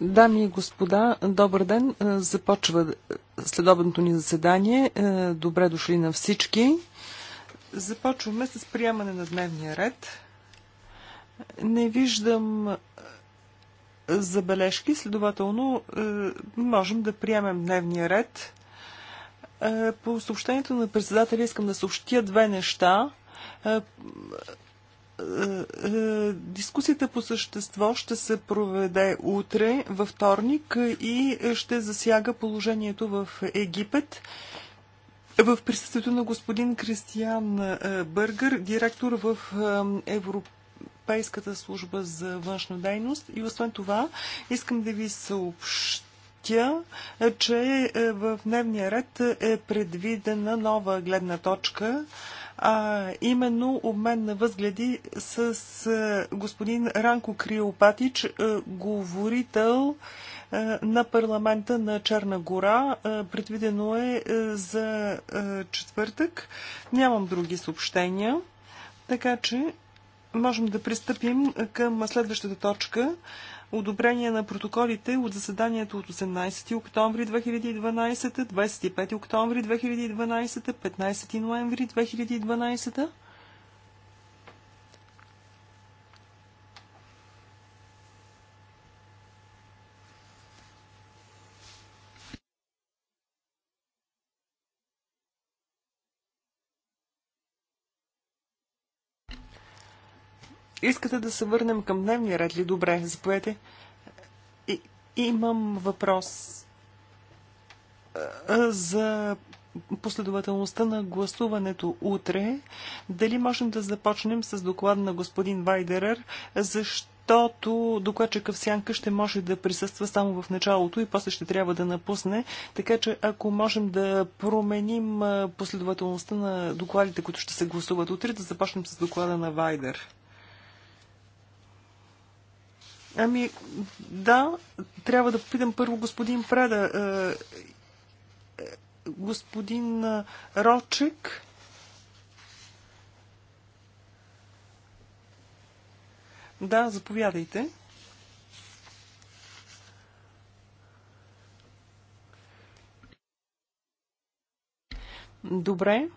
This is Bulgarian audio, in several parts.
Дами и господа, добър ден. Е, започва следобедното ни заседание. Е, добре дошли на всички. Започваме с приемане на дневния ред. Не виждам е, забележки, следователно можем да приемем дневния ред. По съобщението на председателя искам да съобщя две неща е, е, дискусията по същество ще се проведе утре, във вторник и ще засяга положението в Египет. В присъствието на господин Кристиан е, Бъргър, директор в Европейската служба за външна дейност. И освен това, искам да ви съобщя, че в дневния ред е предвидена нова гледна точка а именно обмен на възгледи с господин Ранко Криопатич, говорител на парламента на Черна гора. Предвидено е за четвъртък. Нямам други съобщения, така че можем да пристъпим към следващата точка одобрение на протоколите от заседанието от 18 октомври 2012, 25 октомври 2012, 15 ноември 2012. Искате да се върнем към дневния ред ли? Добре, заповете. И, имам въпрос за последователността на гласуването утре. Дали можем да започнем с доклад на господин Вайдерер, защото докладчика в сянка ще може да присъства само в началото и после ще трябва да напусне. Така че ако можем да променим последователността на докладите, които ще се гласуват утре, да започнем с доклада на Вайдер. Ами, да, трябва да попитам първо господин Преда. Е, е, господин е, Рочек. Да, заповядайте. Добре.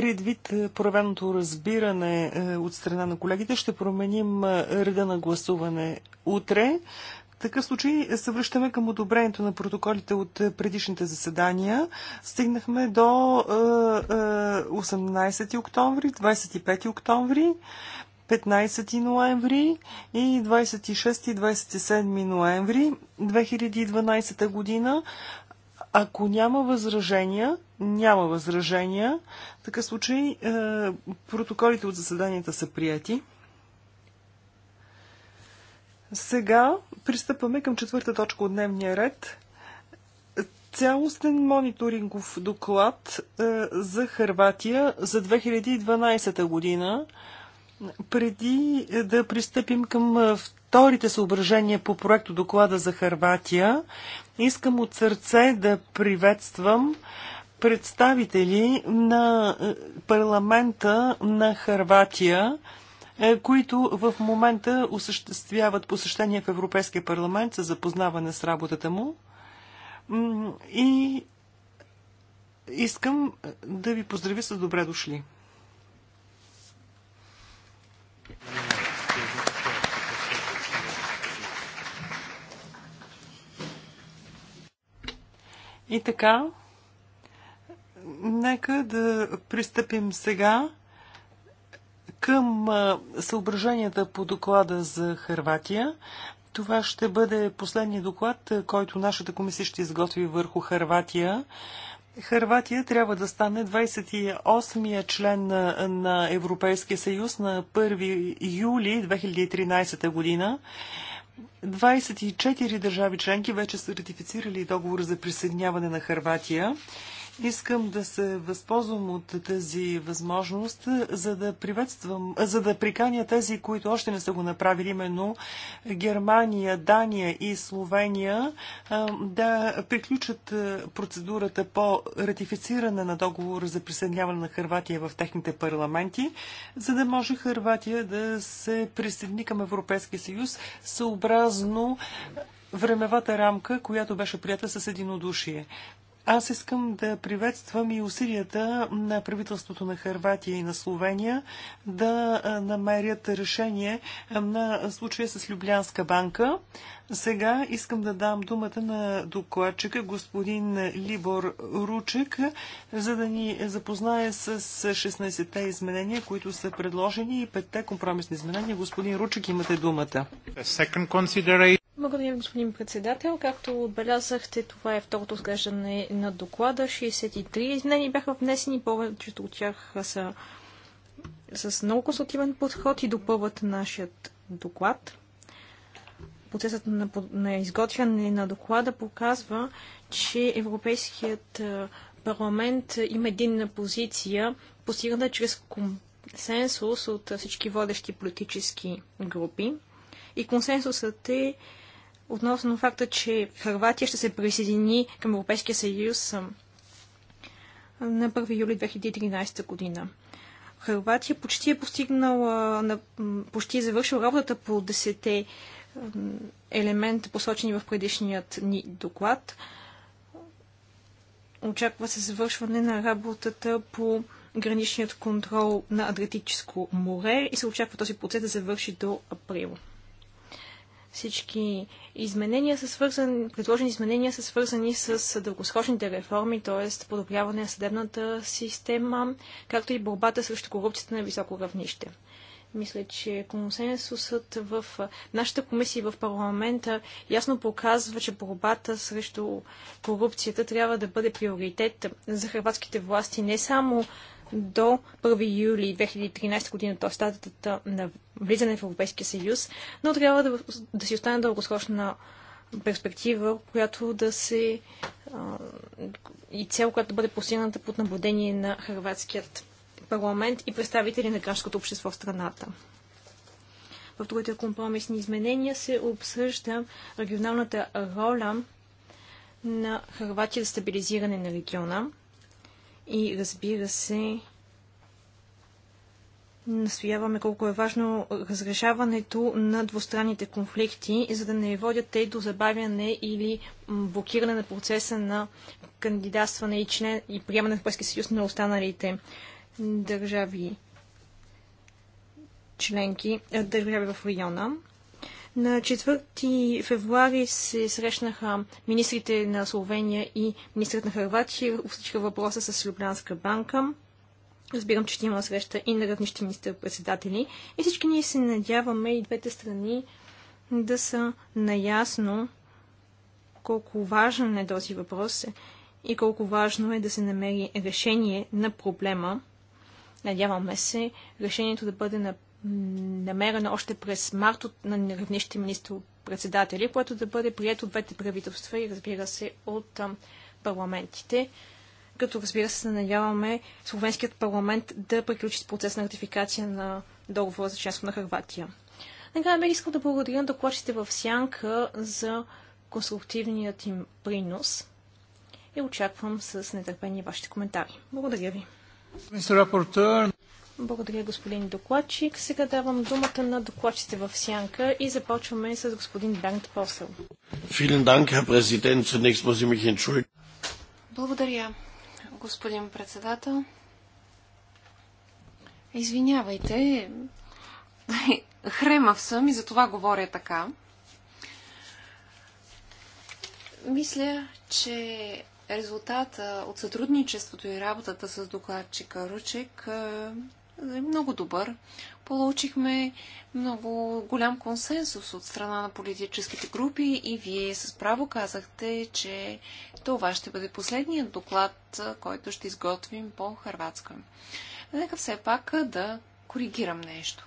Предвид е, проявеното разбиране е, от страна на колегите, ще променим е, реда на гласуване утре. В такъв случай се връщаме към одобрението на протоколите от предишните заседания. Стигнахме до 18 октомври, 25 октомври. 15 ноември и 26 и 27 ноември 2012 година. Ако няма възражения, няма възражения. В такъв случай е, протоколите от заседанията са прияти. Сега пристъпваме към четвърта точка от дневния ред. Цялостен мониторингов доклад е, за Харватия за 2012 година. Преди да пристъпим към е, вторите съображения по проекто доклада за Харватия, Искам от сърце да приветствам представители на е, парламента на Харватия, е, които в момента осъществяват посещение в Европейския парламент за запознаване с работата му. И искам е, да ви поздравя с добре дошли. И така, нека да пристъпим сега към съображенията по доклада за Харватия. Това ще бъде последния доклад, който нашата комисия ще изготви върху Харватия. Харватия трябва да стане 28-я член на Европейския съюз на 1 юли 2013 година. 24 държави членки вече са ратифицирали договор за присъединяване на Харватия Искам да се възползвам от тази възможност, за да приветствам, за да приканя тези, които още не са го направили, именно Германия, Дания и Словения, да приключат процедурата по ратифициране на договора за присъединяване на Харватия в техните парламенти, за да може Харватия да се присъедини към Европейския съюз съобразно времевата рамка, която беше прията с единодушие. Аз искам да приветствам и усилията на правителството на Харватия и на Словения да намерят решение на случая с Люблянска банка. Сега искам да дам думата на докладчика господин Либор Ручек, за да ни запознае с 16-те изменения, които са предложени и 5-те компромисни изменения. Господин Ручек, имате думата. Благодаря, господин председател. Както отбелязахте, това е второто сглеждане на доклада. 63 изменения бяха внесени, повечето от тях са с много консултивен подход и допълват нашият доклад. Процесът на, на изготвяне на доклада показва, че Европейският парламент има единна позиция, постигната чрез консенсус от всички водещи политически групи. И консенсусът е, относно факта, че Харватия ще се присъедини към Европейския съюз на 1 юли 2013 година. Харватия почти е постигнала, почти е завършила работата по 10 елемента, посочени в предишният ни доклад. Очаква се завършване на работата по граничният контрол на Адриатическо море и се очаква този процес да завърши до април. Всички изменения са свързани, предложени изменения са свързани с дългосрочните реформи, т.е. подобряване на съдебната система, както и борбата срещу корупцията на високо равнище. Мисля, че консенсусът в нашата комисия в парламента ясно показва, че борбата срещу корупцията трябва да бъде приоритет за хрватските власти не само до 1 юли 2013 година, т.е. датата на влизане в Европейския съюз, но трябва да, да си остане дългосрочна перспектива, която да се и цел, която да бъде постигната под наблюдение на Харватският парламент и представители на гражданското общество в страната. В другите компромисни изменения се обсъжда регионалната роля на Хрватия за стабилизиране на региона. И разбира се, настояваме колко е важно разрешаването на двустранните конфликти, за да не водят те до забавяне или блокиране на процеса на кандидатстване и, член, и приемане в Европейския съюз на останалите държави членки, държави в района. На 4 февруари се срещнаха министрите на Словения и министрът на Харватия, обсъдиха въпроса с Люблянска банка. Разбирам, че ще има среща и на равнище министър-председатели. И всички ние се надяваме и двете страни да са наясно колко важен е този въпрос и колко важно е да се намери решение на проблема. Надяваме се решението да бъде на намерена още през март от, на равнище министр-председатели, което да бъде прието от двете правителства и разбира се от а, парламентите. Като разбира се, надяваме Словенският парламент да приключи с процес на ратификация на договора за членство на Харватия. Нега бих искал да благодаря на докладчите в Сянка за конструктивният им принос и очаквам с нетърпение вашите коментари. Благодаря ви. Благодаря, господин докладчик. Сега давам думата на докладчите в Сянка и започваме с господин Бернт Посел. Благодаря, господин председател. Извинявайте, хремав съм и за това говоря така. Мисля, че резултата от сътрудничеството и работата с докладчика Ручек е много добър. Получихме много голям консенсус от страна на политическите групи и вие с право казахте, че това ще бъде последният доклад, който ще изготвим по Харватска. Нека все пак да коригирам нещо.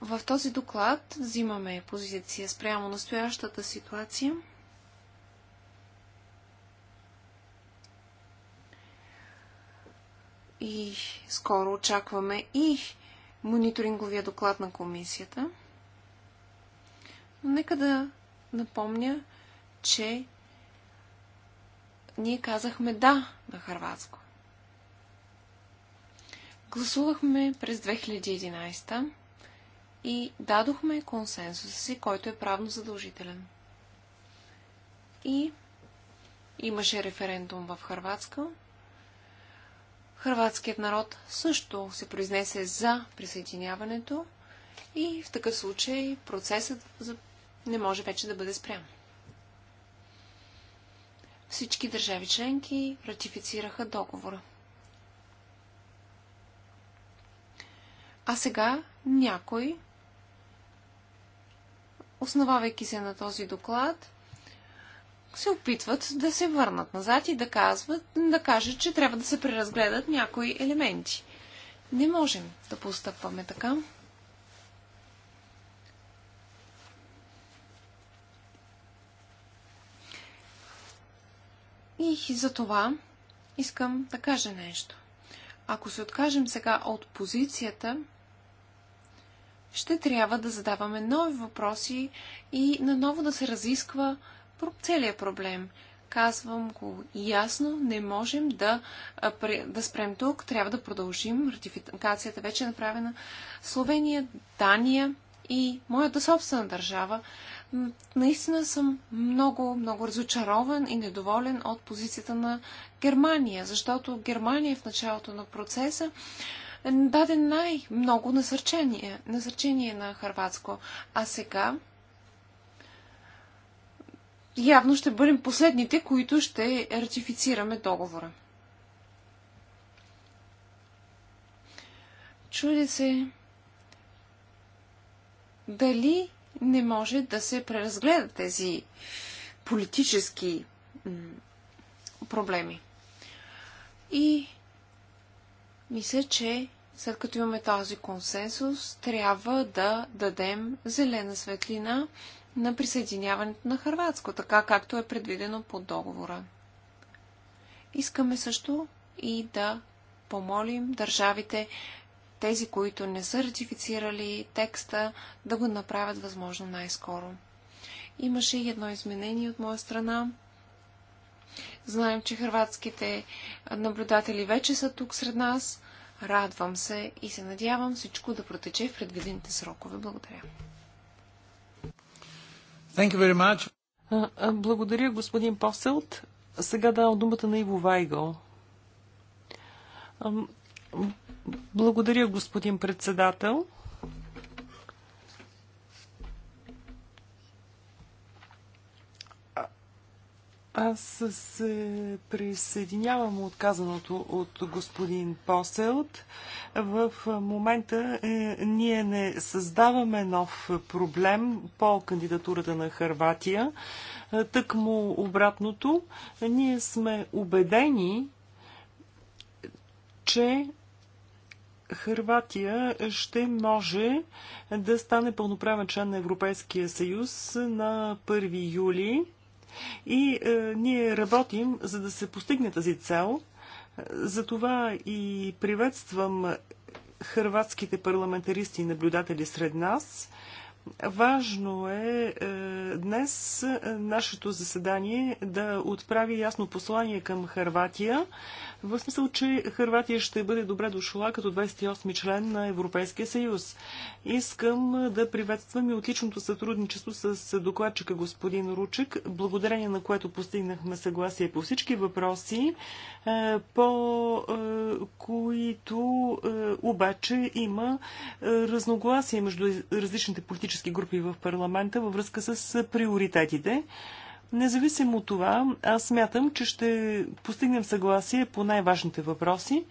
В този доклад взимаме позиция спрямо настоящата ситуация – и скоро очакваме и мониторинговия доклад на комисията. Но нека да напомня, че ние казахме да на Харватско. Гласувахме през 2011 и дадохме консенсуса си, който е правно задължителен. И имаше референдум в Харватска, Хрватският народ също се произнесе за присъединяването и в такъв случай процесът не може вече да бъде спрям. Всички държави членки ратифицираха договора. А сега някой, основавайки се на този доклад, се опитват да се върнат назад и да, казват, да кажат, че трябва да се преразгледат някои елементи. Не можем да постъпваме така. И за това искам да кажа нещо. Ако се откажем сега от позицията, ще трябва да задаваме нови въпроси и наново да се разисква целият проблем. Казвам го ясно, не можем да, да спрем тук, трябва да продължим. Ратификацията вече е направена. Словения, Дания и моята собствена държава. Наистина съм много, много разочарован и недоволен от позицията на Германия, защото Германия в началото на процеса даде най-много насърчение, насърчение на Харватско. А сега явно ще бъдем последните, които ще ратифицираме договора. Чуди се дали не може да се преразгледат тези политически проблеми. И мисля, че след като имаме този консенсус, трябва да дадем зелена светлина на присъединяването на Харватско, така както е предвидено по договора. Искаме също и да помолим държавите, тези, които не са ратифицирали текста, да го направят възможно най-скоро. Имаше и едно изменение от моя страна. Знаем, че хрватските наблюдатели вече са тук сред нас. Радвам се и се надявам всичко да протече в предвидените срокове. Благодаря. Thank you very much. Благодаря, господин Поселт. Сега давам думата на Иво Вайгъл. Благодаря, господин председател. Аз се присъединявам отказаното от господин Поселт. В момента е, ние не създаваме нов проблем по кандидатурата на Харватия. Е, тък му обратното, ние сме убедени, че Хърватия ще може да стане пълноправен член на Европейския съюз на 1 юли и е, ние работим, за да се постигне тази цел. Е, затова и приветствам хрватските парламентаристи и наблюдатели сред нас. Важно е, е днес е, нашето заседание да отправи ясно послание към Харватия, в смисъл, че Харватия ще бъде добре дошла като 28-ми член на Европейския съюз. Искам да приветствам и отличното сътрудничество с докладчика господин Ручек, благодарение на което постигнахме съгласие по всички въпроси, е, по които обаче има разногласие между различните политически политически групи в парламента във връзка с приоритетите. Независимо от това, аз смятам, че ще постигнем съгласие по най-важните въпроси,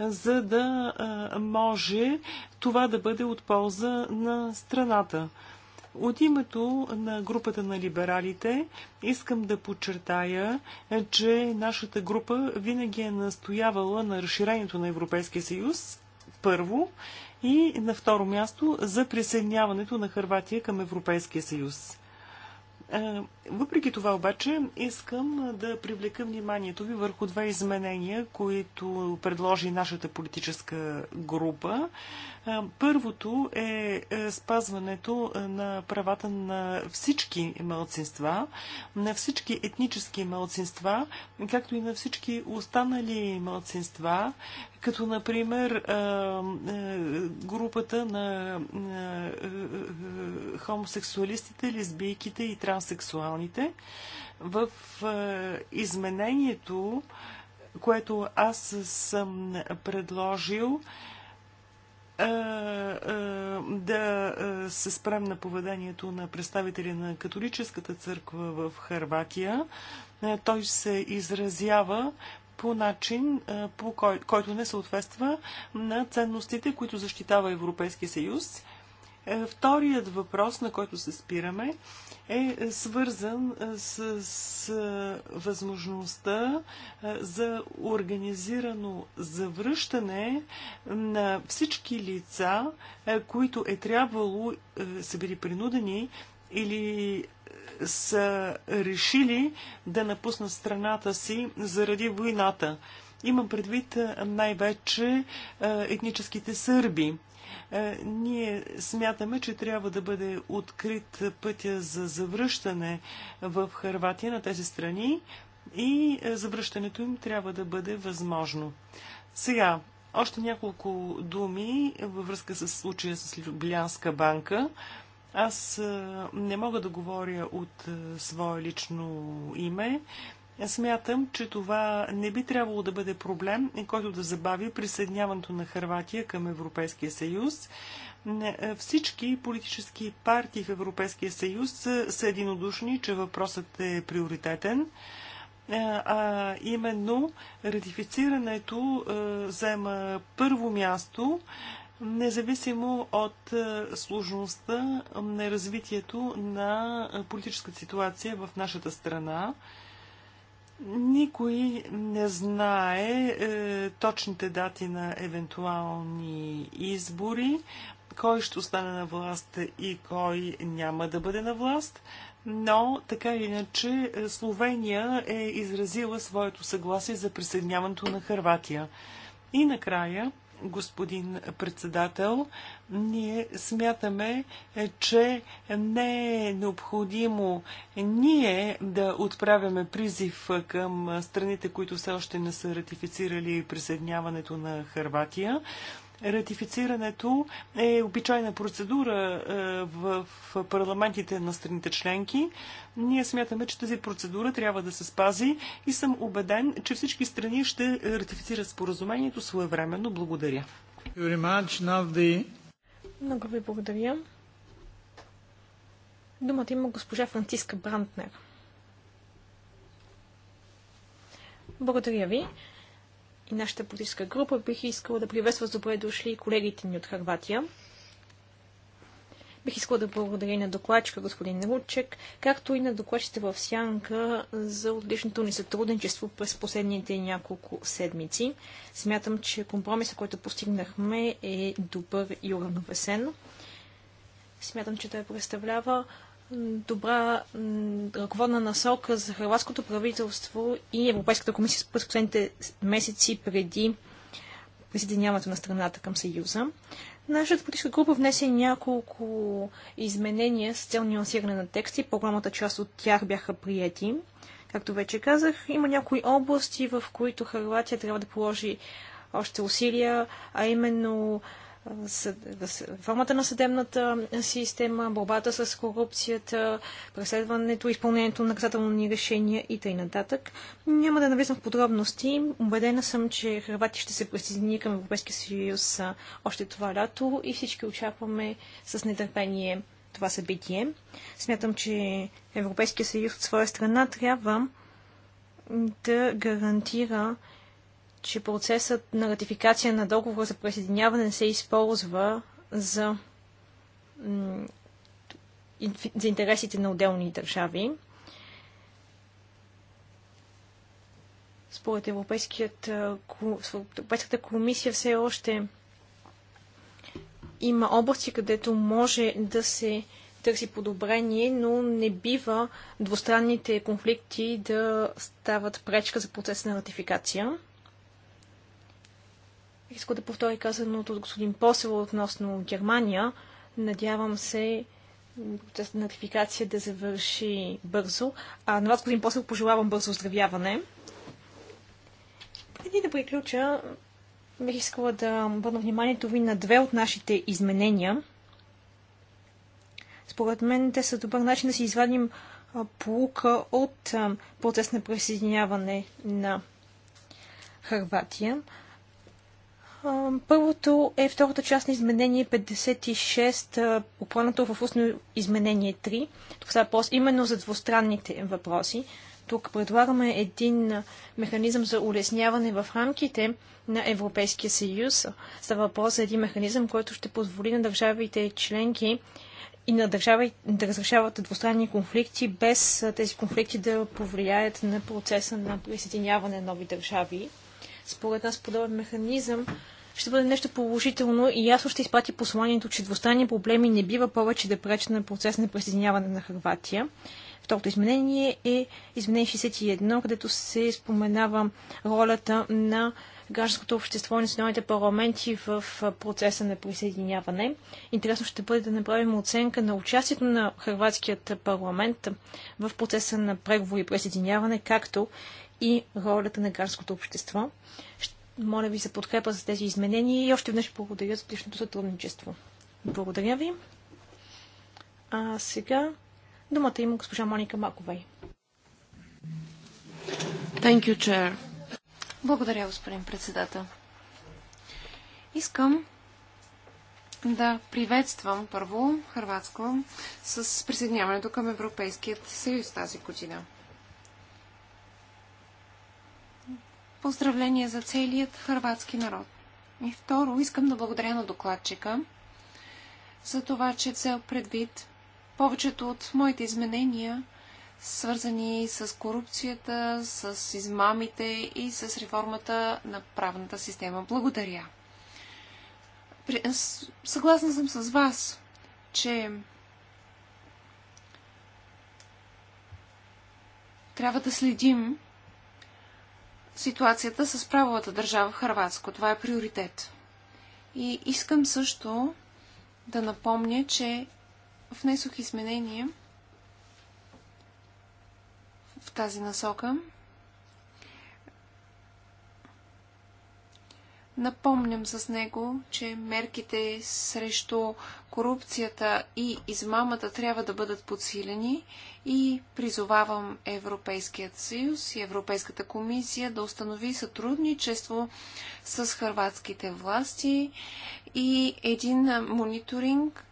за да може това да бъде от полза на страната. От името на групата на либералите искам да подчертая, че нашата група винаги е настоявала на разширението на Европейския съюз, първо, и на второ място за присъединяването на Харватия към Европейския съюз. Е, въпреки това обаче искам да привлека вниманието ви върху две изменения, които предложи нашата политическа група. Е, първото е, е спазването на правата на всички малцинства, на всички етнически малцинства, както и на всички останали малцинства, като например групата на хомосексуалистите, лесбийките и транссексуалните. В изменението, което аз съм предложил, да се спрем на поведението на представители на католическата църква в Харватия. Той се изразява по начин, е, по кой, който не съответства на ценностите, които защитава Европейския съюз. Е, вторият въпрос, на който се спираме, е свързан е, с, с възможността за организирано завръщане на всички лица, които е трябвало, са били принудени или са решили да напуснат страната си заради войната. Имам предвид най-вече етническите сърби. Ние смятаме, че трябва да бъде открит пътя за завръщане в Харватия на тези страни и завръщането им трябва да бъде възможно. Сега, още няколко думи във връзка с случая с Люблянска банка. Аз не мога да говоря от свое лично име. Смятам, че това не би трябвало да бъде проблем, който да забави присъединяването на Харватия към Европейския съюз. Всички политически партии в Европейския съюз са единодушни, че въпросът е приоритетен а именно ратифицирането заема първо място независимо от е, сложността на развитието на е, политическата ситуация в нашата страна. Никой не знае е, точните дати на евентуални избори, кой ще остане на власт и кой няма да бъде на власт, но така или иначе е, Словения е изразила своето съгласие за присъединяването на Харватия. И накрая господин председател. Ние смятаме, е, че не е необходимо ние да отправяме призив към страните, които все още не са ратифицирали присъединяването на Харватия. Ратифицирането е обичайна процедура е, в парламентите на страните членки. Ние смятаме, че тази процедура трябва да се спази и съм убеден, че всички страни ще ратифицират споразумението своевременно. Благодаря. Много ви благодаря. Думата има госпожа Франциска Брантнер. Благодаря ви и нашата политическа група, бих искала да приветства с добре дошли колегите ни от Харватия. Бих искала да благодаря на докладчика господин Ручек, както и на докладчите в Сянка за отличното ни сътрудничество през последните няколко седмици. Смятам, че компромиса, който постигнахме е добър и уравновесен. Смятам, че той представлява добра ръководна насока за хрватското правителство и Европейската комисия през последните месеци преди присъединяването на страната към Съюза. Нашата политическа група внесе няколко изменения с цел нюансиране на тексти. По-голямата част от тях бяха приети. Както вече казах, има някои области, в които Харватия трябва да положи още усилия, а именно реформата на съдебната система, борбата с корупцията, преследването, изпълнението на наказателни решения и т.н. Няма да навлизам в подробности. Убедена съм, че Хрватия ще се присъедини към Европейския съюз още това лято и всички очакваме с нетърпение това събитие. Смятам, че Европейския съюз от своя страна трябва да гарантира че процесът на ратификация на договора за присъединяване се използва за, за интересите на отделни държави. Според Европейската комисия все още има области, където може да се търси подобрение, но не бива двустранните конфликти да стават пречка за процес на ратификация иска да повтори казаното от господин Посел относно Германия. Надявам се процес на ратификация да завърши бързо. А на вас, господин Посел, пожелавам бързо оздравяване. Преди да приключа, бих искала да обърна вниманието ви на две от нашите изменения. Според мен те са добър начин да си извадим полука от процес на присъединяване на Харватия. Първото е втората част на изменение 56, попълнато в устно изменение 3. Тук става въпрос именно за двустранните въпроси. Тук предлагаме един механизъм за улесняване в рамките на Европейския съюз. Става въпрос за един механизъм, който ще позволи на държавите членки и на държави да разрешават двустранни конфликти, без тези конфликти да повлияят на процеса на присъединяване на нови държави. Според нас подобен механизъм ще бъде нещо положително и ясно ще изпрати посланието, че двустранни проблеми не бива повече да пречат на процес на присъединяване на Харватия. Второто изменение е изменение 61, където се споменава ролята на гражданското общество и националните парламенти в процеса на присъединяване. Интересно ще бъде да направим оценка на участието на Хрватският парламент в процеса на преговори и присъединяване, както и ролята на гражданското общество. Ще моля ви за подкрепа за тези изменения и още веднъж благодаря за личното сътрудничество. Благодаря ви. А сега думата има госпожа Моника Маковей. Thank you, chair. Благодаря, господин председател. Искам да приветствам първо Хрватско с присъединяването към Европейският съюз тази година. Поздравления за целият хрватски народ. И второ, искам да благодаря на докладчика за това, че цел предвид повечето от моите изменения, свързани с корупцията, с измамите и с реформата на правната система. Благодаря. Съгласна съм с вас, че трябва да следим ситуацията с правовата държава в Харватско. Това е приоритет. И искам също да напомня, че внесох изменение в тази насока. Напомням с него, че мерките срещу корупцията и измамата трябва да бъдат подсилени и призовавам Европейският съюз и Европейската комисия да установи сътрудничество с хърватските власти и един мониторинг,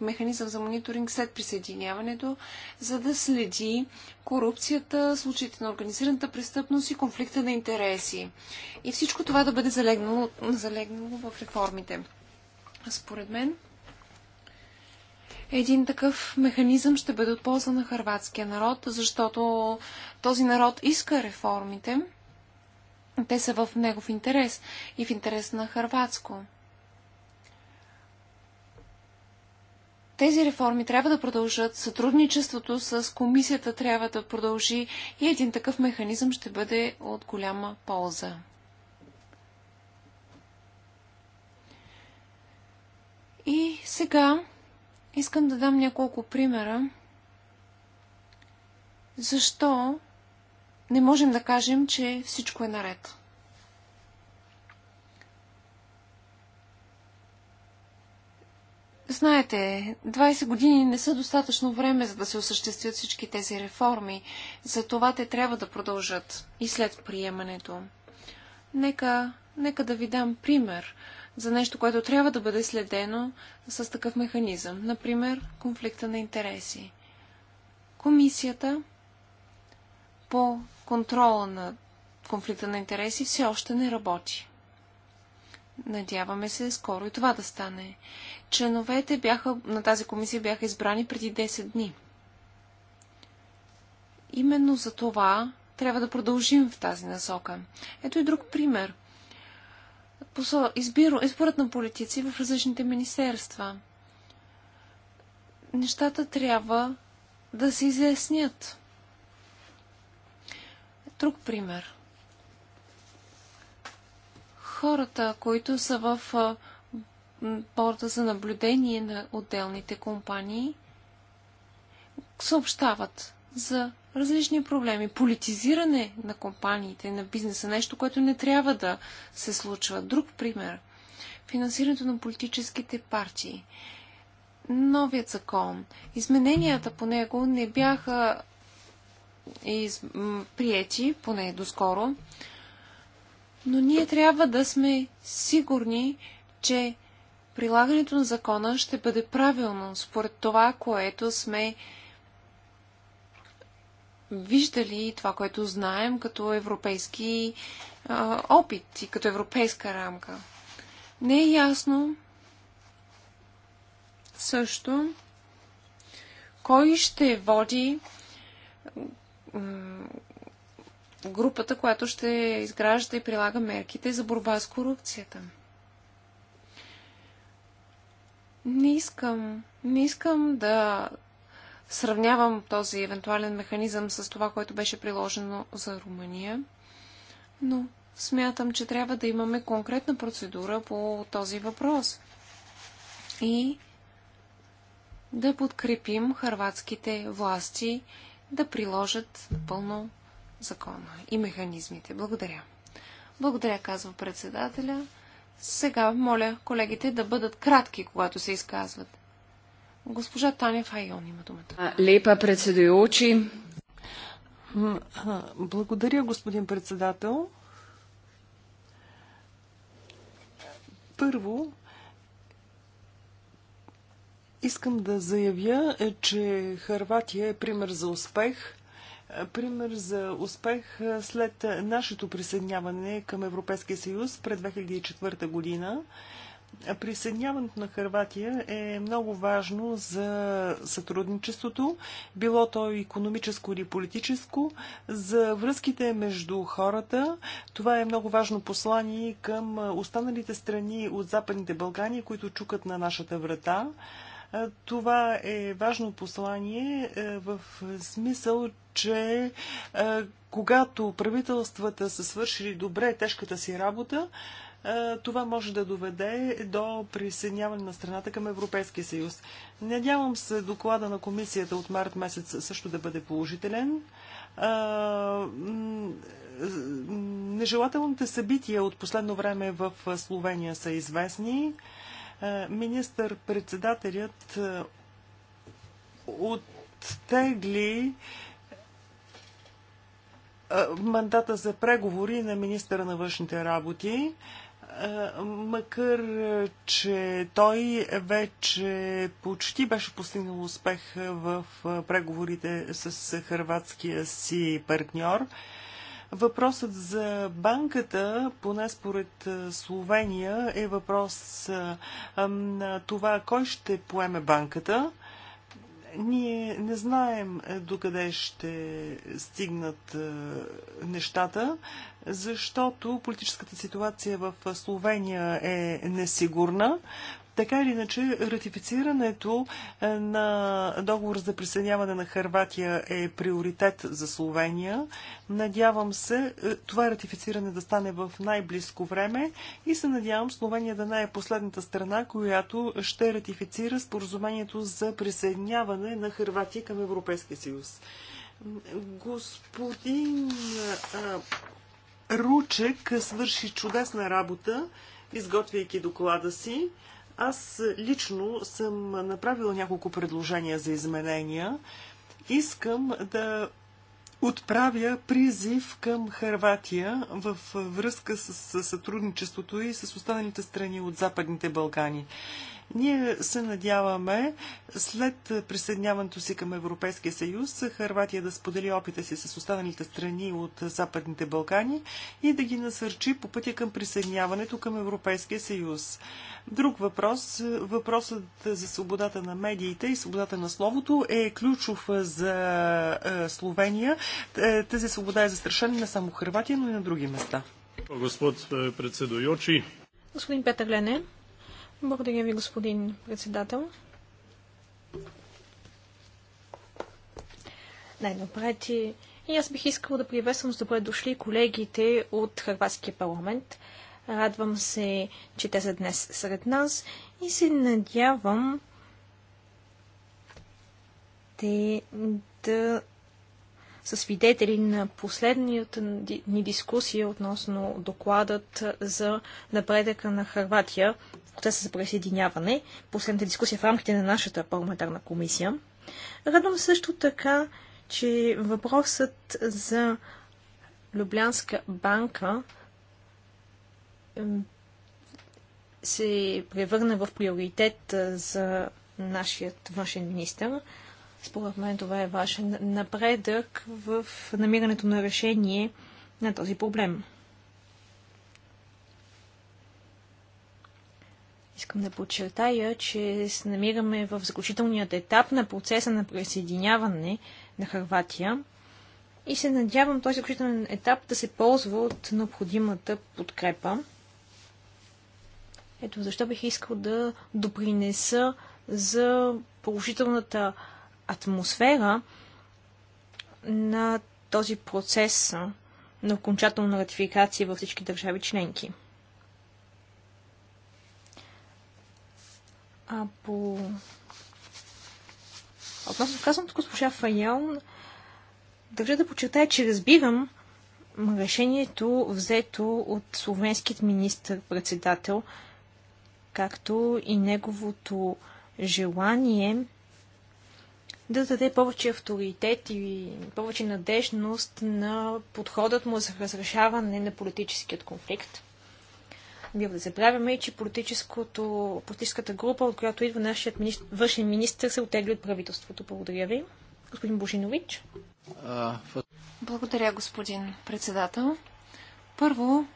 механизъм за мониторинг след присъединяването, за да следи корупцията, случаите на организираната престъпност и конфликта на интереси. И всичко това да бъде залегнало, залегнало в реформите. Според мен, един такъв механизъм ще бъде от полза на хърватския народ, защото този народ иска реформите. Те са в негов интерес и в интерес на Хърватско. Тези реформи трябва да продължат, сътрудничеството с комисията трябва да продължи и един такъв механизъм ще бъде от голяма полза. И сега Искам да дам няколко примера. Защо не можем да кажем, че всичко е наред? Знаете, 20 години не са достатъчно време, за да се осъществят всички тези реформи. Затова те трябва да продължат и след приемането. Нека, нека да ви дам пример за нещо, което трябва да бъде следено с такъв механизъм. Например, конфликта на интереси. Комисията по контрола на конфликта на интереси все още не работи. Надяваме се скоро и това да стане. Членовете бяха, на тази комисия бяха избрани преди 10 дни. Именно за това трябва да продължим в тази насока. Ето и друг пример – изборът на политици в различните министерства. Нещата трябва да се изяснят. Друг пример. Хората, които са в борда за наблюдение на отделните компании, съобщават за различни проблеми. Политизиране на компаниите, на бизнеса, нещо, което не трябва да се случва. Друг пример финансирането на политическите партии. Новият закон. Измененията по него не бяха из... приети, поне доскоро, но ние трябва да сме сигурни, че прилагането на закона ще бъде правилно според това, което сме виждали това, което знаем като европейски а, опит и като европейска рамка. Не е ясно също кой ще води групата, която ще изгражда и прилага мерките за борба с корупцията. Не искам, не искам да сравнявам този евентуален механизъм с това, което беше приложено за Румъния, но смятам, че трябва да имаме конкретна процедура по този въпрос и да подкрепим хърватските власти да приложат пълно закона и механизмите. Благодаря. Благодаря, казва председателя. Сега моля колегите да бъдат кратки, когато се изказват. Госпожа Таня Файон има думата. Лепа Благодаря, господин председател. Първо, искам да заявя, е, че Харватия е пример за успех – пример за успех е, след нашето присъединяване към Европейския съюз през 2004 година. Присъединяването на Харватия е много важно за сътрудничеството, било то економическо или политическо, за връзките между хората. Това е много важно послание към останалите страни от Западните Балкани, които чукат на нашата врата. Това е важно послание в смисъл, че когато правителствата са свършили добре тежката си работа, е, това може да доведе до присъединяване на страната към Европейския съюз. Надявам се доклада на комисията от март месец също да бъде положителен. Е, нежелателните събития от последно време в Словения са известни. Е, министър-председателят оттегли мандата за преговори на министъра на външните работи. Е, макар че той вече почти беше постигнал успех в е, преговорите с хрватския си партньор. Въпросът за банката, поне според е, Словения, е въпрос на това кой ще поеме банката. Ние не знаем докъде ще стигнат нещата защото политическата ситуация в Словения е несигурна. Така или иначе, ратифицирането е, на договор за присъединяване на Харватия е приоритет за Словения. Надявам се е, това ратифициране да стане в най-близко време и се надявам Словения да не е последната страна, която ще ратифицира споразумението за присъединяване на Харватия към Европейския съюз. Господин е, Ручек свърши чудесна работа, изготвяйки доклада си. Аз лично съм направила няколко предложения за изменения. Искам да отправя призив към Харватия в връзка с сътрудничеството и с останалите страни от Западните Балкани. Ние се надяваме след присъединяването си към Европейския съюз Харватия да сподели опита си с останалите страни от Западните Балкани и да ги насърчи по пътя към присъединяването към Европейския съюз. Друг въпрос, въпросът за свободата на медиите и свободата на словото е ключов за е, Словения. Е, тази свобода е застрашена не само Харватия, но и на други места. Господ е, Господин Петър Лене. Благодаря ви, господин председател. Най-напред и, аз бих искала да приветствам с добре дошли колегите от Хрватския парламент. Радвам се, че те са днес сред нас и се надявам те да са свидетели на последната ни дискусия относно докладът за напредъка на Харватия процеса за присъединяване, последната дискусия в рамките на нашата парламентарна комисия. Радвам също така, че въпросът за Люблянска банка се превърна в приоритет за нашият външен министр. Според мен това е важен напредък в намирането на решение на този проблем. Искам да подчертая, че се намираме в заключителният етап на процеса на присъединяване на Харватия и се надявам този заключителен етап да се ползва от необходимата подкрепа. Ето защо бих искал да допринеса за положителната атмосфера на този процес на окончателна ратификация във всички държави членки. А по... Относно казаното госпожа Фаял, държа да подчертая, че разбирам решението взето от словенският министр-председател, както и неговото желание да даде повече авторитет и повече надежност на подходът му за разрешаване на политическият конфликт бива да забравяме и че политическата група, от която идва нашият министр, външен министр, се отегли от правителството. Благодаря ви. Господин Божинович. Благодаря, господин председател. Първо,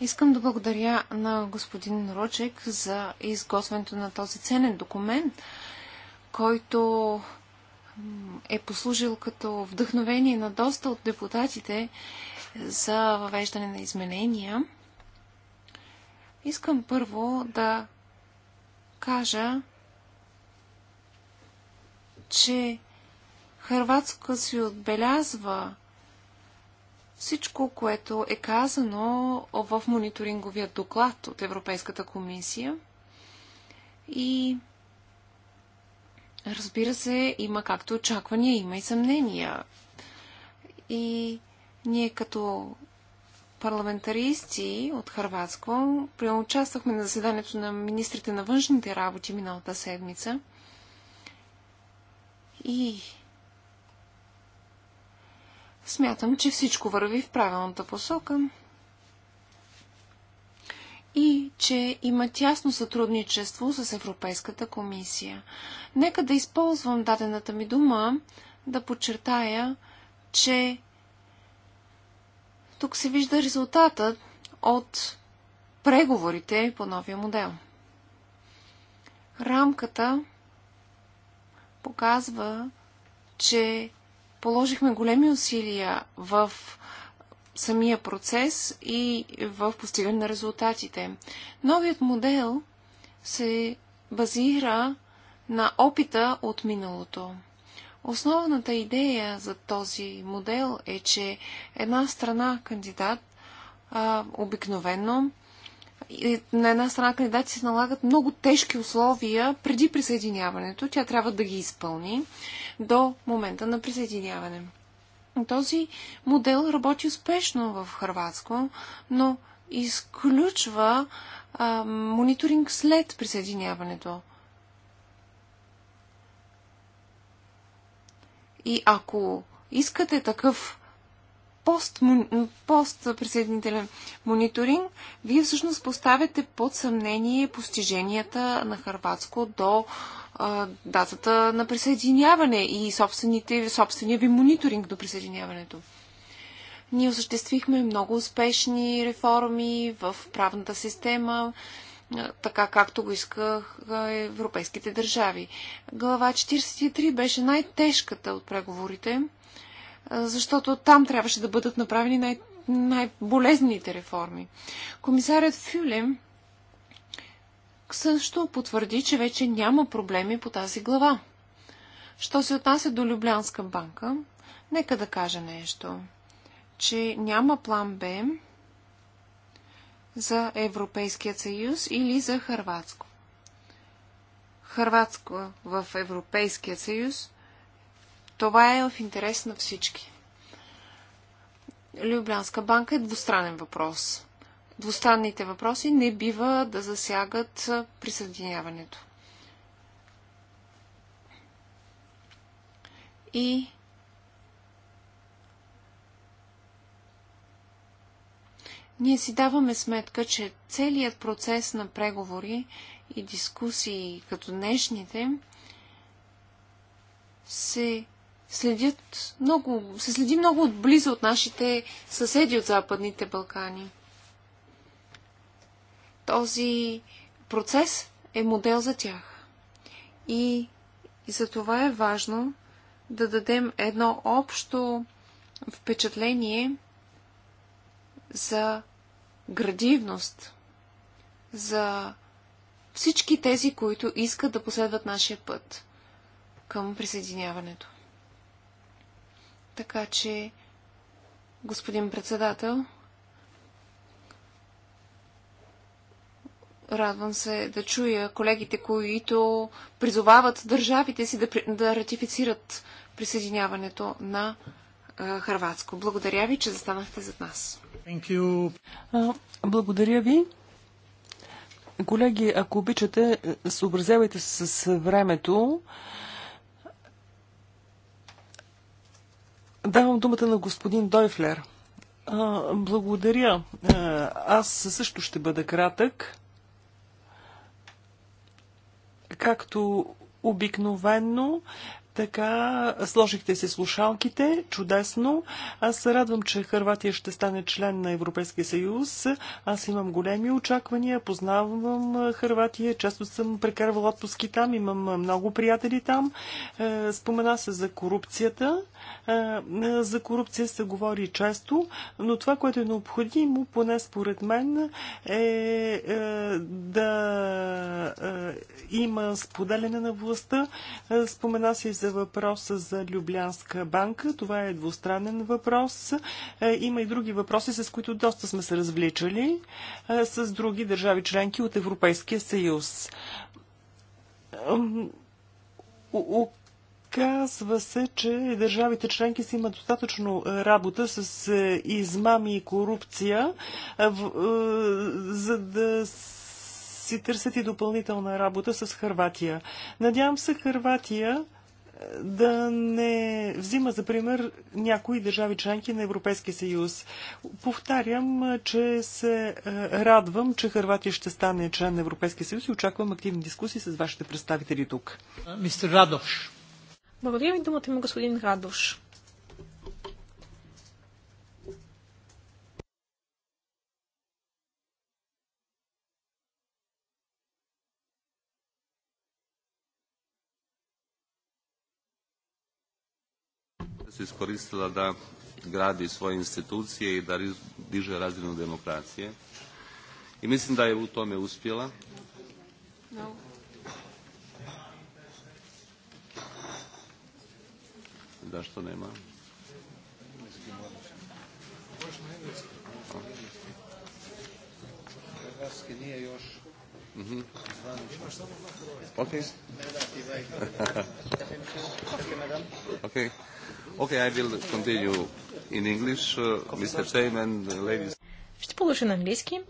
искам да благодаря на господин Рочек за изготвянето на този ценен документ, който е послужил като вдъхновение на доста от депутатите за въвеждане на изменения – Искам първо да кажа, че Хрватска си отбелязва всичко, което е казано в мониторинговия доклад от Европейската комисия. И разбира се, има както очаквания, има и съмнения. И ние като парламентаристи от Харватско участвахме на заседанието на министрите на външните работи миналата седмица. И смятам, че всичко върви в правилната посока и че има тясно сътрудничество с Европейската комисия. Нека да използвам дадената ми дума да подчертая, че тук се вижда резултатът от преговорите по новия модел. Рамката показва, че положихме големи усилия в самия процес и в постигане на резултатите. Новият модел се базира на опита от миналото. Основната идея за този модел е, че една страна кандидат а, обикновено на една страна кандидати се налагат много тежки условия преди присъединяването. Тя трябва да ги изпълни до момента на присъединяване. Този модел работи успешно в Хрватско, но изключва а, мониторинг след присъединяването. И ако искате такъв пост, постприсъединителен мониторинг, вие всъщност поставяте под съмнение постиженията на Харватско до а, датата на присъединяване и собствения ви мониторинг до присъединяването. Ние осъществихме много успешни реформи в правната система, така както го искаха европейските държави. Глава 43 беше най-тежката от преговорите, защото там трябваше да бъдат направени най- най-болезните реформи. Комисарят Фюле също потвърди, че вече няма проблеми по тази глава. Що се отнася до Люблянска банка, нека да кажа нещо, че няма план Б, за Европейският съюз или за Хърватско. Хърватско в Европейския съюз, това е в интерес на всички. Люблянска банка е двустранен въпрос. Двустранните въпроси не бива да засягат присъединяването. И Ние си даваме сметка, че целият процес на преговори и дискусии като днешните се следят много, се следи много отблизо от нашите съседи от Западните Балкани. Този процес е модел за тях. И, и за това е важно да дадем едно общо впечатление за градивност, за всички тези, които искат да последват нашия път към присъединяването. Така че, господин председател, радвам се да чуя колегите, които призовават държавите си да, да ратифицират присъединяването на Хрватско. Благодаря ви, че застанахте зад нас. Благодаря ви. Колеги, ако обичате, съобразявайте се с времето. Давам думата на господин Дойфлер. Благодаря. Аз също ще бъда кратък. Както обикновенно, така, сложихте се слушалките, чудесно. Аз се радвам, че Харватия ще стане член на Европейския съюз. Аз имам големи очаквания, познавам Харватия, често съм прекарвал отпуски там, имам много приятели там. Е, спомена се за корупцията. Е, е, за корупция се говори често, но това, което е необходимо, поне според мен, е да има споделяне на властта. Спомена се за за въпроса за Люблянска банка. Това е двустранен въпрос. Е, има и други въпроси, с които доста сме се развличали е, с други държави членки от Европейския съюз. Казва се, че държавите членки си имат достатъчно е, работа с измами и корупция, за да си търсят и допълнителна работа с Харватия. Надявам се Харватия да не взима за пример някои държави членки на Европейския съюз. Повтарям, че се е, радвам, че Харватия ще стане член на Европейския съюз и очаквам активни дискусии с вашите представители тук. Мистер Радош. Благодаря ви думата ми, господин Радош. iskoristila da gradi svoje institucije i da diže razinu demokracije. I mislim da je u tome uspjela. Zašto nema? Hrvatski nije još Mm-hmm. Okay. okay. Okay, I will continue in English, uh, Mr. Chairman, uh, ladies. Ще продължа на английски.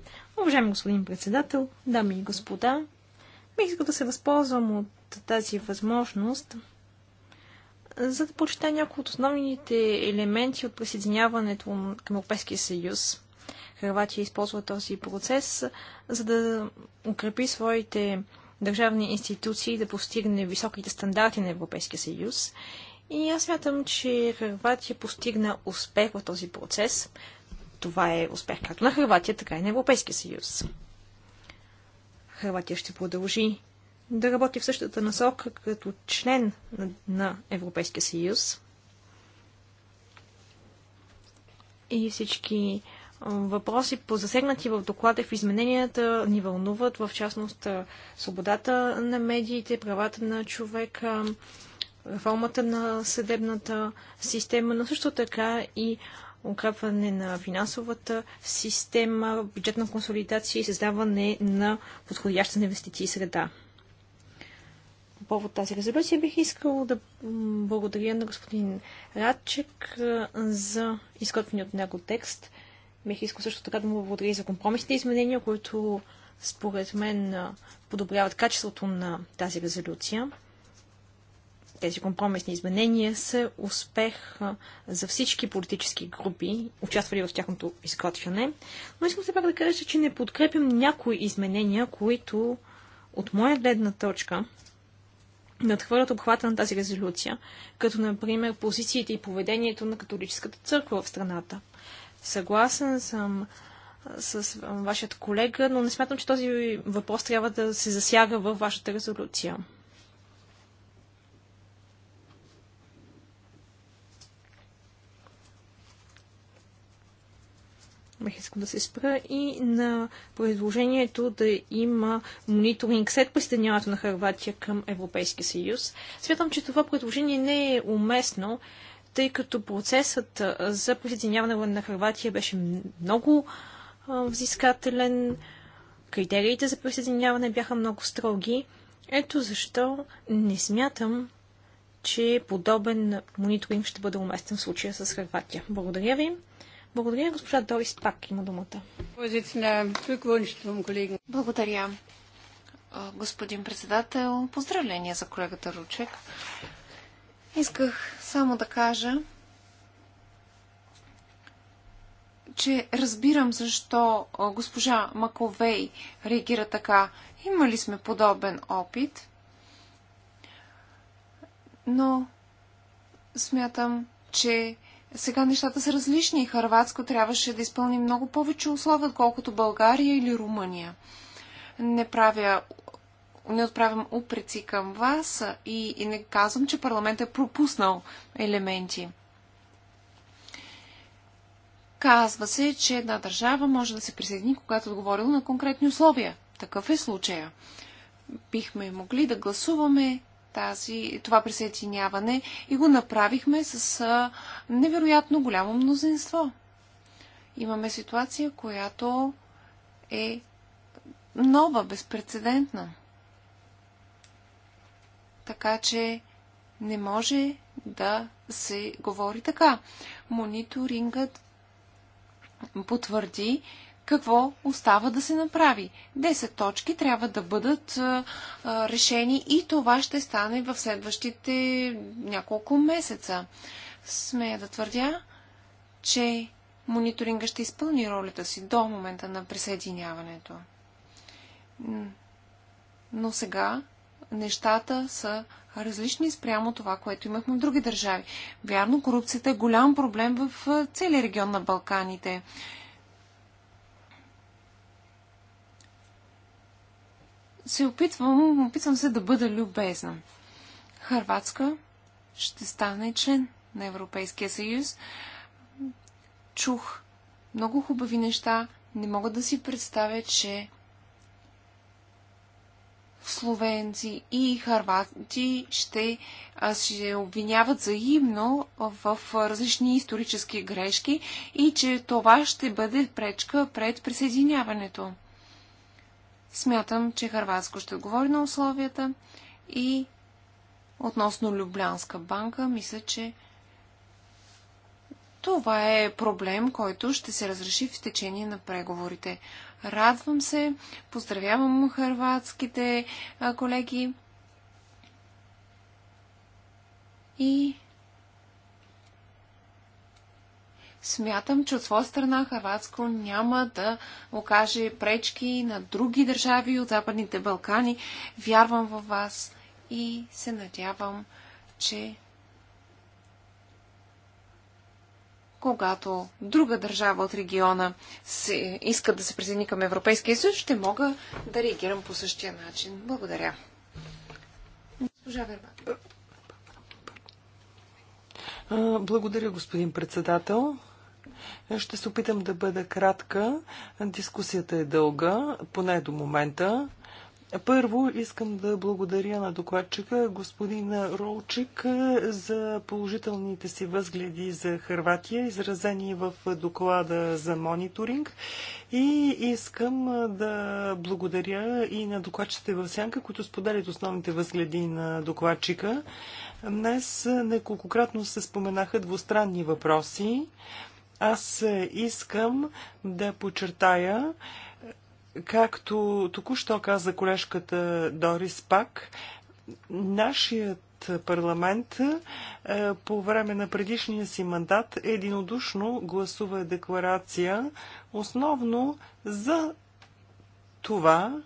Уважаеми господин председател, дами и господа, бих искал да се възползвам от тази възможност, за да почита някои от основните елементи от присъединяването към Европейския съюз – Харватия използва този процес, за да укрепи своите държавни институции да постигне високите стандарти на Европейския съюз. И аз смятам, че Харватия постигна успех в този процес. Това е успех както на Харватия, така и на Европейския съюз. Харватия ще продължи да работи в същата насока като член на Европейския съюз. И всички въпроси, по засегнати в доклада в измененията, ни вълнуват, в частност свободата на медиите, правата на човека, реформата на съдебната система, но също така и укрепване на финансовата система, бюджетна консолидация и създаване на подходяща инвестиции среда. По повод тази резолюция бих искал да благодаря на господин Радчек за изготвения от него текст – Бих искал също така да му благодаря за компромисните изменения, които според мен подобряват качеството на тази резолюция. Тези компромисни изменения са успех за всички политически групи, участвали в тяхното изготвяне. Но искам се пак да кажа, че не подкрепям някои изменения, които от моя гледна точка надхвърлят обхвата на тази резолюция, като например позициите и поведението на католическата църква в страната. Съгласен съм с вашият колега, но не смятам, че този въпрос трябва да се засяга във вашата резолюция. Бих искам да се спра и на предложението да има мониторинг след присъединяването на Харватия към Европейския съюз. Смятам, че това предложение не е уместно, тъй като процесът за присъединяване на Харватия беше много взискателен, критериите за присъединяване бяха много строги. Ето защо не смятам, че подобен мониторинг ще бъде уместен в случая с Харватия. Благодаря ви. Благодаря, госпожа Дорис Пак има думата. Eh, Благодаря, господин председател. Поздравления за колегата Ручек. Исках само да кажа, че разбирам защо госпожа Маковей реагира така. Имали сме подобен опит, но смятам, че сега нещата са различни и Харватско трябваше да изпълни много повече условия, отколкото България или Румъния. Не правя не отправям упреци към вас и, и не казвам, че парламент е пропуснал елементи. Казва се, че една държава може да се присъедини, когато е отговорила на конкретни условия. Такъв е случая. Бихме могли да гласуваме тази, това присъединяване и го направихме с невероятно голямо мнозинство. Имаме ситуация, която е нова, безпредседентна. Така че не може да се говори така. Мониторингът потвърди какво остава да се направи. 10 точки трябва да бъдат а, решени и това ще стане в следващите няколко месеца. Смея да твърдя, че мониторинга ще изпълни ролята си до момента на присъединяването. Но сега нещата са различни спрямо това, което имахме в други държави. Вярно, корупцията е голям проблем в целия регион на Балканите. Се опитвам, опитвам се да бъда любезна. Харватска ще стане член на Европейския съюз. Чух много хубави неща. Не мога да си представя, че словенци и харвати ще се обвиняват взаимно в различни исторически грешки и че това ще бъде пречка пред присъединяването. Смятам, че Харватско ще отговори на условията и относно Люблянска банка, мисля, че това е проблем, който ще се разреши в течение на преговорите. Радвам се. Поздравявам хърватските колеги. И смятам, че от своя страна Хрватско няма да окаже пречки на други държави от Западните Балкани. Вярвам във вас и се надявам, че когато друга държава от региона се, иска да се присъедини към Европейския съюз, ще мога да реагирам по същия начин. Благодаря. Благодаря, господин председател. Ще се опитам да бъда кратка. Дискусията е дълга, поне до момента. Първо искам да благодаря на докладчика господин Ролчик за положителните си възгледи за Харватия, изразени в доклада за мониторинг. И искам да благодаря и на докладчите в Сянка, които споделят основните възгледи на докладчика. Днес неколкократно се споменаха двустранни въпроси. Аз искам да подчертая, Както току-що каза колежката Дорис Пак, нашият парламент е, по време на предишния си мандат единодушно гласува декларация основно за това,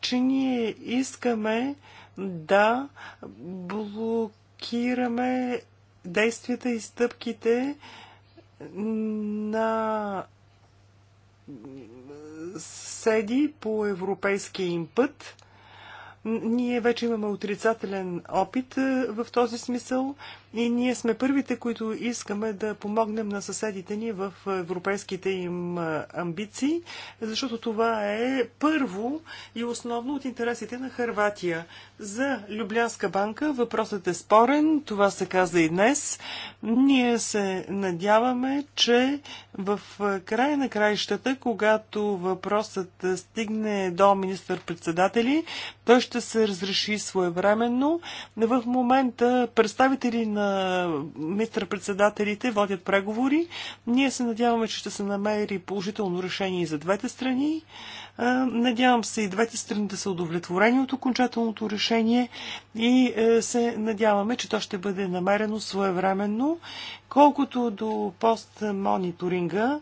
че ние искаме да блокираме действията и стъпките на седи по европейския им път. Ние вече имаме отрицателен опит е, в този смисъл и ние сме първите, които искаме да помогнем на съседите ни в европейските им е, амбиции, защото това е първо и основно от интересите на Харватия. За Люблянска банка въпросът е спорен, това се каза и днес. Ние се надяваме, че в края на краищата, когато въпросът стигне до министър-председатели, той ще се разреши своевременно. В момента представители на министър-председателите водят преговори. Ние се надяваме, че ще се намери положително решение и за двете страни. Надявам се и двете страни да са удовлетворени от окончателното решение и е, се надяваме, че то ще бъде намерено своевременно. Колкото до постмониторинга,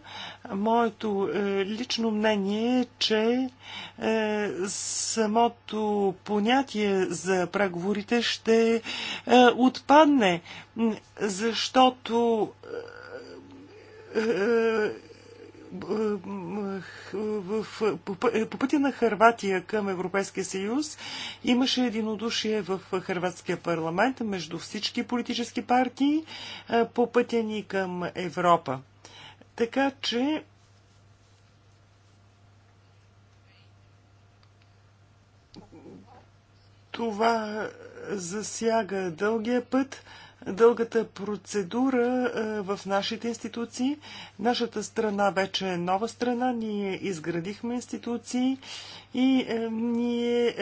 моето е, лично мнение е, че е, самото понятие за преговорите ще отпадне, защото по, е, по пътя на Харватия към Европейския съюз имаше единодушие в Харватския парламент между всички политически партии е, по пътя ни към Европа. Така че това засяга дългия път, дългата процедура в нашите институции. Нашата страна вече е нова страна. Ние изградихме институции и ние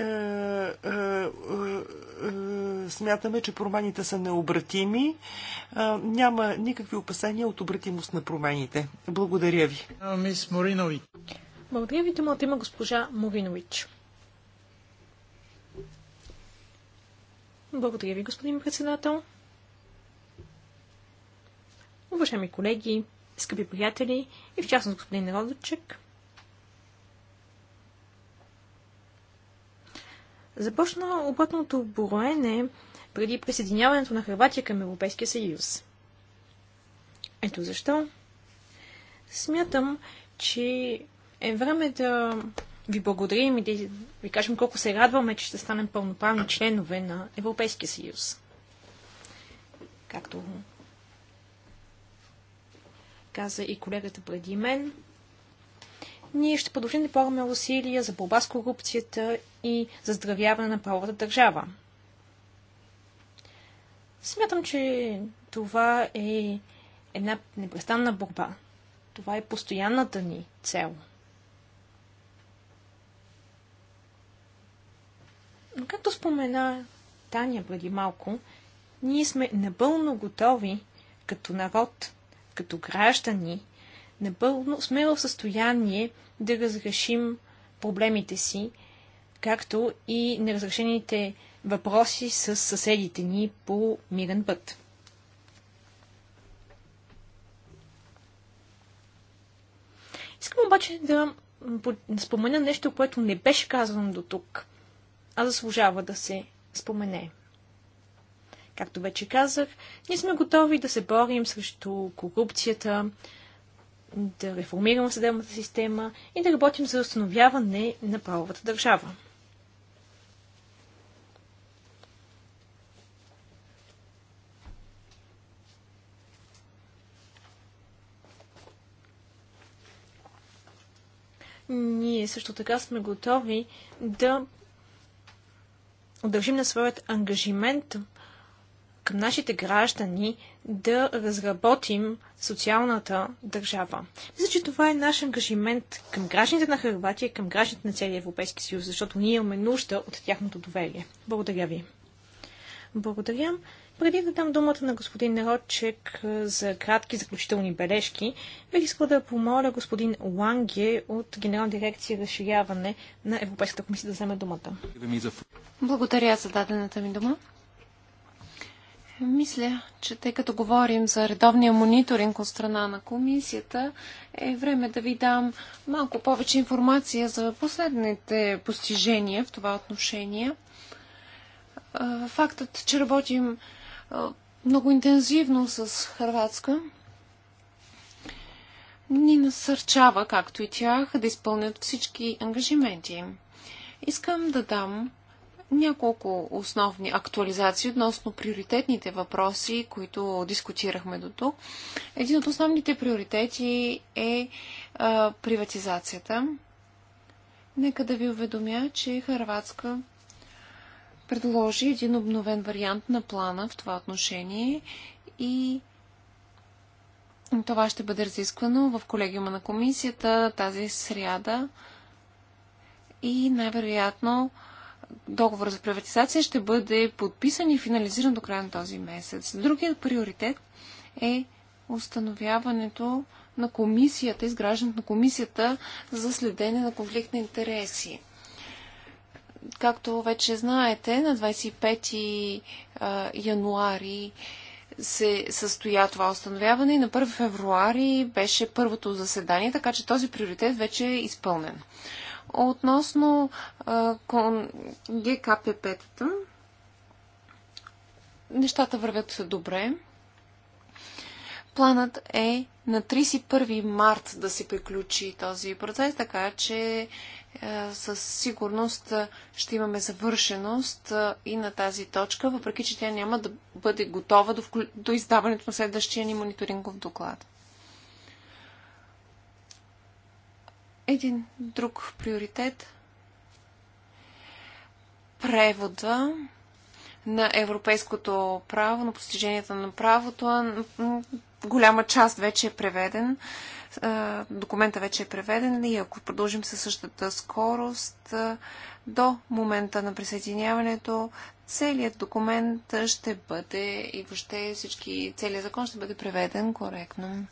смятаме, че промените са необратими. Няма никакви опасения от обратимост на промените. Благодаря ви. Мис Моринович. Благодаря ви, думата има госпожа Моринович. Благодаря ви, господин председател уважаеми колеги, скъпи приятели и в частност господин Родочек, Започна обратното броене преди присъединяването на Хрватия към Европейския съюз. Ето защо смятам, че е време да ви благодарим и да ви кажем колко се радваме, че ще станем пълноправни членове на Европейския съюз. Както каза и колегата преди мен, ние ще продължим да полагаме усилия за борба с корупцията и за здравяване на правовата държава. Смятам, че това е една непрестанна борба. Това е постоянната ни цел. Но както спомена Таня преди малко, ние сме напълно готови като народ като граждани, напълно сме в състояние да разрешим проблемите си, както и неразрешените въпроси с съседите ни по мирен път. Искам обаче да спомена нещо, което не беше казано до тук, а заслужава да се спомене. Както вече казах, ние сме готови да се борим срещу корупцията, да реформираме съдебната система и да работим за установяване на правовата държава. ние също така сме готови да удържим на своят ангажимент към нашите граждани да разработим социалната държава. Мисля, че това е наш ангажимент към гражданите на Харватия към гражданите на целия Европейски съюз, защото ние имаме нужда от тяхното доверие. Благодаря ви. Благодаря. Преди да дам думата на господин Народчек за кратки заключителни бележки, бих искал да помоля господин Ланге от Генерална дирекция разширяване на Европейската комисия да вземе думата. Благодаря за дадената ми дума. Мисля, че тъй като говорим за редовния мониторинг от страна на комисията, е време да ви дам малко повече информация за последните постижения в това отношение. Фактът, че работим много интензивно с Хрватска, ни насърчава, както и тях, да изпълнят всички ангажименти. Искам да дам няколко основни актуализации относно приоритетните въпроси, които дискутирахме до тук. Един от основните приоритети е а, приватизацията. Нека да ви уведомя, че Харватска предложи един обновен вариант на плана в това отношение и това ще бъде разисквано в колегиума на комисията тази сряда и най-вероятно договор за приватизация ще бъде подписан и финализиран до края на този месец. Другият приоритет е установяването на комисията, изграждането на комисията за следение на конфликт на интереси. Както вече знаете, на 25 януари се състоя това установяване и на 1 февруари беше първото заседание, така че този приоритет вече е изпълнен. Относно ГКПП-тата, нещата вървят добре. Планът е на 31 март да се приключи този процес, така че със сигурност ще имаме завършеност и на тази точка, въпреки че тя няма да бъде готова до, вклю... до издаването на следващия ни мониторингов доклад. Един друг приоритет превода на европейското право, на постиженията на правото. Голяма част вече е преведен. Документа вече е преведен и ако продължим със същата скорост, до момента на присъединяването целият документ ще бъде и въобще всички, целият закон ще бъде преведен коректно.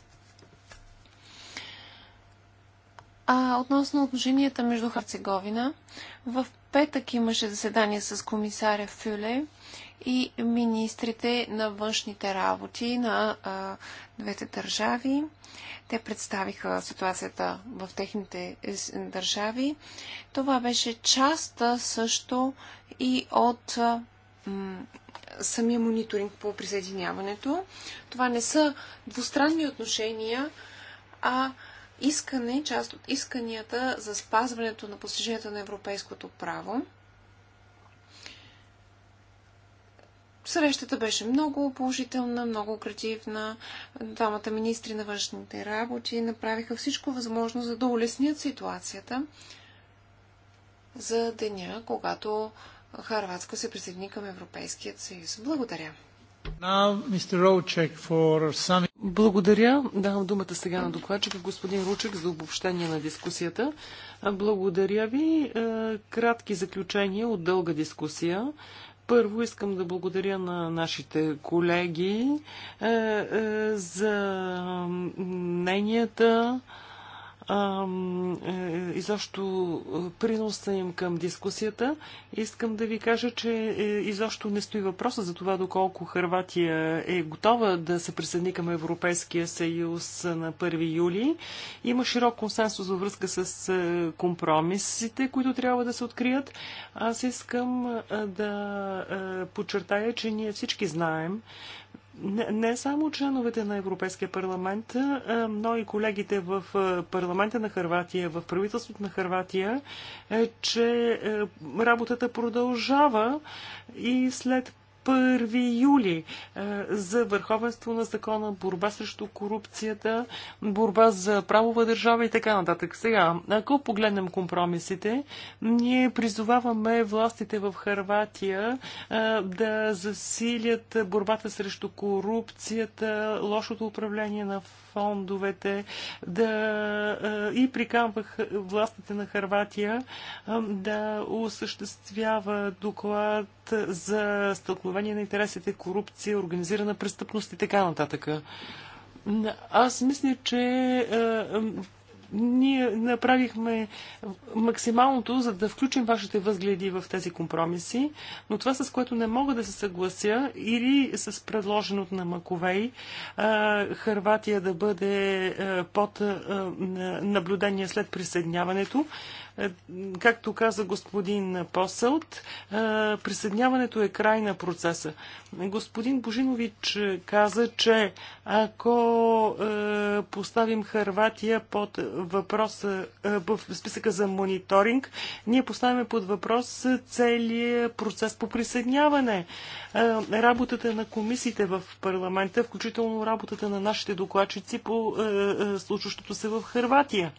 А относно отношенията между Харцеговина, в петък имаше заседание с комисаря Фюле и министрите на външните работи на а, двете държави. Те представиха ситуацията в техните е, държави. Това беше част също и от самия мониторинг по присъединяването. Това не са двустранни отношения, а искане, част от исканията за спазването на постиженията на европейското право. Срещата беше много положителна, много креативна. Двамата министри на външните работи направиха всичко възможно, за да улеснят ситуацията за деня, когато Харватска се присъедини към Европейският съюз. Благодаря. Благодаря. Давам думата сега на докладчика господин Ручек за обобщение на дискусията. Благодаря ви. Е, кратки заключения от дълга дискусия. Първо искам да благодаря на нашите колеги е, е, за мненията, е, и защо е, приноса им към дискусията. Искам да ви кажа, че е, изобщо не стои въпроса за това доколко Харватия е готова да се присъедини към Европейския съюз на 1 юли. Има широк консенсус във връзка с компромисите, които трябва да се открият. Аз искам да подчертая, че ние всички знаем, не само членовете на Европейския парламент, но и колегите в парламента на Харватия, в правителството на Харватия, е, че е, работата продължава и след 1 юли е, за върховенство на закона, борба срещу корупцията, борба за правова държава и така нататък. Сега, ако погледнем компромисите, ние призоваваме властите в Харватия е, да засилят борбата срещу корупцията, лошото управление на фондовете, да е, и приканвах властите на Харватия да осъществява доклад за стълкновение изкривяване на интересите, корупция, организирана престъпност и така нататък. Аз мисля, че е, ние направихме максималното, за да включим вашите възгледи в тези компромиси, но това, с което не мога да се съглася, или с предложеното на Маковей, е, Харватия да бъде е, под наблюдение след присъединяването, е, както каза господин Посълт, е, присъединяването е край на процеса. Господин Божинович каза, че ако е, поставим Харватия под въпроса в списъка за мониторинг, ние поставяме под въпрос целият процес по присъединяване. Работата на комисиите в парламента, включително работата на нашите докладчици по случващото се в Харватия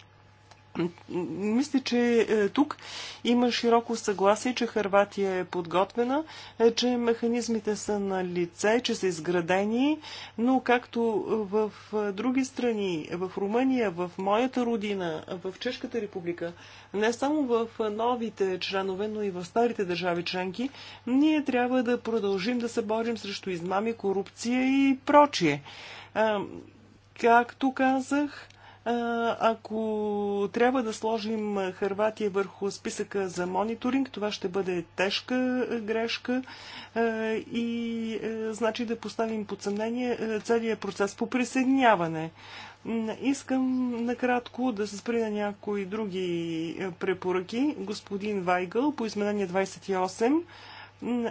мисля, че е, тук има широко съгласие, че Харватия е подготвена, е, че механизмите са на лице, че са изградени, но както в е, други страни, в Румъния, в моята родина, в Чешката република, не само в новите членове, но и в старите държави членки, ние трябва да продължим да се борим срещу измами, корупция и прочие. Както казах, ако трябва да сложим Харватия върху списъка за мониторинг, това ще бъде тежка грешка и значи да поставим под съмнение целият процес по присъединяване. Искам накратко да се спри на някои други препоръки. Господин Вайгъл по изменение 28.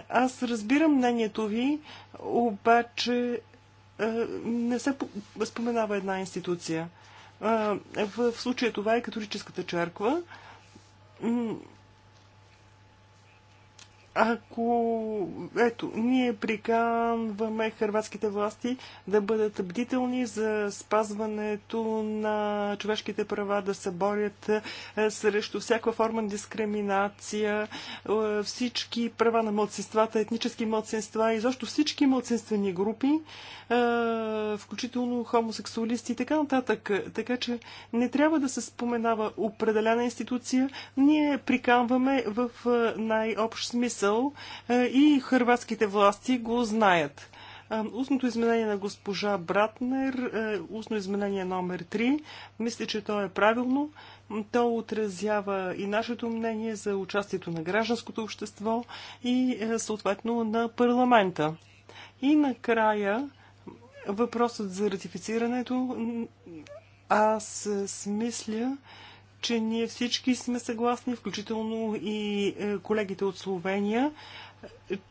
Аз разбирам мнението ви, обаче не се споменава една институция. В случая това е католическата черква ако, ето, ние приканваме хрватските власти да бъдат бдителни за спазването на човешките права, да се борят е, срещу всяка форма на дискриминация, е, всички права на младсинствата, етнически младсинства и защо всички младсинствени групи, е, включително хомосексуалисти и така нататък. Така че не трябва да се споменава определена институция. Ние приканваме в най-общ смисъл смисъл и хърватските власти го знаят. Устното изменение на госпожа Братнер, устно изменение номер 3, мисля, че то е правилно. То отразява и нашето мнение за участието на гражданското общество и съответно на парламента. И накрая въпросът за ратифицирането. Аз смисля, че ние всички сме съгласни, включително и е, колегите от Словения,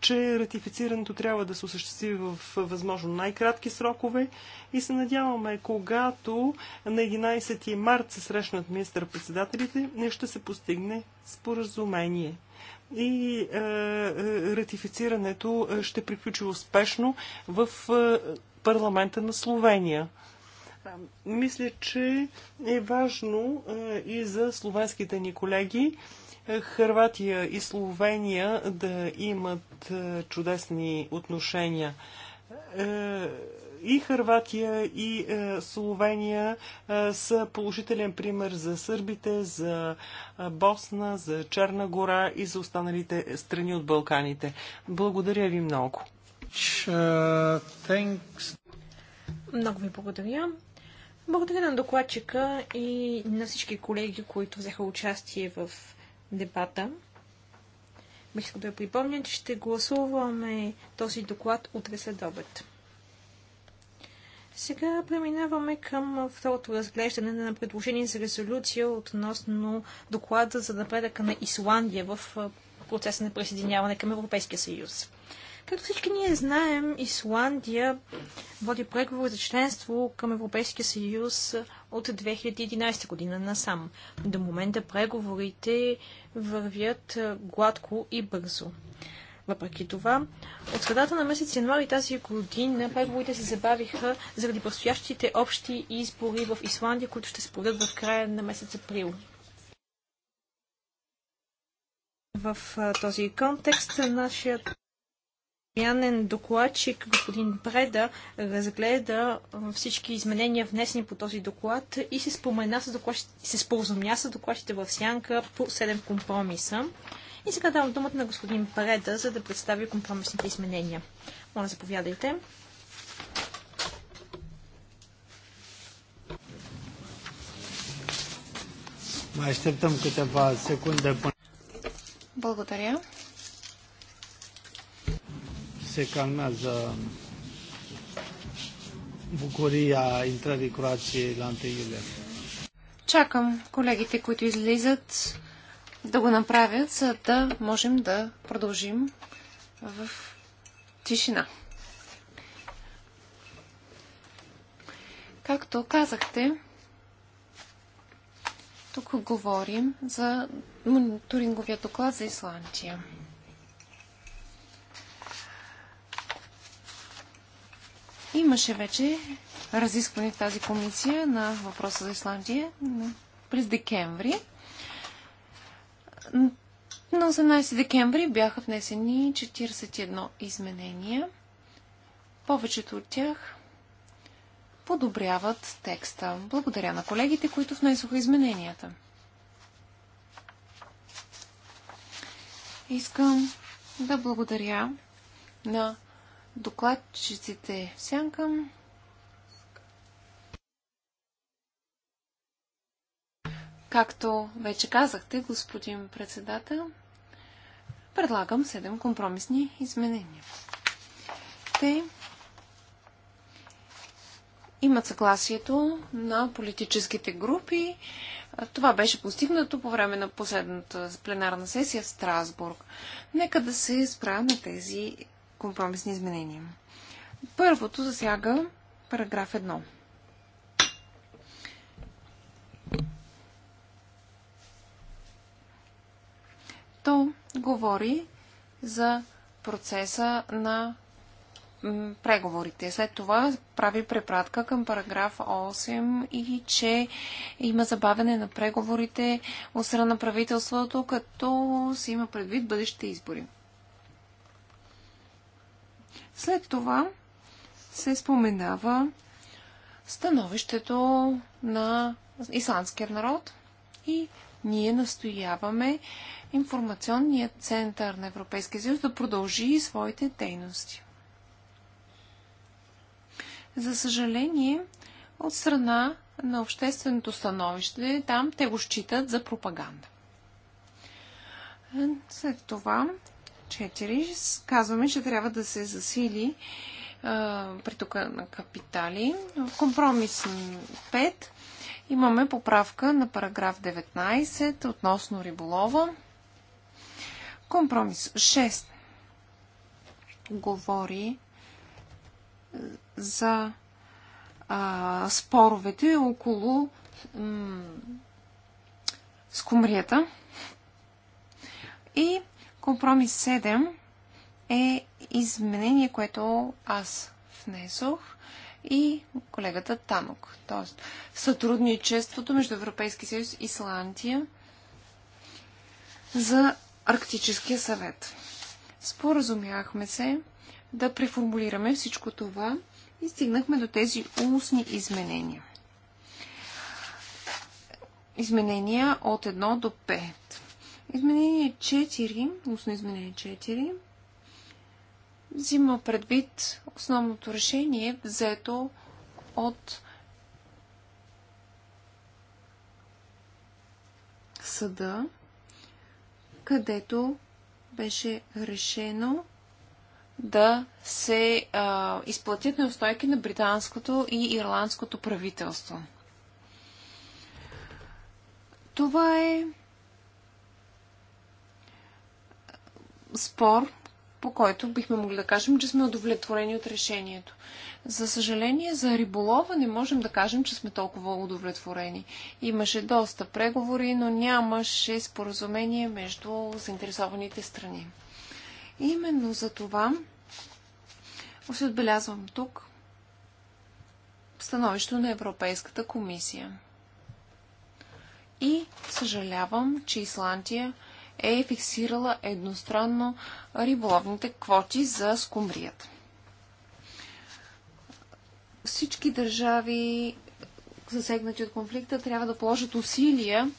че ратифицирането трябва да се осъществи в възможно най-кратки срокове и се надяваме, когато на 11 март се срещнат министър-председателите, не ще се постигне споразумение. И е, е ратифицирането ще приключи успешно в е, парламента на Словения. Мисля, че е важно и за словенските ни колеги Хърватия и Словения да имат чудесни отношения и Харватия, и Словения са положителен пример за сърбите, за Босна, за Черна гора и за останалите страни от Балканите. Благодаря ви много. Много ви благодаря. Благодаря на докладчика и на всички колеги, които взеха участие в дебата. Бих искал да припомня, че ще гласуваме този доклад утре след обед. Сега преминаваме към второто разглеждане на предложение за резолюция относно доклада за напредъка на Исландия в процеса на присъединяване към Европейския съюз. Както всички ние знаем, Исландия води преговори за членство към Европейския съюз от 2011 година насам. До момента преговорите вървят гладко и бързо. Въпреки това, от средата на месец януари тази година преговорите се забавиха заради предстоящите общи избори в Исландия, които ще се проведат в края на месец април. В този контекст нашият постоянен докладчик господин Преда разгледа всички изменения внесени по този доклад и се, спомена с се споразумя с докладчите в сянка по 7 компромиса. И сега давам думата на господин Преда, за да представи компромисните изменения. Моля, заповядайте. Mai așteptăm câteva secunde până... Благодаря se calmează bucuria intrării Croației la 1 iulie. Чакам колегите, които излизат, да го направят, за да можем да продължим в тишина. Както казахте, тук говорим за мониторинговия доклад за Исландия. Имаше вече разискване в тази комисия на въпроса за Исландия през декември. На 18 декември бяха внесени 41 изменения. Повечето от тях подобряват текста. Благодаря на колегите, които внесоха измененията. Искам да благодаря на докладчиците в сянка. Както вече казахте, господин председател, предлагам 7 компромисни изменения. Те имат съгласието на политическите групи. Това беше постигнато по време на последната пленарна сесия в Страсбург. Нека да се спра на тези компромисни изменения. Първото засяга параграф 1. То говори за процеса на преговорите. След това прави препратка към параграф 8 и че има забавяне на преговорите от страна на правителството, като се има предвид бъдещите избори. След това се споменава становището на исландския народ и ние настояваме информационният център на Европейския съюз да продължи своите дейности. За съжаление, от страна на общественото становище, там те го считат за пропаганда. След това 4 казваме, че трябва да се засили притока на капитали. В компромис 5 имаме поправка на параграф 19 относно риболова. Компромис 6 говори за а, споровете около м- скумрията и Компромис 7 е изменение, което аз внесох и колегата Танок. Тоест, сътрудничеството между Европейски съюз и Исландия за Арктическия съвет. Споразумяхме се да преформулираме всичко това и стигнахме до тези устни изменения. Изменения от 1 до 5. Изменение 4, устно изменение 4, взима предвид основното решение, взето от съда, където беше решено да се а, изплатят неустойки на британското и ирландското правителство. Това е спор, по който бихме могли да кажем, че сме удовлетворени от решението. За съжаление, за риболова не можем да кажем, че сме толкова удовлетворени. Имаше доста преговори, но нямаше споразумение между заинтересованите страни. Именно за това се отбелязвам тук становището на Европейската комисия. И съжалявам, че Исландия е фиксирала едностранно риболовните квоти за скумрията. Всички държави, засегнати от конфликта, трябва да положат усилия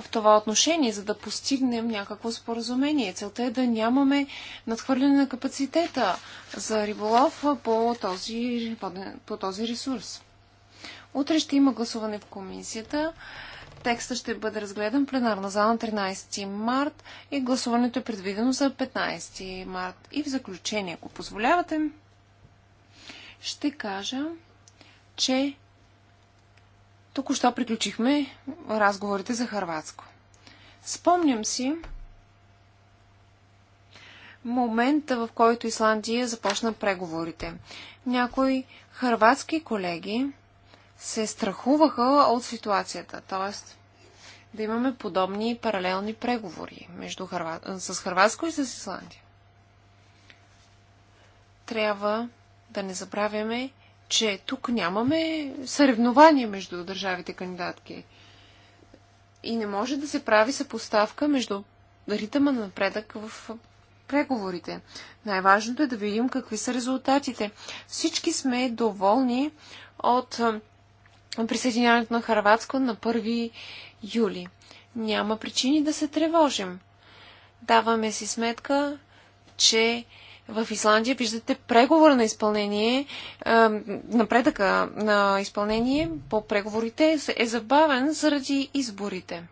в това отношение, за да постигнем някакво споразумение. Целта е да нямаме надхвърляне на капацитета за риболов по този, по този ресурс. Утре ще има гласуване в комисията Текста ще бъде разгледан в пленарна зала на 13 март и гласуването е предвидено за 15 март. И в заключение, ако позволявате, ще кажа, че току-що приключихме разговорите за Харватско. Спомням си момента, в който Исландия започна преговорите. Някои харватски колеги се страхуваха от ситуацията. Тоест, да имаме подобни паралелни преговори между Харва... с Харватско и с Исландия. Трябва да не забравяме, че тук нямаме съревнования между държавите кандидатки. И не може да се прави съпоставка между ритъма на напредък в преговорите. Най-важното е да видим какви са резултатите. Всички сме доволни от присъединяването на Харватско на 1 юли. Няма причини да се тревожим. Даваме си сметка, че в Исландия виждате преговор на изпълнение, напредъка на изпълнение по преговорите е забавен заради изборите.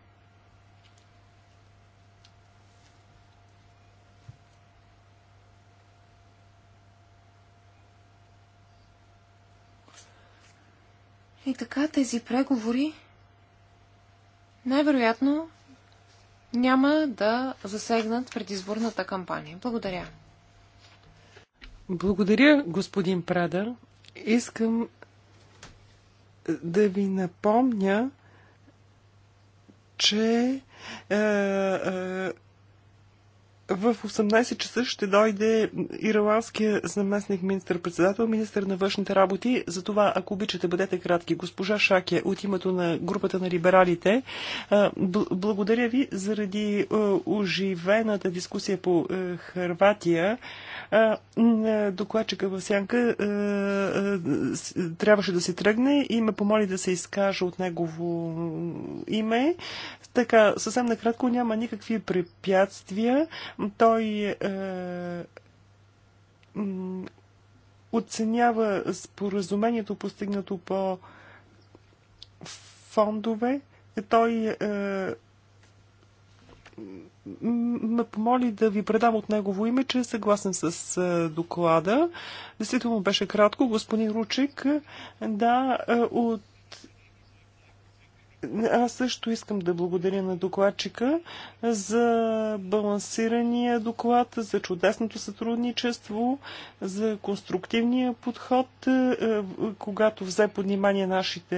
И така тези преговори най-вероятно няма да засегнат предизборната кампания. Благодаря. Благодаря, господин Прада. Искам да ви напомня, че е, е, в 18 часа ще дойде ирландския заместник министър-председател, министър на външните работи. Затова, ако обичате, бъдете кратки. Госпожа Шаке, от името на групата на либералите, благодаря ви заради оживената дискусия по Харватия. Докладчика в сянка трябваше да се тръгне и ме помоли да се изкаже от негово име. Така, съвсем накратко няма никакви препятствия. Той е, оценява споразумението постигнато по фондове. Той е, ме помоли да ви предам от негово име, че е съгласен с е, доклада. Действително беше кратко. Господин Ручик, е, да, е, от аз също искам да благодаря на докладчика за балансирания доклад, за чудесното сътрудничество, за конструктивния подход, е, когато взе под внимание нашите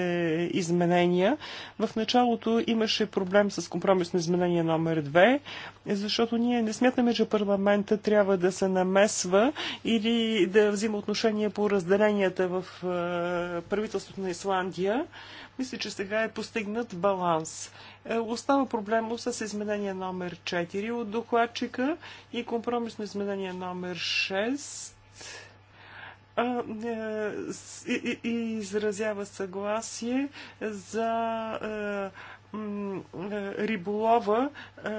изменения. В началото имаше проблем с компромисно изменение номер 2, защото ние не смятаме, че парламента трябва да се намесва или да взима отношение по разделенията в е, правителството на Исландия. Мисля, че сега е постигнат баланс. Е, остава проблема с изменение номер 4 от докладчика и компромисно изменение номер 6 е, и, изразява съгласие за е, риболова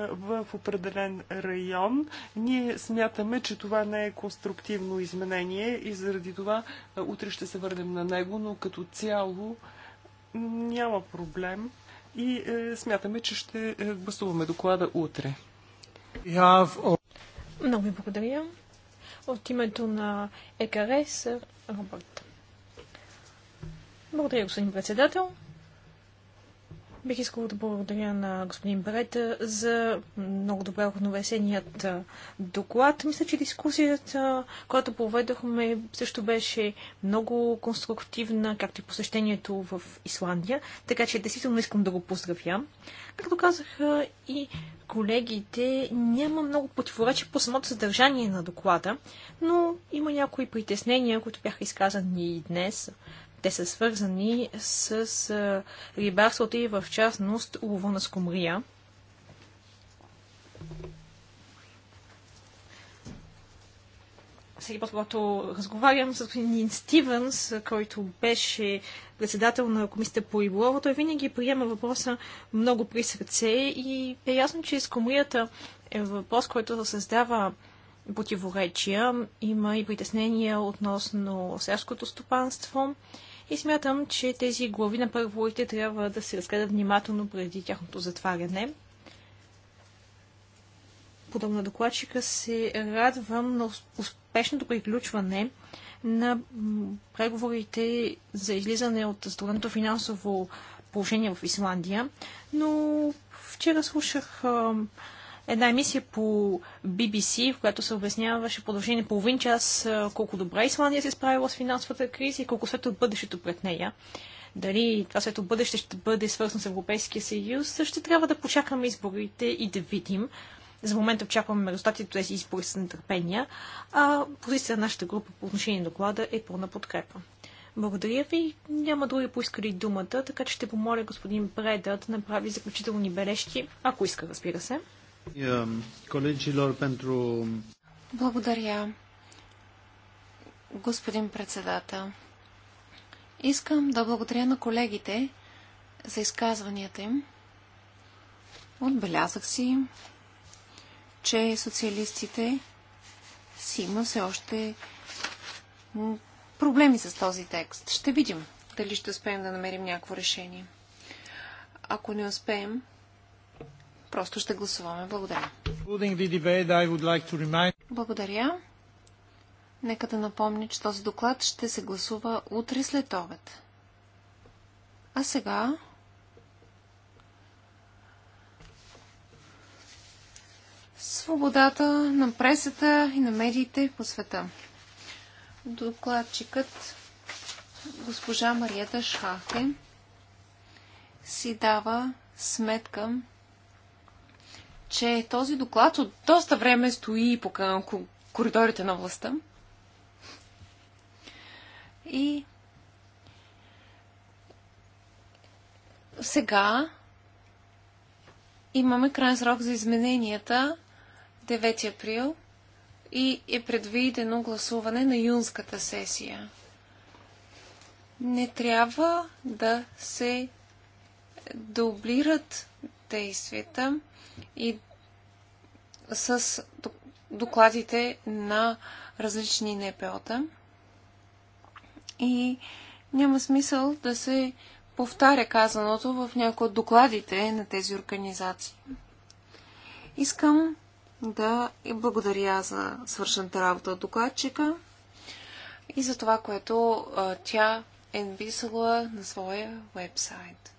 в определен район. Ние смятаме, че това не е конструктивно изменение и заради това утре ще се върнем на него, но като цяло няма проблем и е, смятаме, че ще е, гласуваме доклада утре. Много ви благодаря. От името на ЕКРС, Робърт. Благодаря, господин председател. Бих искала да благодаря на господин Брета за много добре равновесеният доклад. Мисля, че дискусията, която проведохме, също беше много конструктивна, както и посещението в Исландия, така че действително искам да го поздравя. Както казаха и колегите, няма много противоречия по самото съдържание на доклада, но има някои притеснения, които бяха изказани и днес. Те са свързани с рибарството и в частност улова на скумрия. всеки път, когато разговарям с господин Стивенс, който беше председател на комисията по риболова, той винаги приема въпроса много при сърце и е ясно, че скумрията е въпрос, който създава противоречия. Има и притеснения относно селското стопанство и смятам, че тези глави на преговорите трябва да се разгледат внимателно преди тяхното затваряне. Подобно докладчика се радвам на успешното приключване на преговорите за излизане от страната финансово положение в Исландия, но вчера слушах една емисия по BBC, в която се обясняваше продължение половин час колко добре Исландия се е справила с финансовата криза и колко след от бъдещето пред нея. Дали това свето бъдеще ще бъде свързано с Европейския съюз, ще трябва да почакаме изборите и да видим. За момента очакваме резултатите от тези избори с нетърпения, а позицията на нашата група по отношение на доклада е пълна подкрепа. Благодаря ви. Няма други поискали думата, така че ще помоля господин Бреда да направи заключителни бележки, ако иска, разбира се. Um, благодаря, господин председател. Искам да благодаря на колегите за изказванията им. Отбелязах си, че социалистите си има все още проблеми с този текст. Ще видим дали ще успеем да намерим някакво решение. Ако не успеем, Просто ще гласуваме. Благодаря. Благодаря. Нека да напомня, че този доклад ще се гласува утре след обед. А сега свободата на пресата и на медиите по света. Докладчикът госпожа Марията Шахте си дава сметка че този доклад от доста време стои по коридорите на властта. И сега имаме крайен срок за измененията 9 април и е предвидено гласуване на юнската сесия. Не трябва да се дублират действията и с докладите на различни НПО-та. И няма смисъл да се повтаря казаното в някои от докладите на тези организации. Искам да и благодаря за свършената работа от докладчика и за това, което а, тя е написала на своя вебсайт.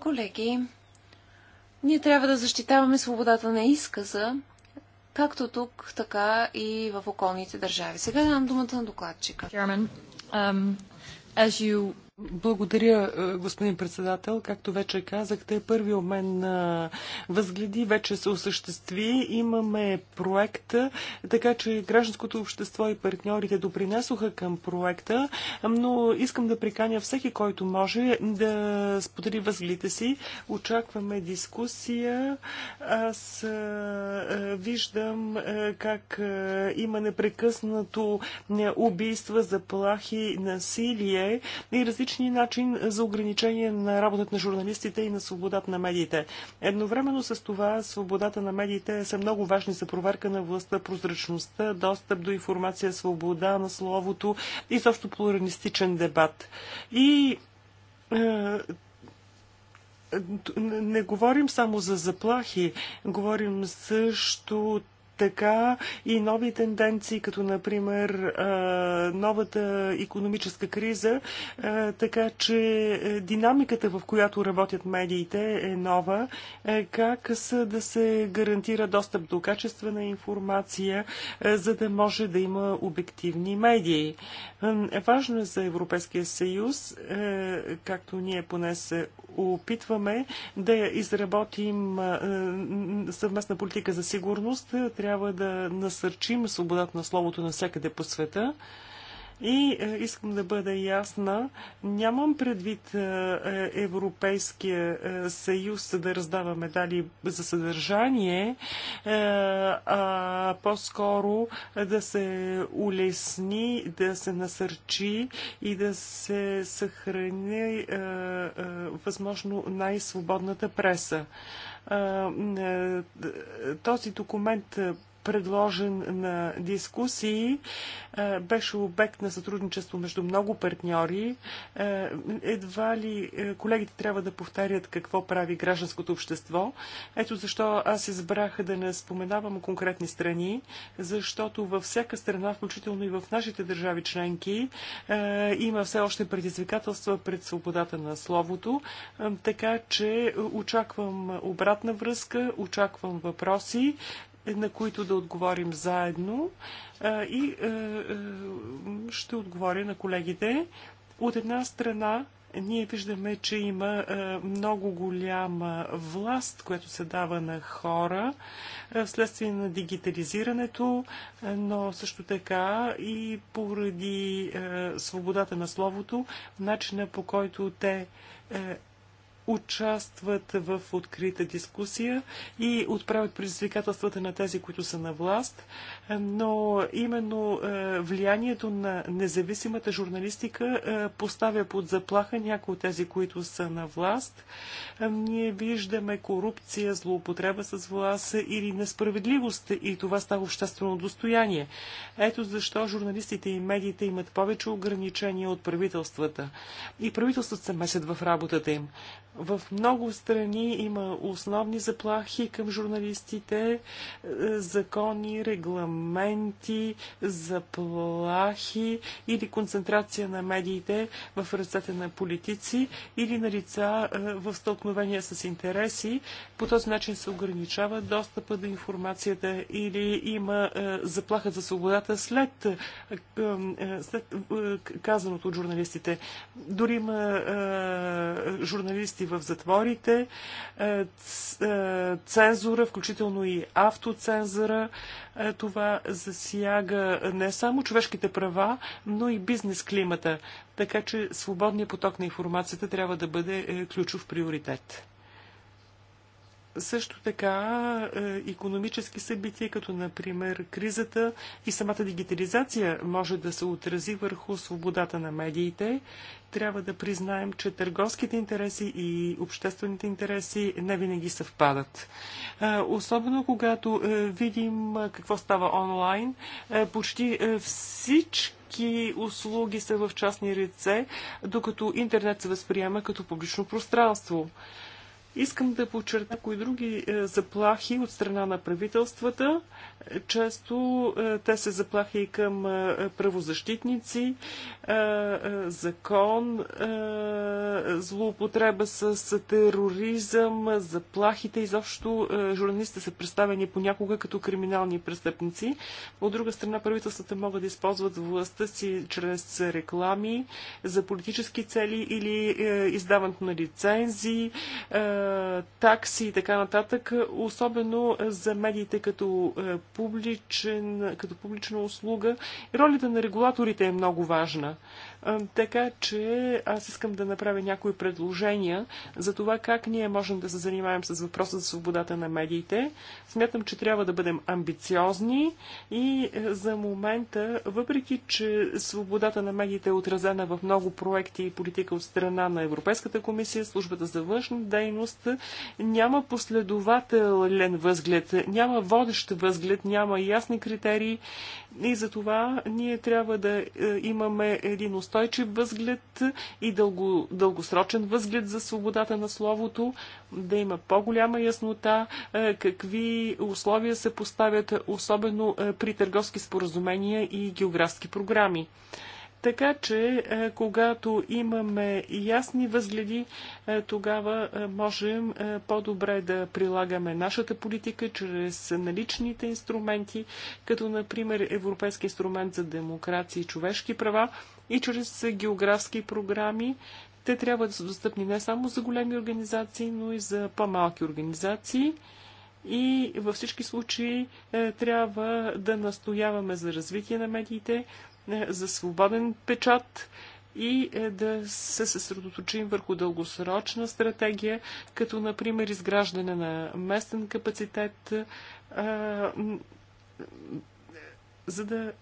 Колеги, ние трябва да защитаваме свободата на изказа, както тук, така и в околните държави. Сега дам думата на докладчика. Um, благодаря, е, господин председател. Както вече казахте, първи обмен на възгледи вече се осъществи. Имаме проект, така че гражданското общество и партньорите допринесоха към проекта, но искам да приканя всеки, който може да сподели възгледите си. Очакваме дискусия. Аз е, е, виждам как има непрекъснато убийства, заплахи, насилие и различни различни начин за ограничение на работата на журналистите и на свободата на медиите. Едновременно с това свободата на медиите са много важни за проверка на властта, прозрачността, достъп до информация, свобода на словото и също плуранистичен дебат. И е, не говорим само за заплахи, говорим също така и нови тенденции, като например новата економическа криза, така че е, динамиката, в която работят медиите, е нова. Е, как са да се гарантира достъп до качествена информация, е, за да може да има обективни медии? Важно е за Европейския съюз, както ние поне се опитваме да изработим съвместна политика за сигурност, трябва трябва да насърчим свободата на словото навсякъде по света. И е, искам да бъда ясна, нямам предвид е, е Европейския е, съюз да раздава медали за съдържание, е, а по-скоро да се улесни, да се насърчи и да се съхрани е, възможно най-свободната преса. Е, е, този документ е, предложен на дискусии, е, беше обект на сътрудничество между много партньори. Е, едва ли е, колегите трябва да повтарят какво прави гражданското общество. Ето защо аз избрах да не споменавам конкретни страни, защото във всяка страна, включително и в нашите държави членки, има все още предизвикателства пред свободата на словото. Така че очаквам обратна връзка, очаквам въпроси на които да отговорим заедно и ще отговоря на колегите. От една страна, ние виждаме, че има много голяма власт, която се дава на хора вследствие на дигитализирането, но също така и поради свободата на словото, начина по който те участват в открита дискусия и отправят предизвикателствата на тези, които са на власт, но именно е, влиянието на независимата журналистика е, поставя под заплаха някои от тези, които са на власт. Е, ние виждаме корупция, злоупотреба с власт или несправедливост и това става обществено достояние. Ето защо журналистите и медиите имат повече ограничения от правителствата. И правителствата се месят в работата им. В много страни има основни заплахи към журналистите, е, закони, регламенти, заплахи или концентрация на медиите в ръцете на политици или на лица е, в столкновения с интереси. По този начин се ограничава достъпа до информацията или има е, заплаха за свободата след, след казаното от журналистите. Дори има журналисти в затворите, е, е, цензура, включително и автоцензура. Е, това засяга не само човешките права, но и бизнес климата. Така че свободният поток на информацията трябва да бъде ключов приоритет. Също така, економически събития, като например кризата и самата дигитализация може да се отрази върху свободата на медиите. Трябва да признаем, че търговските интереси и обществените интереси не винаги съвпадат. Е, особено когато е, видим е, какво става онлайн, почти всички услуги са в частни ръце, докато интернет се възприема като публично пространство. Искам да подчерта кои други е, заплахи от страна на правителствата. Е, често е, те се заплахи и към правозащитници, закон, злоупотреба с тероризъм, заплахите. Изобщо журналистите са представени понякога като криминални престъпници. От друга страна, правителствата могат да използват властта си чрез реклами за политически цели или издаването на лицензии, такси и така нататък, особено за медиите като, е, публичен, като публична услуга. Ролята на регулаторите е много важна. Така че аз искам да направя някои предложения за това как ние можем да се занимаем с въпроса за свободата на медиите. Смятам, че трябва да бъдем амбициозни и е, за момента, въпреки че свободата на медиите е отразена в много проекти и политика от страна на Европейската комисия, службата за външна дейност, няма последователен възглед, няма водещ възглед, няма ясни критерии и за това ние трябва да е, имаме един устойчив възглед и дълго, дългосрочен възглед за свободата на словото, да има по-голяма яснота е, какви условия се поставят, особено е, при търговски споразумения и географски програми. Така че, е, когато имаме ясни възгледи, тогава можем по-добре да прилагаме нашата политика чрез наличните инструменти, като например Европейски инструмент за демокрация и човешки права, и чрез географски програми. Те трябва да са достъпни не само за големи организации, но и за по-малки организации. И във всички случаи е, трябва да настояваме за развитие на медиите, е, за свободен печат и е, да се съсредоточим върху дългосрочна стратегия, като например изграждане на местен капацитет, за да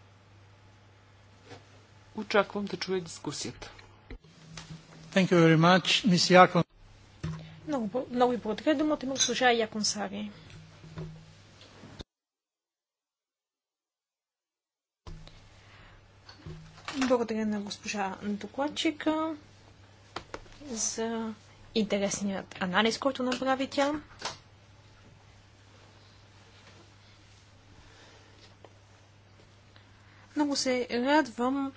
Очаквам да чуя дискусията. Thank you very much, Miss Якон. Много, много ви благодаря. Думата има госпожа Якон Сари. Благодаря на госпожа докладчика за интересният анализ, който направи тя. Много се радвам,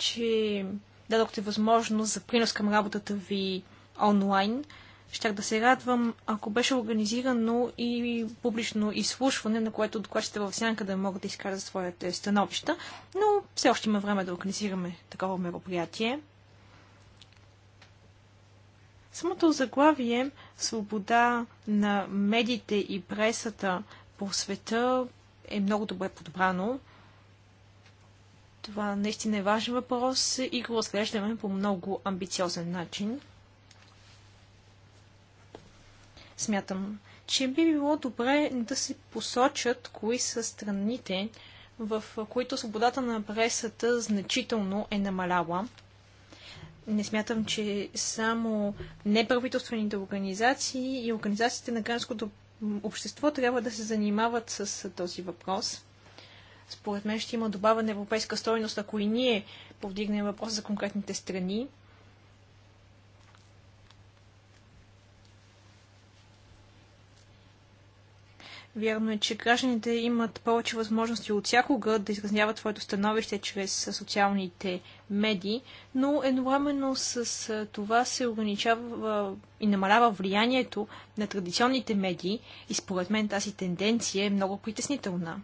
че дадохте възможност за принос към работата ви онлайн. Щях да се радвам, ако беше организирано и публично изслушване, на което докладчите в сянка да могат да изкажат своите становища, но все още има време да организираме такова мероприятие. Самото заглавие Свобода на медиите и пресата по света е много добре подбрано. Това наистина е важен въпрос и го разглеждаме по много амбициозен начин. Смятам, че би било добре да се посочат кои са страните, в които свободата на пресата значително е намаляла. Не смятам, че само неправителствените организации и организациите на гражданското общество трябва да се занимават с този въпрос. Според мен ще има добавена европейска стойност, ако и ние повдигнем въпроса за конкретните страни. Вярно е, че гражданите имат повече възможности от всякога да изразняват своето становище чрез социалните медии, но едновременно с това се ограничава и намалява влиянието на традиционните медии и според мен тази тенденция е много притеснителна.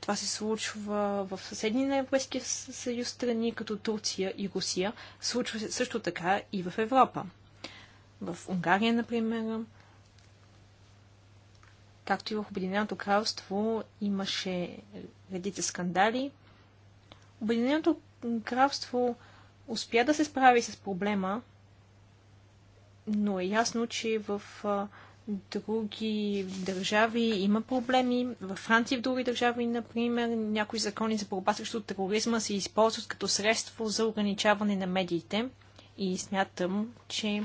Това се случва в съседни на Европейския съюз страни, като Турция и Русия. Случва се също така и в Европа. В Унгария, например, както и в Обединеното кралство, имаше редица скандали. Обединеното кралство успя да се справи с проблема, но е ясно, че в други държави има проблеми. В Франция и в други държави, например, някои закони за борба срещу тероризма се използват като средство за ограничаване на медиите. И смятам, че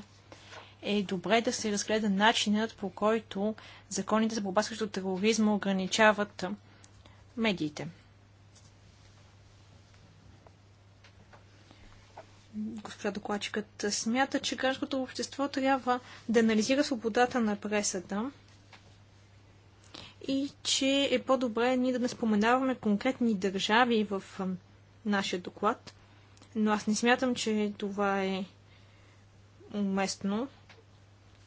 е добре да се разгледа начинът по който законите за борба срещу тероризма ограничават медиите. госпожа докладчикът смята, че гражданското общество трябва да анализира свободата на пресата и че е по-добре ние да не споменаваме конкретни държави в нашия доклад, но аз не смятам, че това е уместно.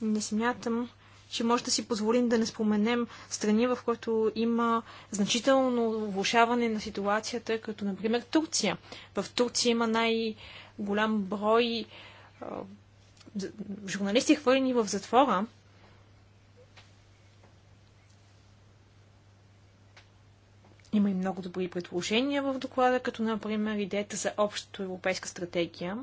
Не смятам, че може да си позволим да не споменем страни, в които има значително влушаване на ситуацията, като например Турция. В Турция има най-голям брой журналисти, хвърлени в затвора. Има и много добри предложения в доклада, като например идеята за общото европейска стратегия.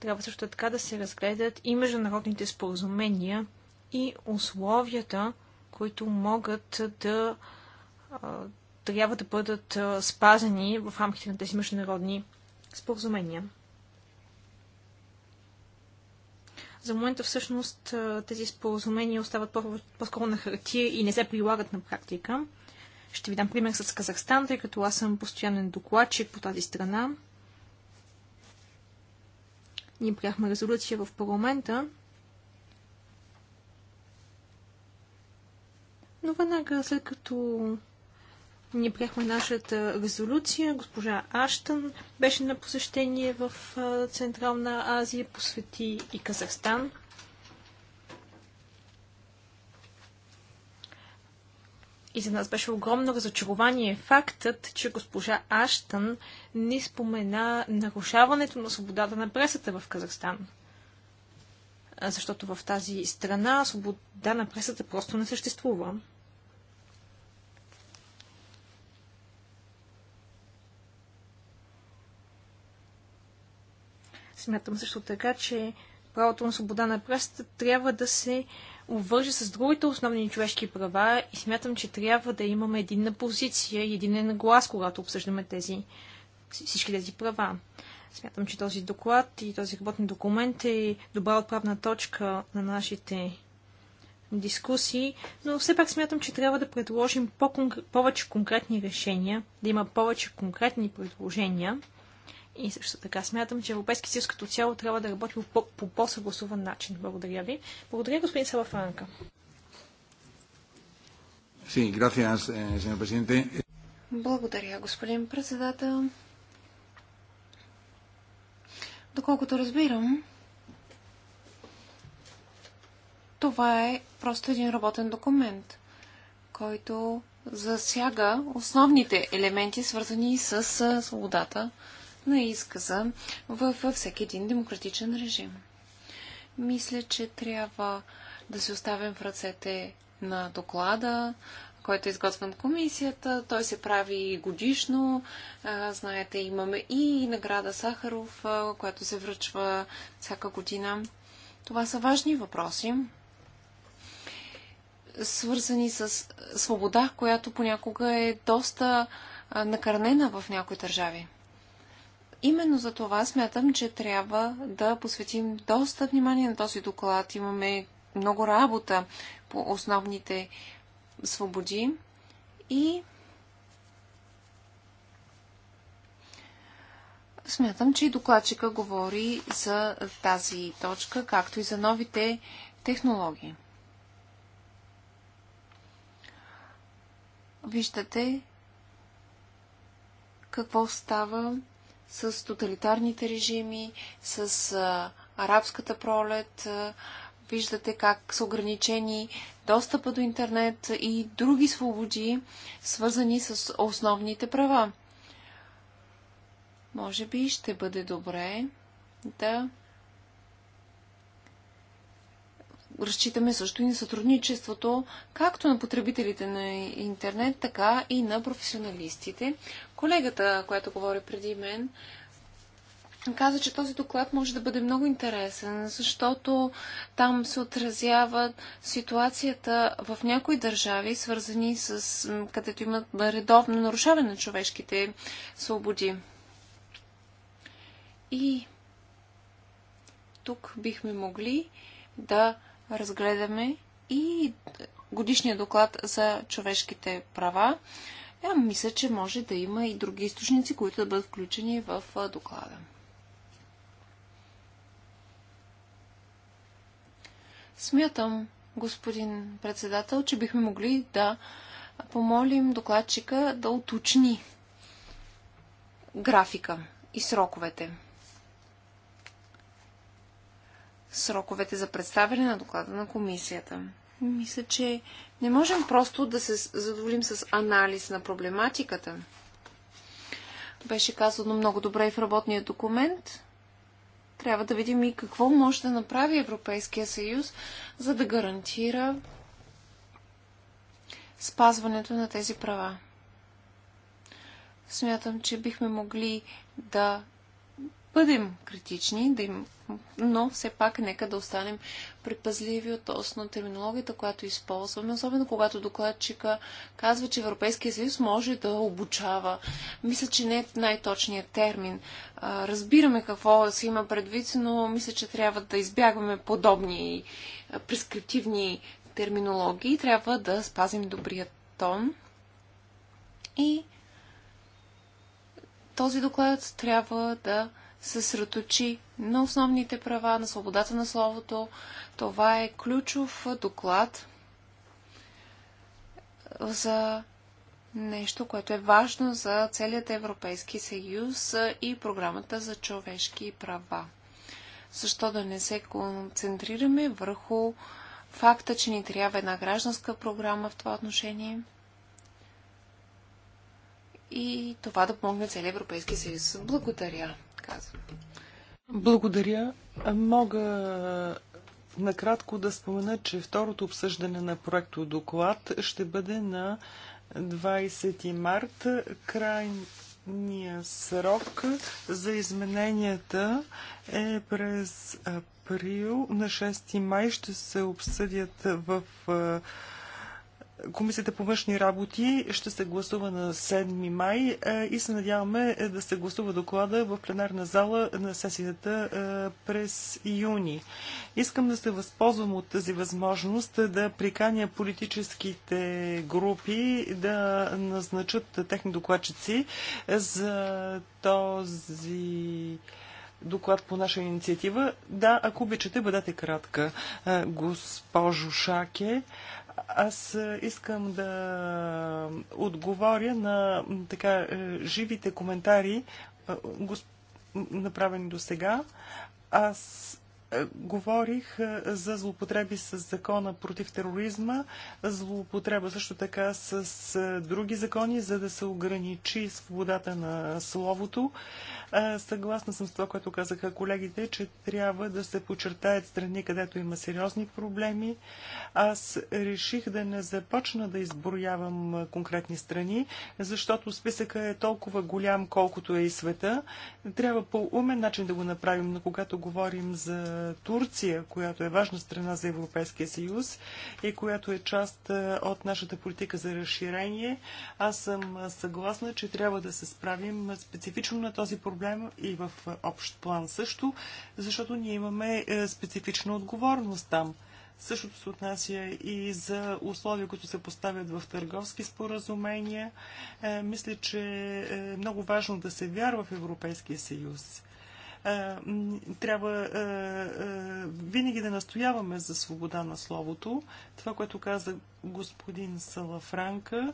Трябва също така да се разгледат и международните споразумения, и условията, които могат да трябва да бъдат спазени в рамките на тези международни споразумения. За момента всъщност тези споразумения остават по-скоро на хартия и не се прилагат на практика. Ще ви дам пример с Казахстан, тъй като аз съм постоянен докладчик по тази страна. Ние приехме резолюция в парламента, но веднага след като ние приехме нашата резолюция. Госпожа Аштън беше на посещение в Централна Азия, посвети и Казахстан. И за нас беше огромно разочарование фактът, че госпожа Аштън не спомена нарушаването на свободата на пресата в Казахстан. Защото в тази страна свобода на пресата просто не съществува. Смятам също така, че правото на свобода на пресата трябва да се обвърже с другите основни човешки права и смятам, че трябва да имаме единна позиция и единен глас, когато обсъждаме тези, всички тези права. Смятам, че този доклад и този работен документ е добра отправна точка на нашите дискусии, но все пак смятам, че трябва да предложим повече конкретни решения, да има повече конкретни предложения. И също така смятам, че Европейски съюз като цяло трябва да работи по, по по-съгласуван начин. Благодаря ви. Благодаря, господин Салафранка. Eh, Благодаря, господин председател. Доколкото разбирам, това е просто един работен документ, който засяга основните елементи, свързани с свободата на изказа във всеки един демократичен режим. Мисля, че трябва да се оставим в ръцете на доклада, който е изготвен от комисията. Той се прави годишно. Знаете, имаме и награда Сахаров, която се връчва всяка година. Това са важни въпроси, свързани с свобода, която понякога е доста накърнена в някои държави. Именно за това смятам, че трябва да посветим доста внимание на този доклад. Имаме много работа по основните свободи и смятам, че и докладчика говори за тази точка, както и за новите технологии. Виждате какво става с тоталитарните режими, с а, арабската пролет. А, виждате как са ограничени достъпа до интернет и други свободи, свързани с основните права. Може би ще бъде добре да разчитаме също и на сътрудничеството, както на потребителите на интернет, така и на професионалистите. Колегата, която говори преди мен, каза, че този доклад може да бъде много интересен, защото там се отразява ситуацията в някои държави, свързани с където имат редовно нарушаване на човешките свободи. И тук бихме могли да разгледаме и годишния доклад за човешките права. Я е, ами, мисля, че може да има и други източници, които да бъдат включени в доклада. Смятам, господин председател, че бихме могли да помолим докладчика да уточни графика и сроковете сроковете за представяне на доклада на комисията. Мисля, че не можем просто да се задоволим с анализ на проблематиката. Беше казано много добре и в работния документ. Трябва да видим и какво може да направи Европейския съюз, за да гарантира спазването на тези права. Смятам, че бихме могли да бъдем критични, да им... но все пак нека да останем предпазливи относно терминологията, която използваме, особено когато докладчика казва, че Европейския съюз може да обучава. Мисля, че не е най-точният термин. Разбираме какво се има предвид, но мисля, че трябва да избягваме подобни прескриптивни терминологии. Трябва да спазим добрия тон. И този доклад трябва да съсредоточи на основните права, на свободата на словото. Това е ключов доклад за нещо, което е важно за целият Европейски съюз и програмата за човешки права. Защо да не се концентрираме върху факта, че ни трябва една гражданска програма в това отношение – и това да помогне целия Европейски съюз. Благодаря, казвам. Благодаря. Мога накратко да спомена, че второто обсъждане на проекто доклад ще бъде на 20 март. Крайния срок за измененията е през април. На 6 май ще се обсъдят в Комисията по външни работи ще се гласува на 7 май е, и се надяваме е, да се гласува доклада в пленарна зала на сесията е, през юни. Искам да се възползвам от тази възможност да приканя политическите групи да назначат техни докладчици за този доклад по наша инициатива. Да, ако обичате, бъдете кратка. Госпожо Шаке, аз е, искам да отговоря на така е, живите коментари, е, направени до сега. Аз е, говорих е, за злоупотреби с закона против тероризма, злоупотреба също така с е, други закони, за да се ограничи свободата на словото. Съгласна съм с това, което казаха колегите, че трябва да се почертаят страни, където има сериозни проблеми. Аз реших да не започна да изброявам конкретни страни, защото списъка е толкова голям, колкото е и света. Трябва по умен начин да го направим, но когато говорим за Турция, която е важна страна за Европейския съюз и която е част е, от нашата политика за разширение, аз съм съгласна, че трябва да се справим специфично на този проблем и в е, общ план също, защото ние имаме е, специфична отговорност там. Същото се отнася и за условия, които се поставят в търговски споразумения. Мисля, че е много важно да се вярва в Европейския съюз. Е, трябва е, е, винаги да настояваме за свобода на словото. Това, което каза господин Салафранка,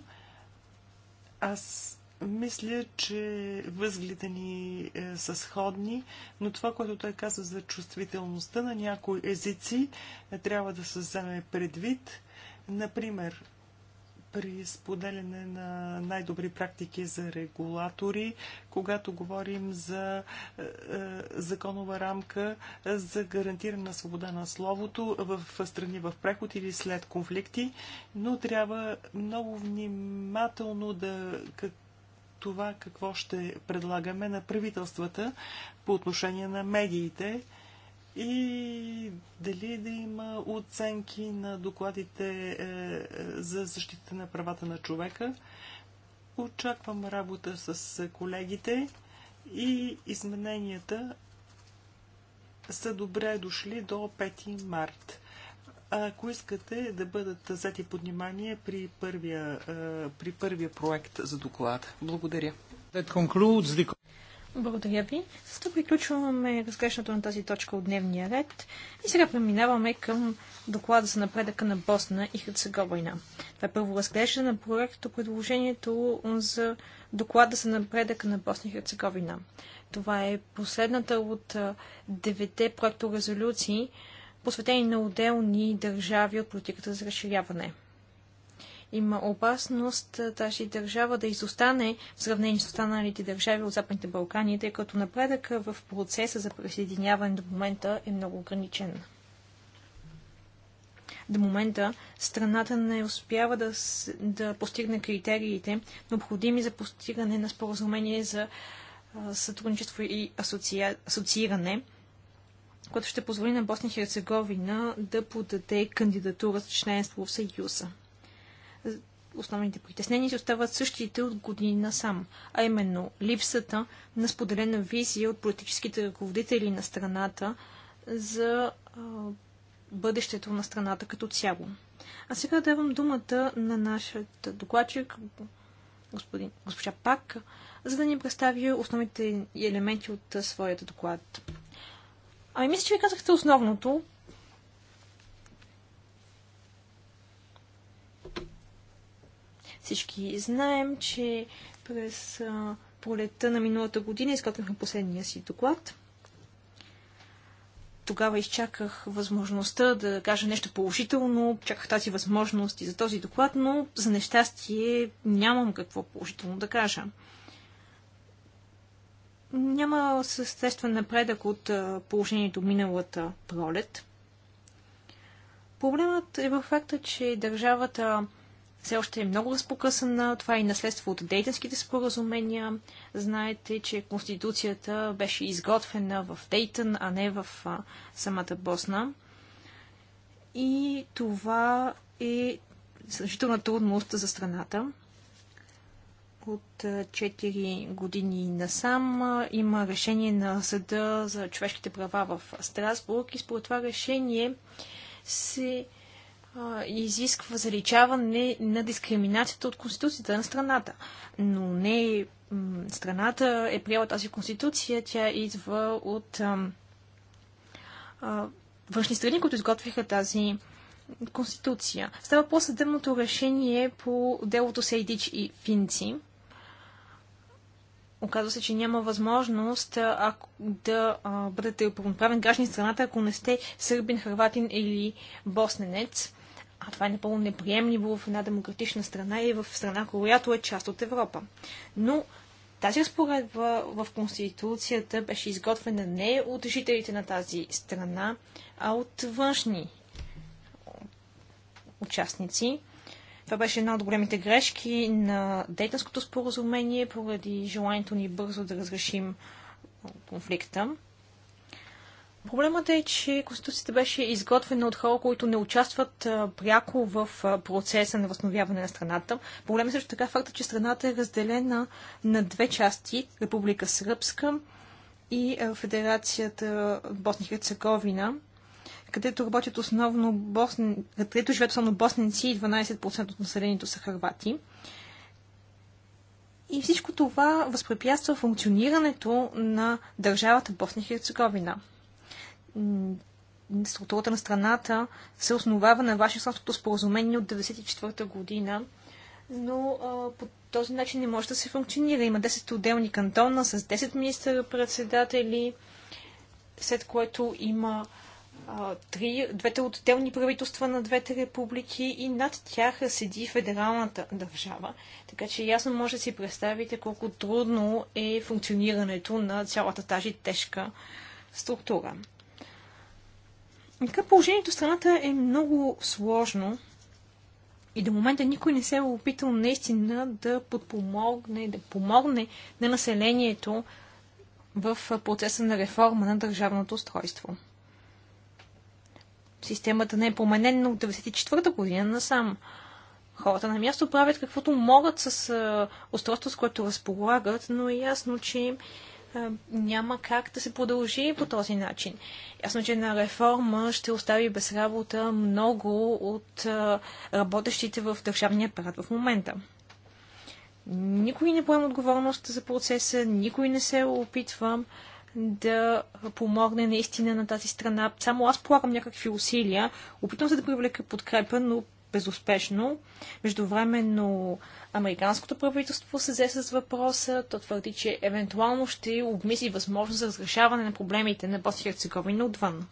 аз мисля, че възгледа ни са сходни, но това, което той каза за чувствителността на някои езици, трябва да се вземе предвид. Например, при споделяне на най-добри практики за регулатори, когато говорим за е, е, законова рамка за гарантирана свобода на словото в страни в преход или след конфликти, но трябва много внимателно да как, това какво ще предлагаме на правителствата по отношение на медиите, и дали да има оценки на докладите е, е, за защита на правата на човека. Очаквам работа с колегите и измененията са добре дошли до 5 март. Ако искате да бъдат взети под внимание при първия, е, при първия проект за доклад. Благодаря. Благодаря ви. С това приключваме разглеждането на тази точка от дневния ред и сега преминаваме към доклада за напредъка на Босна и Херцеговина. Това е първо разглеждане на проекто предложението за доклада за напредъка на Босна и Херцеговина. Това е последната от девете проекто резолюции, посветени на отделни държави от политиката за разширяване. Има опасност тази държава да изостане в сравнение с останалите държави от Западните Балкани, тъй като напредък в процеса за присъединяване до момента е много ограничен. До момента страната не успява да, да постигне критериите, необходими за постигане на споразумение за сътрудничество и асоция... асоцииране, което ще позволи на Босния и Херцеговина да подаде кандидатура за членство в Съюза основните притеснения си остават същите от години насам, а именно липсата на споделена визия от политическите ръководители на страната за а, бъдещето на страната като цяло. А сега давам думата на нашият докладчик, господин, госпожа Пак, за да ни представи основните елементи от своята доклад. Ами мисля, че ви казахте основното. Всички знаем, че през пролетта на миналата година изготвихме последния си доклад. Тогава изчаках възможността да кажа нещо положително, чаках тази възможност и за този доклад, но за нещастие нямам какво положително да кажа. Няма съществен напредък от положението миналата пролет. Проблемът е във факта, че държавата все още е много разпокъсана. Това е и наследство от дейтенските споразумения. Знаете, че Конституцията беше изготвена в Дейтън, а не в а, самата Босна. И това е съжителна трудност за страната. От 4 години насам има решение на Съда за човешките права в Страсбург и според това решение се изисква заличаване на дискриминацията от Конституцията на страната. Но не страната е приела тази Конституция, тя идва от външни страни, които изготвиха тази Конституция. Става по съдебното решение по делото Сейдич и Финци. Оказва се, че няма възможност а, да а, бъдете пълноправен граждани страната, ако не сте сърбин, хрватин или босненец. А това е напълно неприемливо в една демократична страна и в страна, която е част от Европа. Но тази разпоредба в Конституцията беше изготвена не от жителите на тази страна, а от външни участници. Това беше една от големите грешки на Дейтанското споразумение, поради желанието ни бързо да разрешим конфликта. Проблемът е, че Конституцията беше изготвена от хора, които не участват а, пряко в а, процеса на възстановяване на страната. Проблемът е също така факта, че страната е разделена на две части Република Сръбска и а, Федерацията Босния и Херцеговина, където работят основно босни... където живеят основно босници и 12% от населението са харвати. И всичко това възпрепятства функционирането на държавата Босния и Херцеговина структурата на страната се основава на Вашингтонското споразумение от 1994 година, но а, по този начин не може да се функционира. Има 10 отделни кантона с 10 министър-председатели, след което има три, двете отделни правителства на двете републики и над тях седи федералната държава. Така че ясно може да си представите колко трудно е функционирането на цялата тази тежка структура. Така положението в страната е много сложно и до момента никой не се е опитал наистина да подпомогне, да помогне на населението в процеса на реформа на държавното устройство. Системата не е променена от 1994 година насам. Хората на място правят каквото могат с устройство, с което разполагат, но е ясно, че няма как да се продължи по този начин. Ясно, че една реформа ще остави без работа много от работещите в държавния апарат в момента. Никой не поема отговорност за процеса, никой не се опитва да помогне наистина на тази страна. Само аз полагам някакви усилия. Опитвам се да привлека подкрепа, но безуспешно. Междувременно американското правителство се взе с въпроса. То твърди, че евентуално ще обмисли възможност за разрешаване на проблемите на Босния Херцеговина отвън.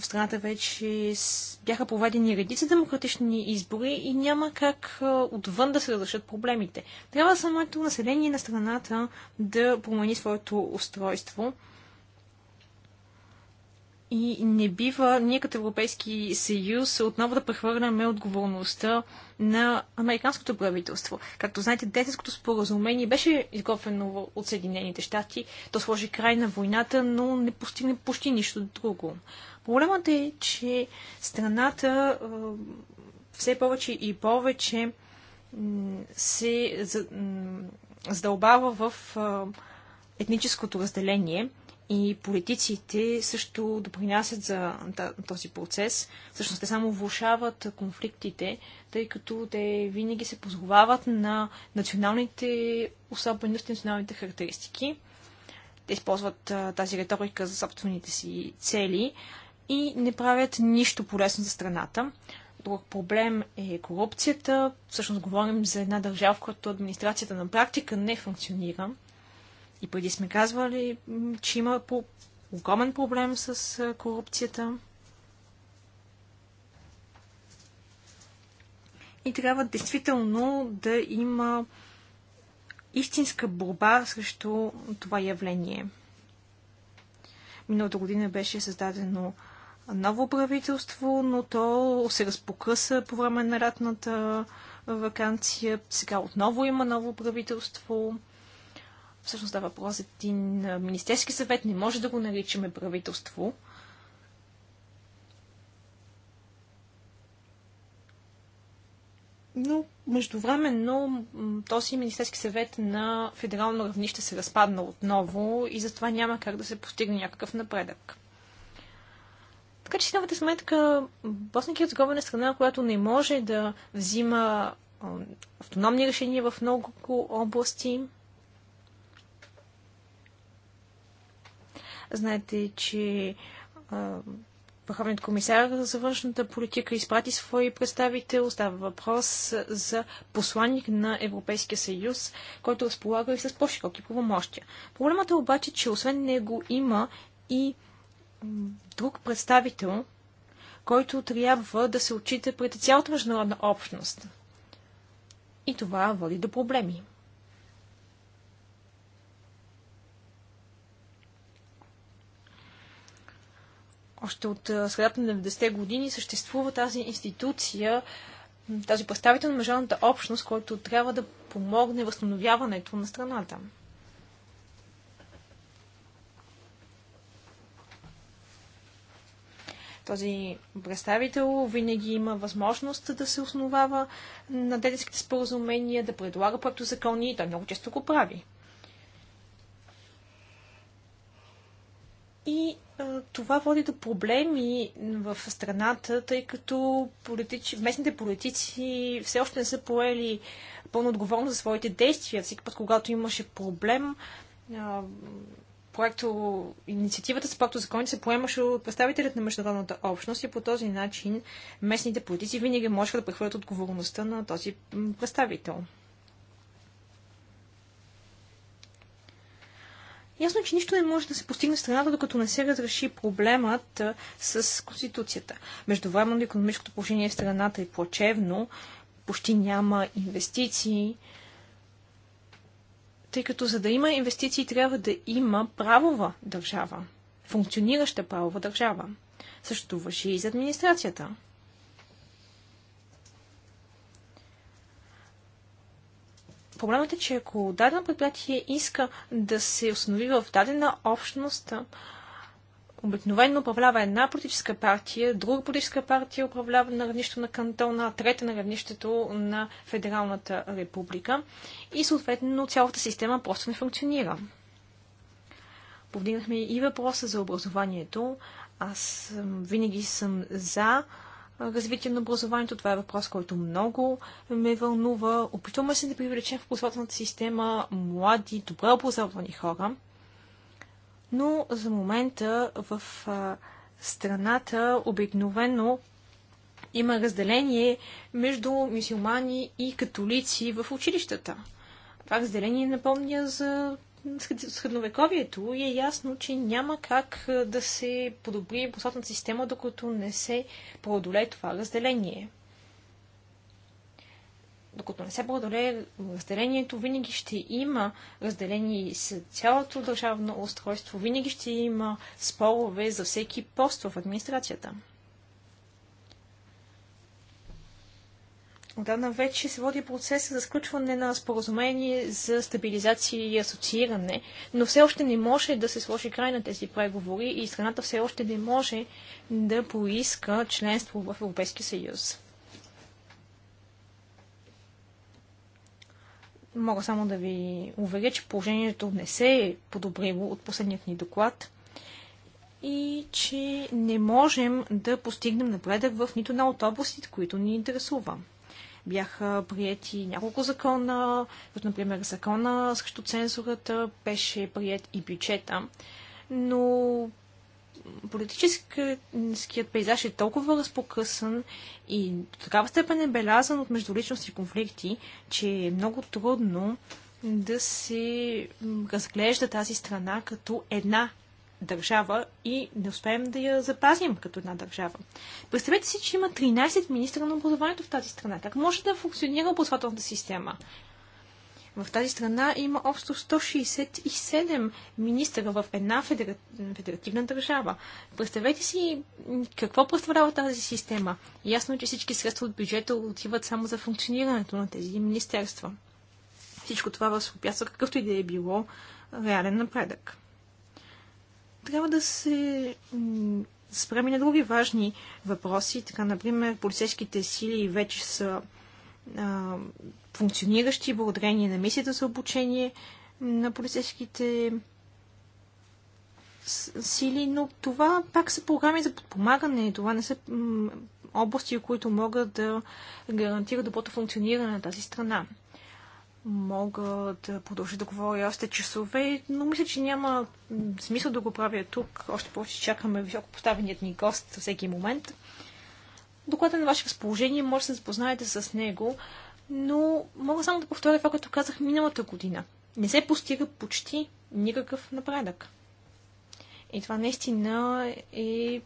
В страната вече бяха проведени редица демократични избори и няма как отвън да се разрешат проблемите. Трябва самото население на страната да промени своето устройство и не бива ние като Европейски съюз отново да прехвърляме отговорността на американското правителство. Както знаете, Десетското споразумение беше изготвено от Съединените щати. То сложи край на войната, но не постигне почти нищо друго. Проблемът е, че страната все повече и повече се задълбава в етническото разделение – и политиците също допринасят за този процес. Всъщност те само влушават конфликтите, тъй като те винаги се позовават на националните особености, националните характеристики. Те използват тази риторика за собствените си цели и не правят нищо полезно за страната. Друг проблем е корупцията. Всъщност говорим за една държава, в която администрацията на практика не функционира. И преди сме казвали, че има по огромен проблем с корупцията. И трябва действително да има истинска борба срещу това явление. Миналата година беше създадено ново правителство, но то се разпокъса по време на ратната вакансия. Сега отново има ново правителство всъщност става въпрос за един Министерски съвет, не може да го наричаме правителство. Но междувременно този Министерски съвет на федерално равнище се разпадна отново и затова няма как да се постигне някакъв напредък. Така че си давате сметка, Босна и е страна, която не може да взима автономни решения в много области. Знаете, че Върховният комисар за външната политика изпрати свои представител. Става въпрос за посланник на Европейския съюз, който разполага и с по-широки правомощия. Проблемът е обаче, че освен него има и друг представител, който трябва да се отчита пред цялата международна общност. И това води до проблеми. Още от средата на 90-те години съществува тази институция, тази представител на международната общност, който трябва да помогне възстановяването на страната. този представител винаги има възможност да се основава на детските споразумения, да предлага закони, и той много често го прави. И а, това води до проблеми в страната, тъй като политици, местните политици все още не са поели пълно отговорно за своите действия. Всеки път, когато имаше проблем, а, проекто, инициативата с проекто закони се поемаше от представителят на международната общност и по този начин местните политици винаги можеха да прехвърлят отговорността на този представител. Ясно е, че нищо не може да се постигне страната, докато не се разреши проблемът с Конституцията. Междувременно економическото положение в страната е плачевно, почти няма инвестиции, тъй като за да има инвестиции трябва да има правова държава, функционираща правова държава. Същото въжи и за администрацията. Проблемът е, че ако дадено предприятие иска да се установи в дадена общност, обикновено управлява една политическа партия, друга политическа партия управлява на равнището на кантона, трета на равнището на Федералната република и съответно цялата система просто не функционира. Повдигнахме и въпроса за образованието. Аз винаги съм за развитие на образованието. Това е въпрос, който много ме вълнува. Опитваме се да привлечем в образователната система млади, добре образовани хора, но за момента в страната обикновено има разделение между мисюлмани и католици в училищата. Това разделение е напомня за средновековието и е ясно, че няма как е, да се подобри посадната система, докато не се преодолее това разделение. Докато не се преодолее разделението, винаги ще има разделение с цялото държавно устройство, винаги ще има спорове за всеки пост в администрацията. Отдавна вече се води процес за сключване на споразумение за стабилизация и асоцииране, но все още не може да се сложи край на тези преговори и страната все още не може да поиска членство в Европейския съюз. Мога само да ви уверя, че положението не се е подобрило от последният ни доклад и че не можем да постигнем напредък в нито една от областите, които ни интересува бяха прияти няколко закона, като например закона срещу цензурата, беше прият и бюджета, но политическият пейзаж е толкова разпокъсан и до такава степен е белязан от междуличностни конфликти, че е много трудно да се разглежда тази страна като една държава и не успеем да я запазим като една държава. Представете си, че има 13 министра на образованието в тази страна. Как може да функционира образователната система? В тази страна има общо 167 министра в една федеративна държава. Представете си какво представлява тази система. Ясно е, че всички средства от бюджета отиват само за функционирането на тези министерства. Всичко това възпрепятства какъвто и да е било реален напредък. Трябва да се спреми на други важни въпроси. Така, например, полицейските сили вече са а, функциониращи благодарение на мисията за обучение на полицейските сили, но това пак са програми за подпомагане. Това не са области, които могат да гарантират доброто функциониране на тази страна. Мога да продължа да говоря още часове, но мисля, че няма смисъл да го правя тук. Още повече чакаме високо поставеният ни гост всеки момент. Докладът е на ваше разположение, може да се запознаете с него, но мога само да повторя това, което казах миналата година. Не се постига почти никакъв напредък. И това наистина е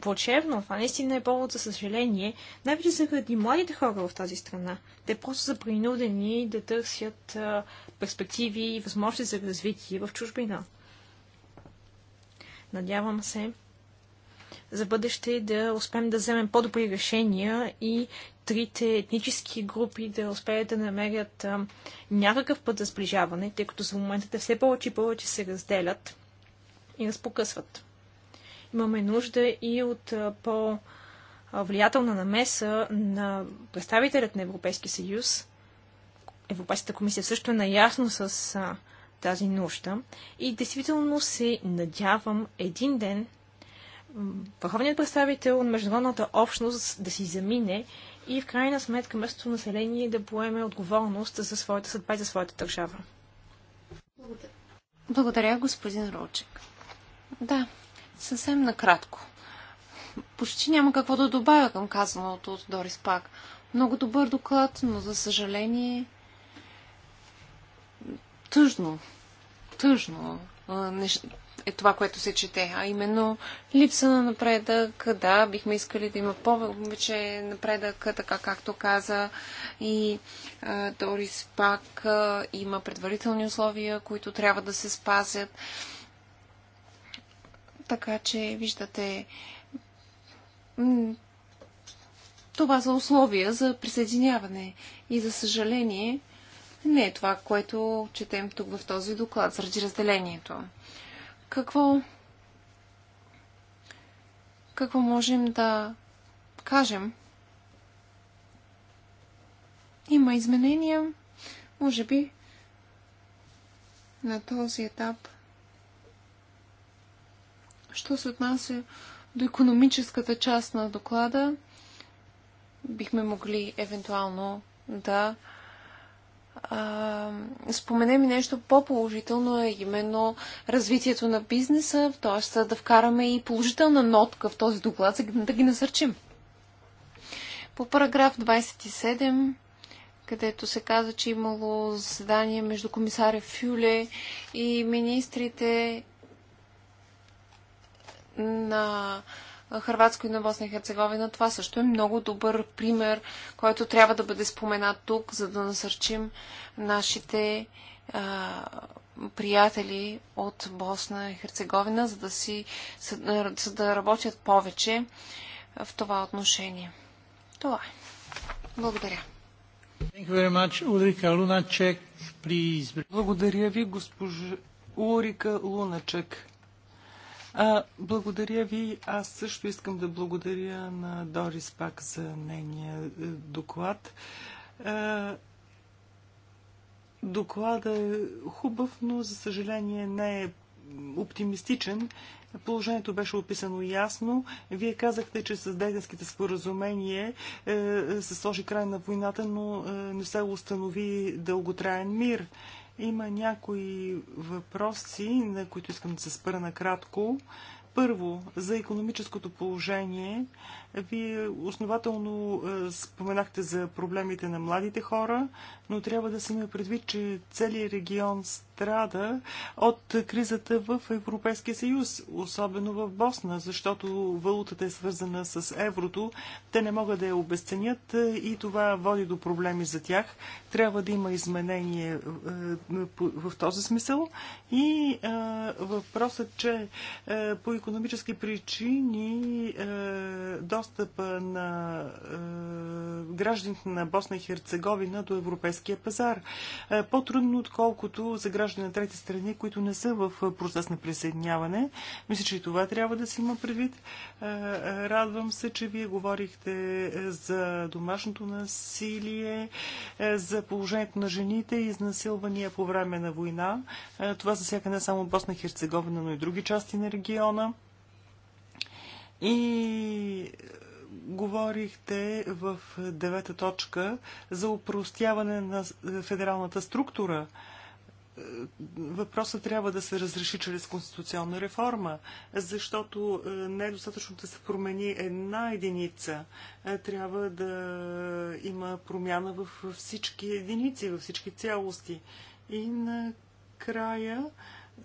плачевно. Това наистина е повод за съжаление. Най-вече заради младите хора в тази страна. Те просто са принудени да търсят перспективи и възможности за развитие в чужбина. Надявам се за бъдеще да успеем да вземем по-добри решения и трите етнически групи да успеят да намерят а, някакъв път за сближаване, тъй като за момента те все повече и повече се разделят и разпокъсват. Имаме нужда и от по- влиятелна намеса на представителят на Европейския съюз. Европейската комисия също е наясно с тази нужда и действително се надявам един ден върховният представител на международната общност да си замине и в крайна сметка местното население да поеме отговорност за своята съдба и за своята държава. Благодаря, господин Рочек. Да, Съвсем накратко. Почти няма какво да добавя към казаното от Дорис Пак. Много добър доклад, но за съжаление тъжно. Тъжно е това, което се чете, а именно липса на напредък. Да, бихме искали да има повече напредък, така както каза и Дорис пак има предварителни условия, които трябва да се спазят. Така че, виждате, това за условия за присъединяване. И за съжаление, не е това, което четем тук в този доклад, заради разделението. Какво, какво можем да кажем? Има изменения, може би, на този етап – Що се отнася до економическата част на доклада, бихме могли евентуално да а, споменем и нещо по-положително, е именно развитието на бизнеса, т.е. да вкараме и положителна нотка в този доклад, за да ги насърчим. По параграф 27 където се каза, че имало заседание между комисаря Фюле и министрите на Хрватско и на Босна и Херцеговина. Това също е много добър пример, който трябва да бъде споменат тук, за да насърчим нашите а, приятели от Босна и Херцеговина, за да, си, за да работят повече в това отношение. Това е. Благодаря. Благодаря ви, госпожа Урика Луначек. А, благодаря ви. Аз също искам да благодаря на Дорис пак за нейния е, доклад. А, докладът е хубав, но за съжаление не е оптимистичен. Положението беше описано ясно. Вие казахте, че с Дейденските споразумение е, се сложи край на войната, но е, не се установи дълготраен мир. Е, има някои въпроси, на които искам да се спра накратко. Първо, за економическото положение. Вие основателно е, споменахте за проблемите на младите хора, но трябва да се има предвид, че целият регион страда от кризата в Европейския съюз, особено в Босна, защото валутата е свързана с еврото. Те не могат да я обесценят е, и това води до проблеми за тях. Трябва да има изменение е, в този смисъл. И е, въпросът, че по економически причини достъпа на гражданите на Босна и Херцеговина до европейския пазар. По-трудно, отколкото за гражданите граждани на трети страни, които не са в процес на присъединяване. Мисля, че и това трябва да си има предвид. Радвам се, че вие говорихте е, за домашното насилие, е, за положението на жените, и изнасилвания по време на война. Е, това засяга не само Босна и Херцеговина, но и други части на региона. И говорихте в девета точка за упростяване на федералната структура въпросът трябва да се разреши чрез конституционна реформа, защото не е достатъчно да се промени една единица. Е, трябва да има промяна във всички единици, във всички цялости. И накрая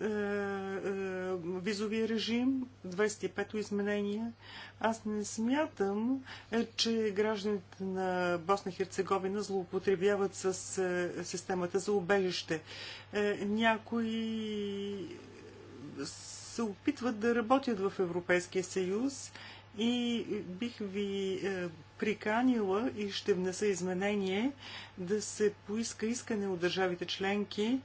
е, е, визовия режим, 25-то изменение. Аз не смятам, е, че гражданите на Босна и Херцеговина злоупотребяват с системата за убежище. Някои се опитват да работят в Европейския съюз и бих ви приканила и ще внеса изменение да се поиска искане от държавите членки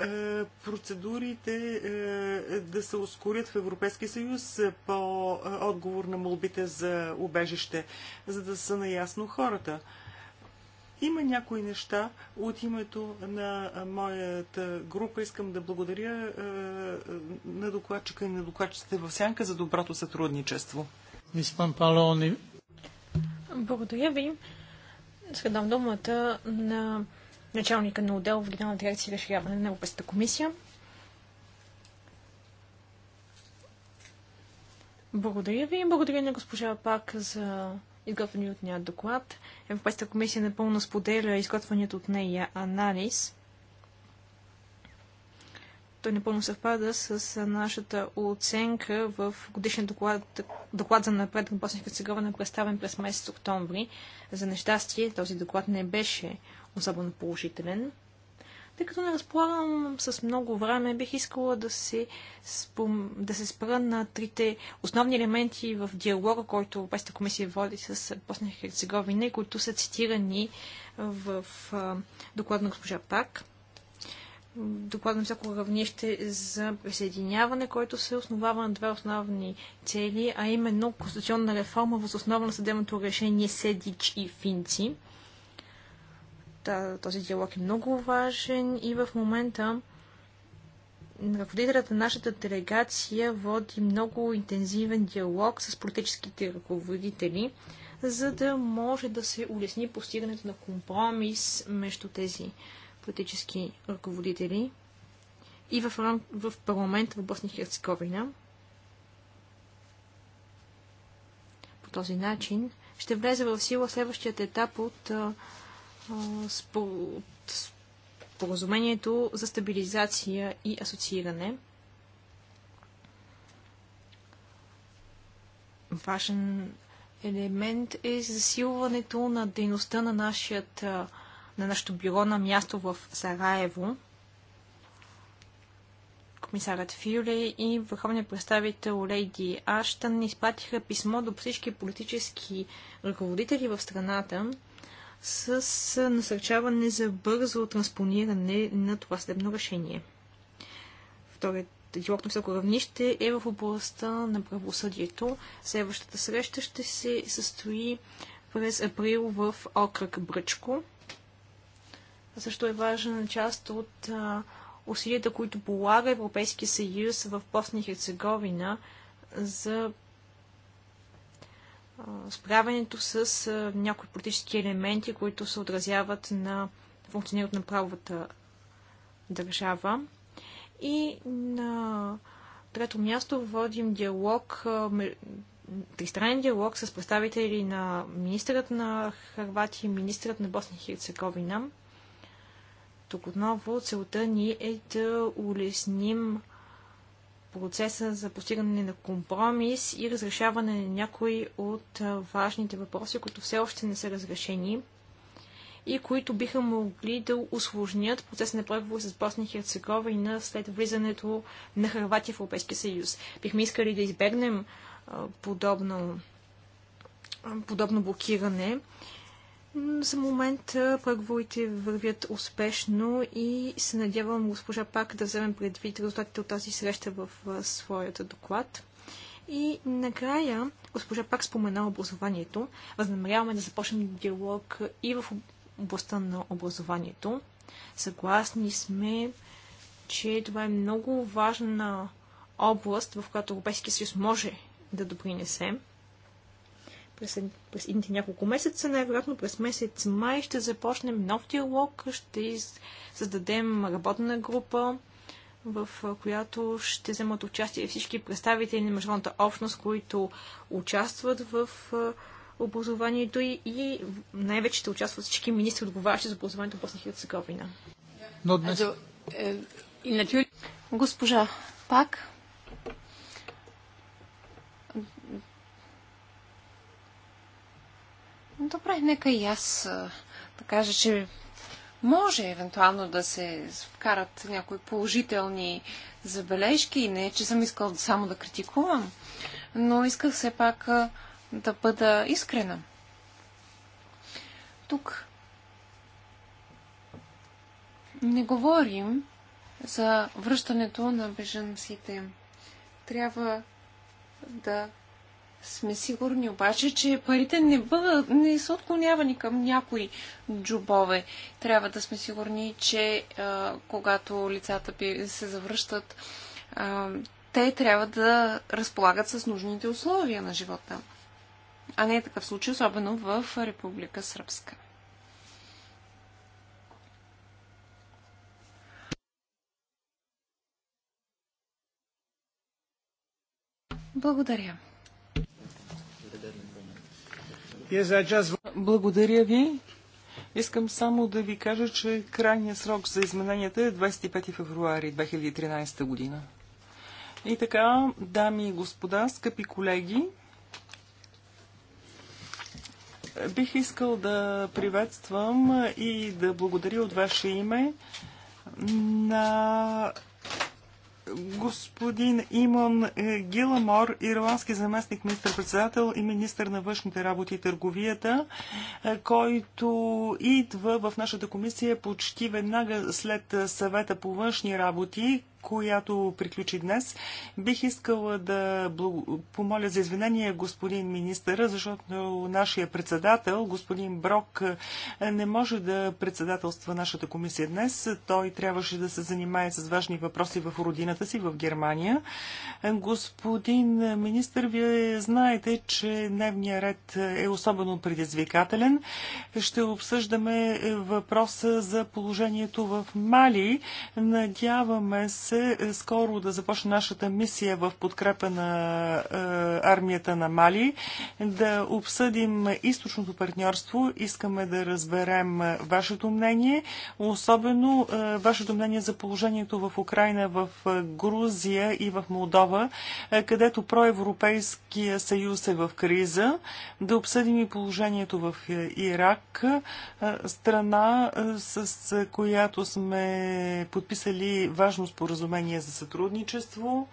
е, процедурите е, да се ускорят в Европейския съюз по отговор на молбите за убежище, за да са наясно хората. Има някои неща от името на моята група. Искам да благодаря е, на докладчика и на докладчиците в Сянка за доброто сътрудничество. Благодаря ви. Следам думата на началника на отдел в Генерална дирекция разширяване на Европейската комисия. Благодаря ви. Благодаря на госпожа Пак за изготвения от нея доклад. Европейската комисия напълно споделя изготвеният от нея анализ. Той напълно съвпада с нашата оценка в годишния доклад, доклад за напред на Босния Херцеговина, представен през месец октомври. За нещастие този доклад не беше особено положителен. Тъй като не разполагам с много време, бих искала да се, спом... да се спра на трите основни елементи в диалога, който Европейската комисия води с Босния и Херцеговина които са цитирани в доклада на госпожа Пак. Доклад на всяко равнище за присъединяване, който се основава на две основни цели, а именно конституционна реформа възоснована основа на съдебното решение Седич и Финци този диалог е много важен и в момента ръководителят на нашата делегация води много интензивен диалог с политическите ръководители, за да може да се улесни постигането на компромис между тези политически ръководители и в, рам... в парламента в Босния и Херцеговина. По този начин ще влезе в сила следващият етап от споразумението за стабилизация и асоцииране. Важен елемент е засилването на дейността на, нашият, на нашето бюро на място в Сараево. Комисарът Фюле и върховният представител Лейди Аштън изпратиха писмо до всички политически ръководители в страната, с насърчаване за бързо транспониране на това съдебно решение. Вторият диалог на всяко равнище е в областта на правосъдието. Следващата среща ще се състои през април в окръг Бръчко. Също е важна част от усилията, които полага Европейския съюз в Босния и Херцеговина за справянето с някои политически елементи, които се отразяват на функционирането на правовата държава. И на трето място водим диалог, тристранен диалог с представители на министърът на Харватия и министърът на Босния и Херцеговина. Тук отново целта ни е да улесним процеса за постигане на компромис и разрешаване на някои от важните въпроси, които все още не са разрешени и които биха могли да усложнят процес на преговори с Босния и Херцеговина след влизането на Харватия в Европейския съюз. Бихме искали да избегнем подобно, подобно блокиране за момента преговорите вървят успешно и се надявам госпожа Пак да вземем предвид резултатите от тази среща в своята доклад. И накрая госпожа Пак спомена образованието. Възнамеряваме да започнем диалог и в областта на образованието. Съгласни сме, че това е много важна област, в която Европейския съюз може да допринесе през, през едните няколко месеца, най-вероятно през месец май ще започнем нов диалог, ще из... създадем работна група, в която ще вземат участие всички представители на международната общност, които участват в образованието и, и най-вече ще участват всички министри, отговарящи за образованието в Босна Херцеговина. Но днес... Е, Госпожа, пак Добре, нека и аз да кажа, че може евентуално да се вкарат някои положителни забележки. Не, че съм искал само да критикувам, но исках все пак да бъда искрена. Тук не говорим за връщането на беженците. Трябва да сме сигурни обаче, че парите не, бъдат, не са отклонявани към някои джобове. Трябва да сме сигурни, че а, когато лицата се завръщат, а, те трябва да разполагат с нужните условия на живота. А не е такъв случай, особено в Република Сръбска. Благодаря. Благодаря ви. Искам само да ви кажа, че крайният срок за измененията е 25 февруари 2013 година. И така, дами и господа, скъпи колеги, бих искал да приветствам и да благодаря от ваше име на господин Имон е, Гиламор, ирландски заместник министър-председател и министър на външните работи и търговията, е, който идва в нашата комисия почти веднага след е, съвета по външни работи, която приключи днес. Бих искала да помоля за извинение господин министъра, защото нашия председател, господин Брок, не може да председателства нашата комисия днес. Той трябваше да се занимае с важни въпроси в родината си в Германия. Господин министър, вие знаете, че дневният ред е особено предизвикателен. Ще обсъждаме въпроса за положението в Мали. Надяваме се, се е скоро да започне нашата мисия в подкрепа на е, армията на Мали, да обсъдим източното партньорство. Искаме да разберем вашето мнение, особено е, вашето мнение за положението в Украина, в Грузия и в Молдова, където проевропейския съюз е в криза. Да обсъдим и положението в Ирак, страна с която сме подписали важно споразумение споразумение за сътрудничество.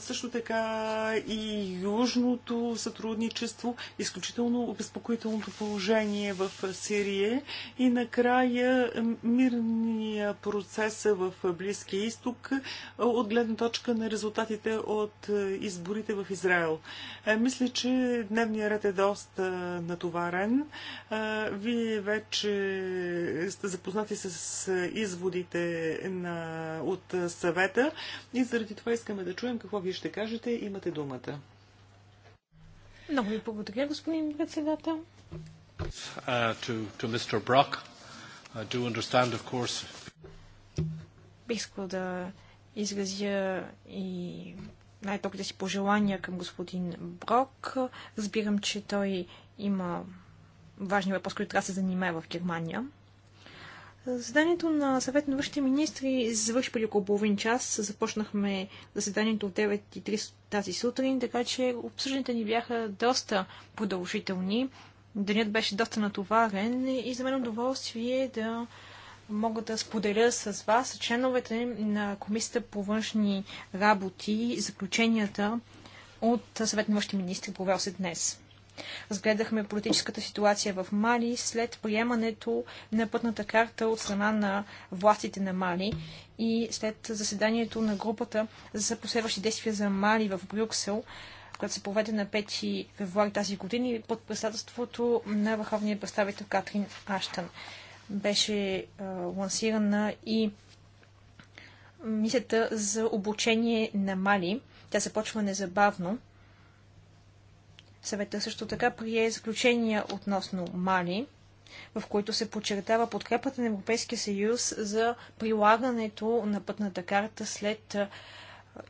Също така и южното сътрудничество, изключително обезпокоителното положение в Сирия и накрая мирния процес в Близкия изток от гледна точка на резултатите от изборите в Израел. Мисля, че дневният ред е доста натоварен. Вие вече сте запознати с изводите на, от съвета и заради това искаме да чуем чуем какво вие ще кажете. Имате думата. Много ви благодаря, господин председател. Uh, Бих искал да изразя и най-топлите си пожелания към господин Брок. Разбирам, че той има важни въпроси, които трябва да се занимае в Германия. Заседанието на съвет на външните министри завърши преди около половин час. Започнахме заседанието от 9.30 тази сутрин, така че обсъжданията ни бяха доста продължителни. Денят беше доста натоварен и за мен удоволствие е да мога да споделя с вас членовете на Комисията по външни работи заключенията от съвет на външни министри, провел се днес. Разгледахме политическата ситуация в Мали след приемането на пътната карта от страна на властите на Мали и след заседанието на групата за последващи действия за Мали в Брюксел, която се проведе на 5 февруари тази година под председателството на върховния представител Катрин Аштън. Беше а, лансирана и мисията за обучение на Мали. Тя започва незабавно. Съвета също така прие заключения относно Мали, в които се подчертава подкрепата на Европейския съюз за прилагането на пътната карта след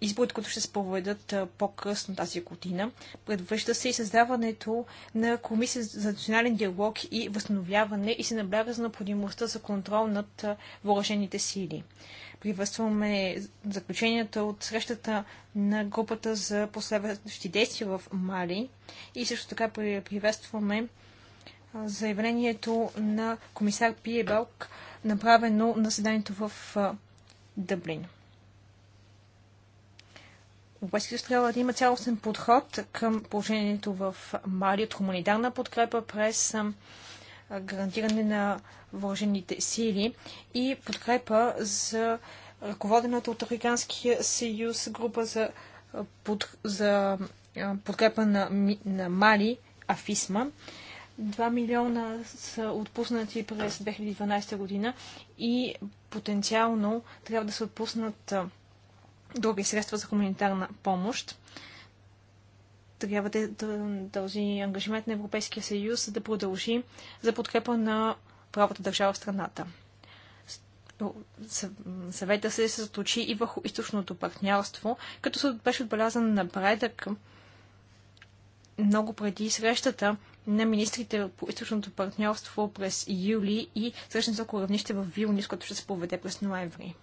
изборите, които ще се проведат по-късно тази година. Предвижда се и създаването на комисия за национален диалог и възстановяване и се набляга за необходимостта за контрол над въоръжените сили. Приветстваме заключенията от срещата на групата за последващи действия в Мали и също така приветстваме заявлението на комисар Пиебалк, направено на седанието в Дъблин. Европейския съюз трябва да има цялостен подход към положението в Мали от хуманитарна подкрепа през гарантиране на въоръжените сили и подкрепа за ръководената от Африканския съюз група за, под, за подкрепа на, на Мали, Афисма. 2 милиона са отпуснати през 2012 година и потенциално трябва да се отпуснат други средства за хуманитарна помощ трябва да, да, този ангажимент на Европейския съюз да продължи за подкрепа на правата държава в страната. Съвета се заточи и върху източното партньорство, като беше отбелязан напредък много преди срещата на министрите по източното партньорство през юли и среща за равнище в Вилнис, което ще се поведе през ноември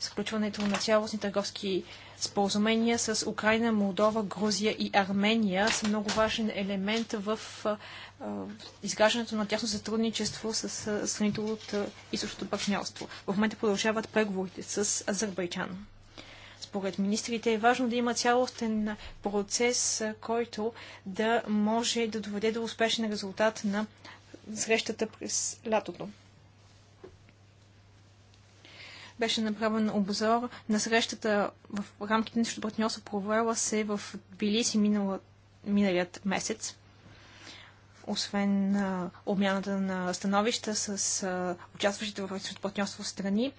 сключването на цялостни търговски споразумения с Украина, Молдова, Грузия и Армения са много важен елемент в изграждането на тяхно сътрудничество с страните от източното партньорство. В момента продължават преговорите с Азербайджан. Според министрите е важно да има цялостен процес, който да може да доведе до успешен резултат на срещата през лятото беше направен обзор на срещата в рамките на партньорство, провела се в Билиси минала, миналият месец освен а, обмяната на становища с а, участващите в партньорство страни.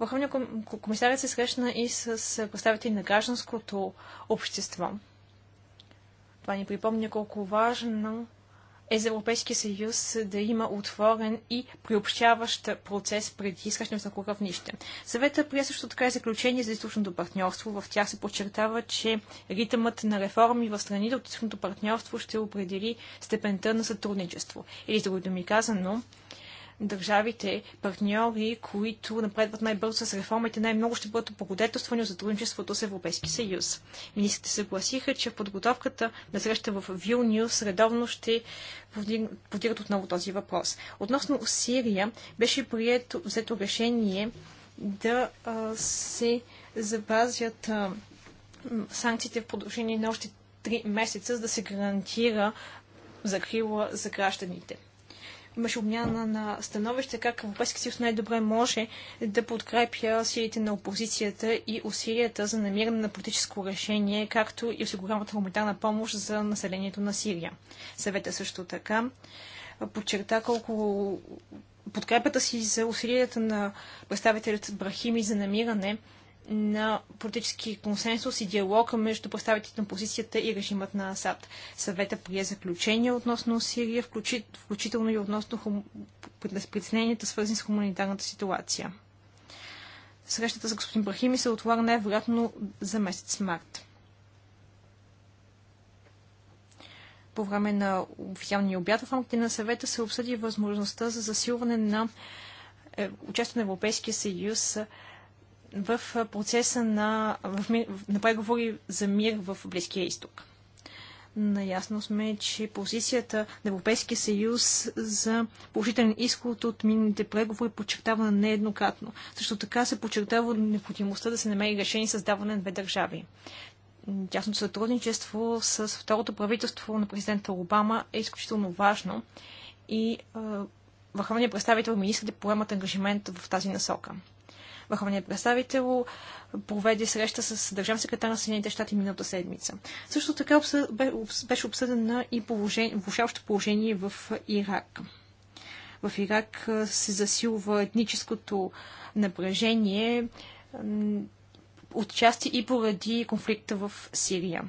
Върховният комисарят се срещна и с представители на гражданското общество. Това ни припомня колко важно е за Европейския съюз да има отворен и приобщаващ процес преди срещането на равнище. Съвета прия също така е заключение за източното партньорство. В тях се подчертава, че ритъмът на реформи в страните от източното партньорство ще определи степента на сътрудничество. Или, с други думи казано, държавите, партньори, които напредват най-бързо с реформите, най-много ще бъдат облагодетелствани от сътрудничеството с Европейски съюз. Министрите съгласиха, че в подготовката на среща в Вилнюс редовно ще подират отново този въпрос. Относно Сирия, беше прието, взето решение да а, се запазят а, санкциите в продължение на още 3 месеца, за да се гарантира закрила за гражданите имаше обмяна на становище как Европейски съюз най-добре може да подкрепя силите на опозицията и усилията за намиране на политическо решение, както и на хуманитарна помощ за населението на Сирия. Съветът също така подчерта колко подкрепата си за усилията на представителят Брахими за намиране на политически консенсус и диалог между представителите на позицията и режимът на Асад. Съвета прие заключение относно Сирия, включително и относно хум... притесненията, свързани с хуманитарната ситуация. Срещата с господин Брахими се отлага най-вероятно за месец март. По време на официалния обяд в рамките на съвета се обсъди възможността за засилване на участието участие на Европейския съюз в процеса на, в, на преговори за мир в Близкия изток. Наясно сме, че позицията на Европейския съюз за положителен изход от миналите преговори подчертава нееднократно. Също така се подчертава необходимостта да се намери решение създаване на две държави. Тясното сътрудничество с второто правителство на президента Обама е изключително важно и е, върховният представител министрите поемат ангажимент в тази насока. Върховният представител проведе среща с държавен секретар на Съединените щати миналата седмица. Също така беше обсъдена и влушаващо положение в Ирак. В Ирак се засилва етническото напрежение отчасти и поради конфликта в Сирия.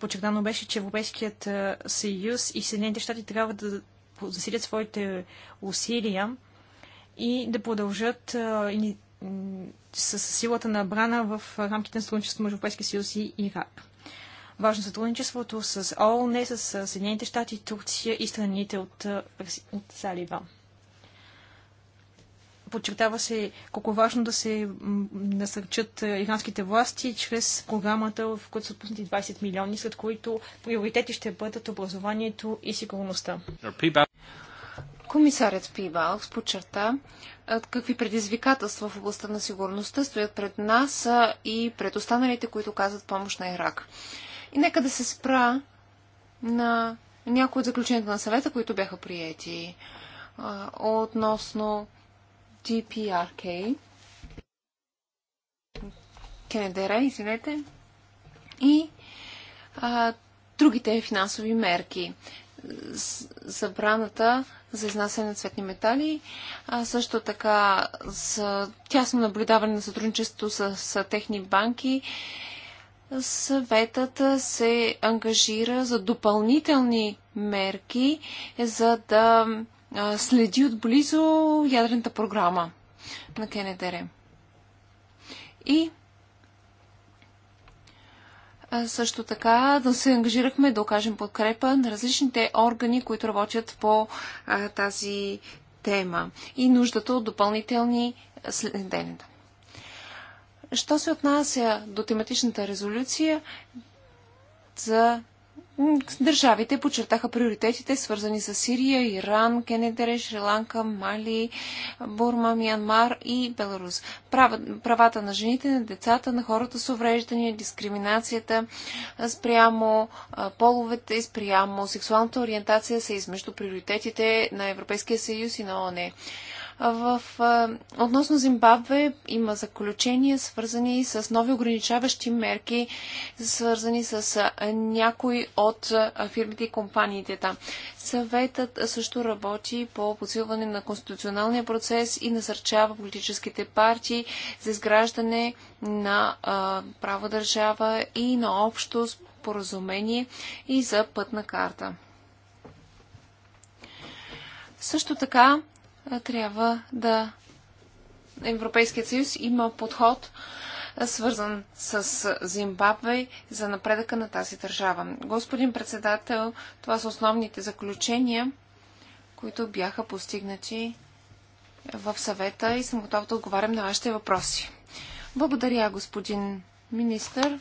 Подчертано беше, че Европейският съюз и Съединените щати трябва да засилят своите усилия и да продължат и с силата на брана в рамките на сътрудничество между Европейския съюз и Ирак. Важно сътрудничеството с ООН, е с Съединените щати, Турция и страните от, от залива. Подчертава се колко е важно да се насърчат е, иранските власти чрез програмата, в която са отпуснати 20 милиони, след които приоритети ще бъдат образованието и сигурността. Комисарят Пибалкс подчерта какви предизвикателства в областта на сигурността стоят пред нас и пред останалите, които казват помощ на Ирак. И нека да се спра на някои от заключенията на съвета, които бяха приети относно DPRK. Кенедера, извинете. И а, другите финансови мерки забраната за изнасяне на цветни метали, а също така за тясно наблюдаване на сътрудничество с, с техни банки. Съветът се ангажира за допълнителни мерки, за да следи отблизо ядрената програма на КНДР. И също така да се ангажирахме да окажем подкрепа на различните органи, които работят по а, тази тема и нуждата от допълнителни следенета. Що се отнася до тематичната резолюция за Държавите подчертаха приоритетите, свързани с Сирия, Иран, Кенедере, Шри-Ланка, Мали, Бурма, Миянмар и Беларус. Правата на жените, на децата, на хората с увреждания, дискриминацията спрямо половете, спрямо сексуалната ориентация са измежду приоритетите на Европейския съюз и на ОНЕ. В, относно Зимбабве има заключения, свързани с нови ограничаващи мерки, свързани с някои от фирмите и компаниите там. Съветът също работи по подсилване на конституционалния процес и насърчава политическите партии за изграждане на а, право държава и на общо споразумение и за пътна карта. Също така трябва да. Европейският съюз има подход, свързан с Зимбабве за напредъка на тази държава. Господин председател, това са основните заключения, които бяха постигнати в съвета и съм готов да отговарям на вашите въпроси. Благодаря, господин министър.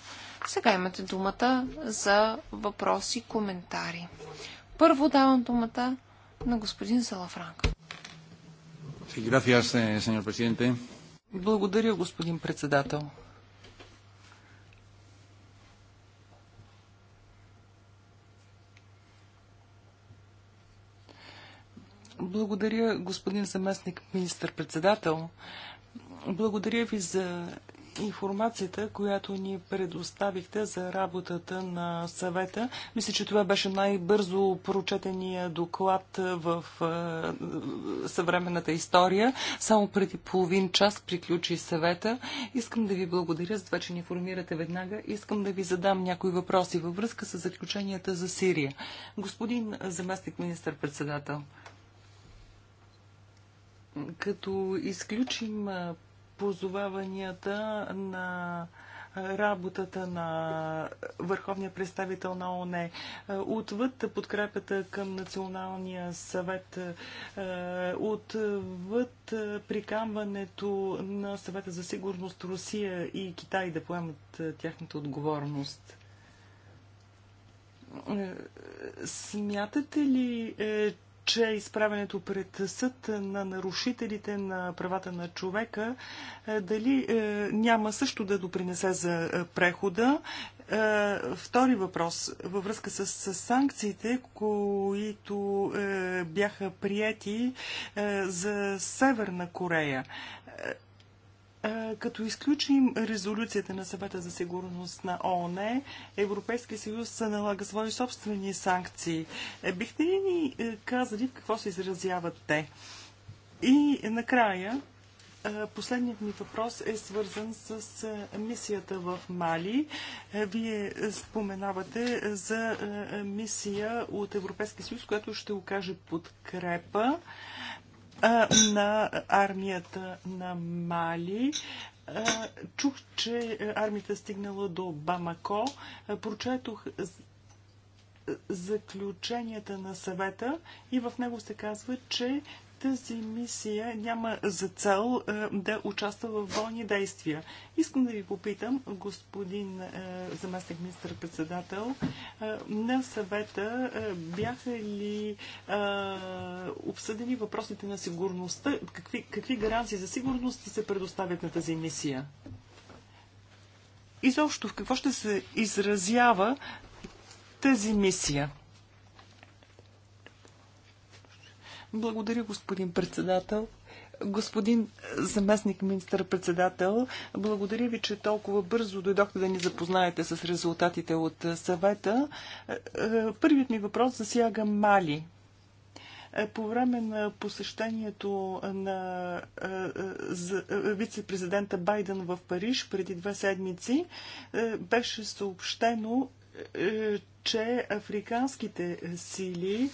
Сега имате думата за въпроси, коментари. Първо давам думата на господин Салафранко. Eh, Благодаря, господин председател. Благодаря, господин заместник министър-председател. Благодаря ви за информацията, която ни предоставихте за работата на съвета. Мисля, че това беше най-бързо прочетения доклад в съвременната история. Само преди половин час приключи съвета. Искам да ви благодаря за това, че ни информирате веднага. Искам да ви задам някои въпроси във връзка с заключенията за Сирия. Господин заместник министър-председател, като изключим позоваванията на работата на върховния представител на ОНЕ Отвъд подкрепата към Националния съвет, е, отвъд прикамването на съвета за сигурност Русия и Китай да поемат е, тяхната отговорност. Е, смятате ли, че изправенето пред съд на нарушителите на правата на човека е, дали е, няма също да допринесе за е, прехода. Втори въпрос във връзка с, с санкциите, които бяха приети за Северна Корея като изключим резолюцията на съвета за сигурност на ООН, Европейския съюз се налага свои собствени санкции. Е, бихте ли ни е, казали какво се изразяват те? И накрая, е, Последният ми въпрос е свързан с мисията в Мали. Вие споменавате за мисия от Европейския съюз, която ще окаже подкрепа на армията на Мали. Чух, че армията е стигнала до Бамако. Прочетох заключенията на съвета и в него се казва, че тази мисия няма за цел е, да участва в бойни действия. Искам да ви попитам, господин е, заместник министър-председател, е, на съвета бяха ли обсъдени въпросите на сигурността? Какви, какви гаранции за сигурност се предоставят на тази мисия? Изобщо в какво ще се изразява тази мисия? Благодаря, господин председател. Господин заместник министър-председател, благодаря ви, че толкова бързо дойдохте да ни запознаете с резултатите от съвета. Е, е, първият ми въпрос засяга Мали. Е, по време на посещението на вице-президента Байден в Париж преди две седмици беше съобщено, че африканските сили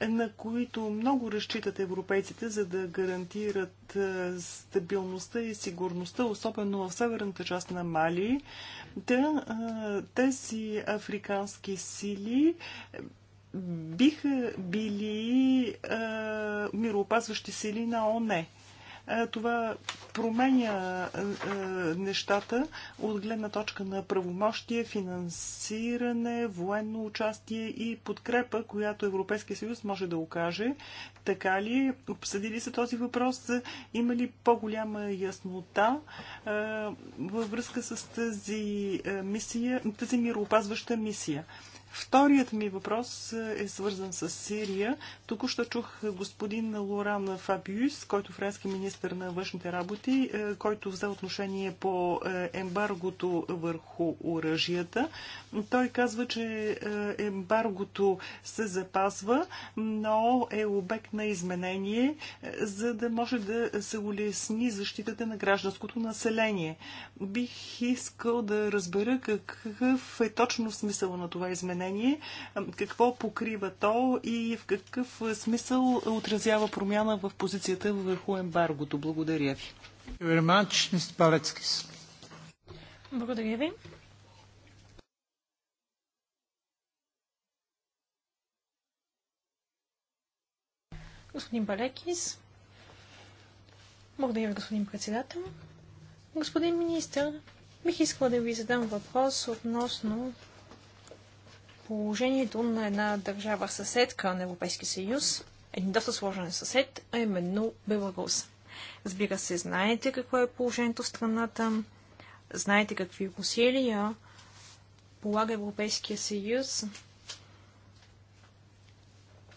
на които много разчитат европейците, за да гарантират стабилността и сигурността, особено в северната част на Мали, да тези африкански сили биха били мироопазващи сили на ОНЕ. Това променя нещата от гледна точка на правомощие, финансиране, военно участие и подкрепа, която Европейския съюз може да окаже. Така ли? Обсъдили се този въпрос? Има ли по-голяма яснота във връзка с тази мисия, тази мироопазваща мисия? Вторият ми въпрос е свързан с Сирия. Току-що чух господин Лоран Фабиус, който е френски министр на външните работи, е, който взе отношение по е, ембаргото върху оръжията. Той казва, че ембаргото се запазва, но е обект на изменение, за да може да се улесни защитата на гражданското население. Бих искал да разбера какъв е точно смисъл на това изменение изменение, какво покрива то и в какъв смисъл отразява промяна в позицията върху ембаргото. Благодаря ви. Благодаря ви. Господин Балекис. Благодаря ви, господин председател. Господин министр, бих искала да ви задам въпрос относно положението на една държава съседка на Европейския съюз, един доста сложен съсед, а именно Беларус. Разбира се, знаете какво е положението в страната, знаете какви усилия полага Европейския съюз,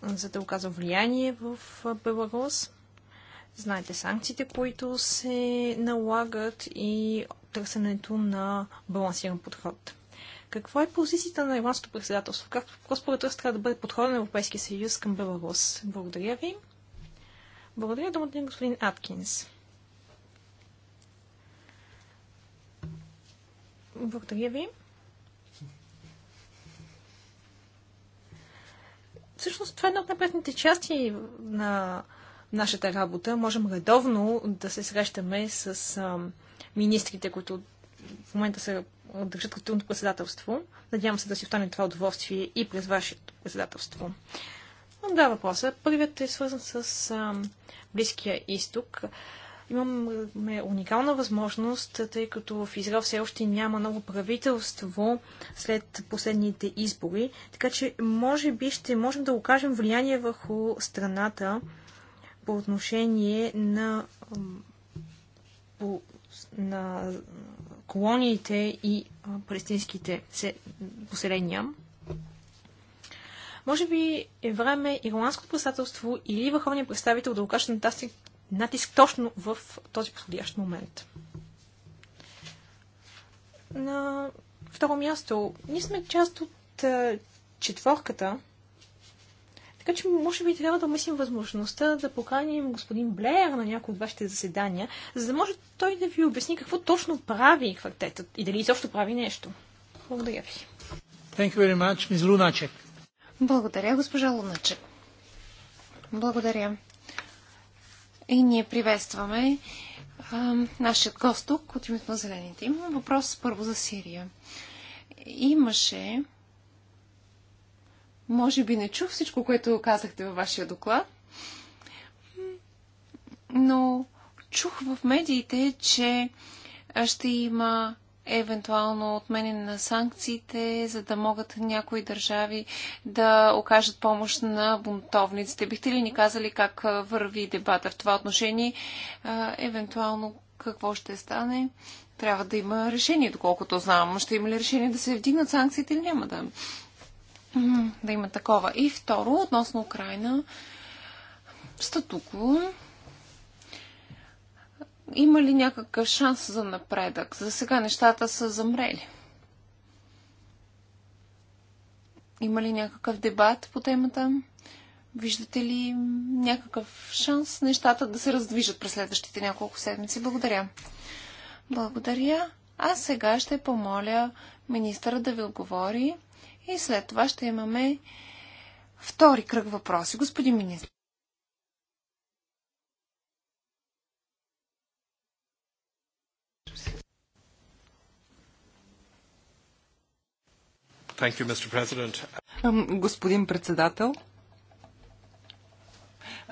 за да оказва влияние в Беларус. Знаете санкциите, които се налагат и търсенето на балансиран подход. Какво е позицията на ирландското председателство? Как, какво според вас трябва да бъде подходен на Европейския съюз към Беларус? Благодаря ви. Благодаря думата на господин Аткинс. Благодаря ви. Всъщност това е една от напредните части на нашата работа. Можем редовно да се срещаме с а, министрите, които в момента са държат културното председателство. Надявам се да си остане това удоволствие и през вашето председателство. Имам два въпроса. Първият е свързан с а, Близкия изток. Имаме уникална възможност, тъй като в Израел все още няма ново правителство след последните избори, така че може би ще можем да окажем влияние върху страната по отношение на, по, на колониите и палестинските поселения. Може би е време ирландското представителство или върховният представител да окаже нататък натиск точно в този подходящ момент. На второ място, ние сме част от четворката, така че, може би, трябва да мислим възможността да поканим господин Блеер на някои от вашите заседания, за да може той да ви обясни какво точно прави квартетът и дали изобщо прави нещо. Благодаря ви. Thank you very much, Ms. Lunacek. Благодаря, госпожа Луначек. Благодаря. И ние приветстваме а, нашия гост тук от името на Зелените. Имам въпрос първо за Сирия. Имаше може би не чух всичко, което казахте във вашия доклад, но чух в медиите, че ще има евентуално отменене на санкциите, за да могат някои държави да окажат помощ на бунтовниците. Бихте ли ни казали как върви дебата в това отношение? Евентуално какво ще стане? Трябва да има решение, доколкото знам. Ще има ли решение да се вдигнат санкциите или няма да? да има такова. И второ, относно Украина, статуко, има ли някакъв шанс за напредък? За сега нещата са замрели. Има ли някакъв дебат по темата? Виждате ли някакъв шанс нещата да се раздвижат през следващите няколко седмици? Благодаря. Благодаря. А сега ще помоля министъра да ви отговори и след това ще имаме втори кръг въпроси. Господин министр. You, Господин председател,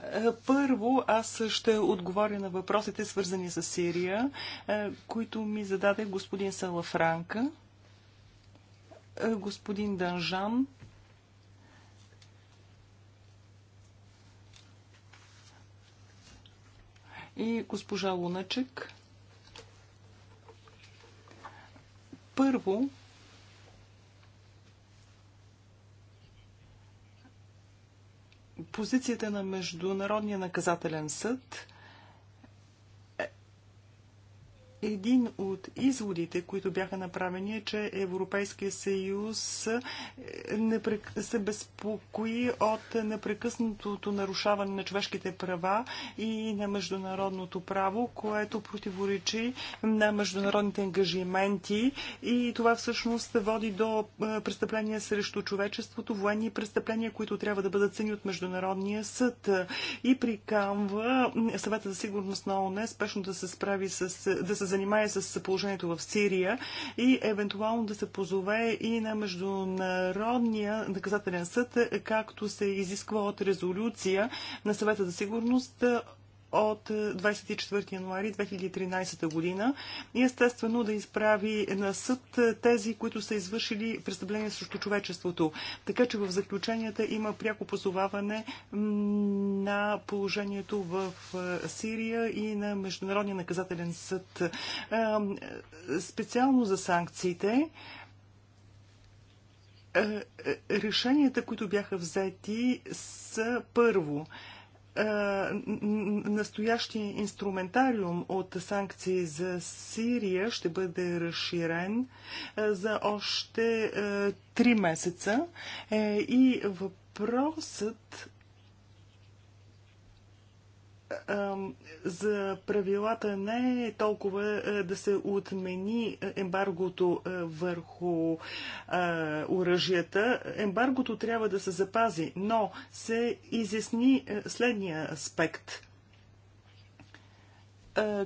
е, първо, аз ще отговоря на въпросите, свързани с Сирия, е, които ми зададе господин Салафранка господин Данжан. И госпожа Луначек. Първо, позицията на Международния наказателен съд един от изводите, които бяха направени е, че Европейския съюз е, се безпокои от непрекъснатото нарушаване на човешките права и на международното право, което противоречи на международните ангажименти и това всъщност води до е, престъпления срещу човечеството, военни престъпления, които трябва да бъдат цени от Международния съд и прикамва Съвета за сигурност на ОНЕ спешно да се справи с, да се занимае с положението в Сирия и евентуално да се позове и на Международния наказателен съд, както се изисква от резолюция на съвета за сигурност от 24 е, януари 2013 година и естествено да изправи на съд е, тези, които са извършили престъпление срещу човечеството. Така че в заключенията има пряко позоваване на положението в е, Сирия и на Международния наказателен съд. Специално за санкциите решенията, които бяха взети, са първо – е, настоящия инструментариум от санкции за Сирия ще бъде разширен е, за още 3 е, месеца и въпросът за правилата не е толкова е, да се отмени е, ембаргото е, върху оръжията. Ембаргото трябва да се запази, но се изясни следния аспект.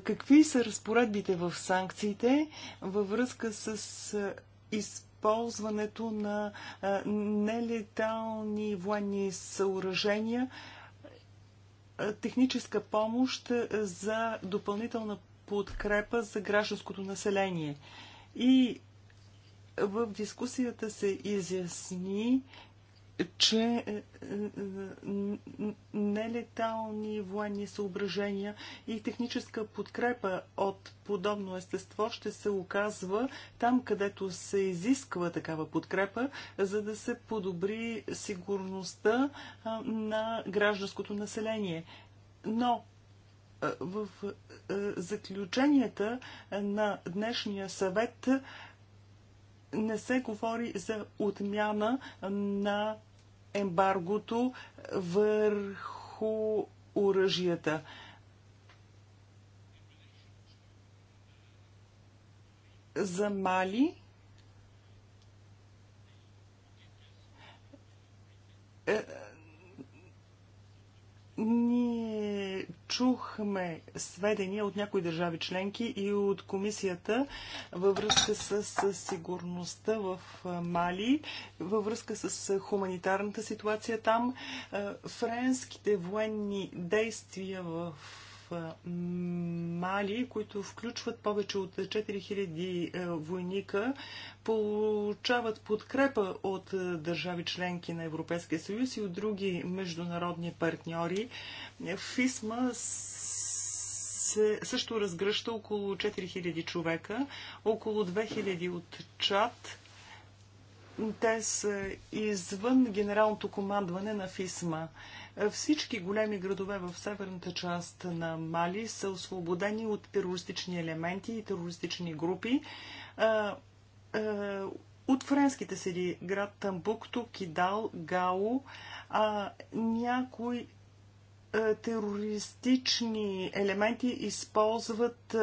Какви са разпоредбите в санкциите във връзка с използването на нелетални военни съоръжения е, техническа помощ е, за допълнителна подкрепа за гражданското население. И в дискусията се изясни, че е, е, е, нелетални военни съображения и техническа подкрепа от подобно естество ще се оказва там, където се изисква такава подкрепа, за да се подобри сигурността на гражданското население. Но в заключенията на днешния съвет не се говори за отмяна на ембаргото върху оръжията. За Мали е, ние чухме сведения от някои държави членки и от комисията във връзка с, сигурността в Мали, във връзка с хуманитарната ситуация там, френските военни действия в Мали, които включват повече от 4000 е, войника, получават подкрепа от е, държави членки на Европейския съюз и от други международни партньори. ФИСМА се също разгръща около 4000 човека, около 2000 от Чад. Те са извън генералното командване на ФИСМА. Всички големи градове в северната част на Мали са освободени от терористични елементи и терористични групи. От френските седи град Тамбукто, Кидал, Гао, някои терористични елементи използват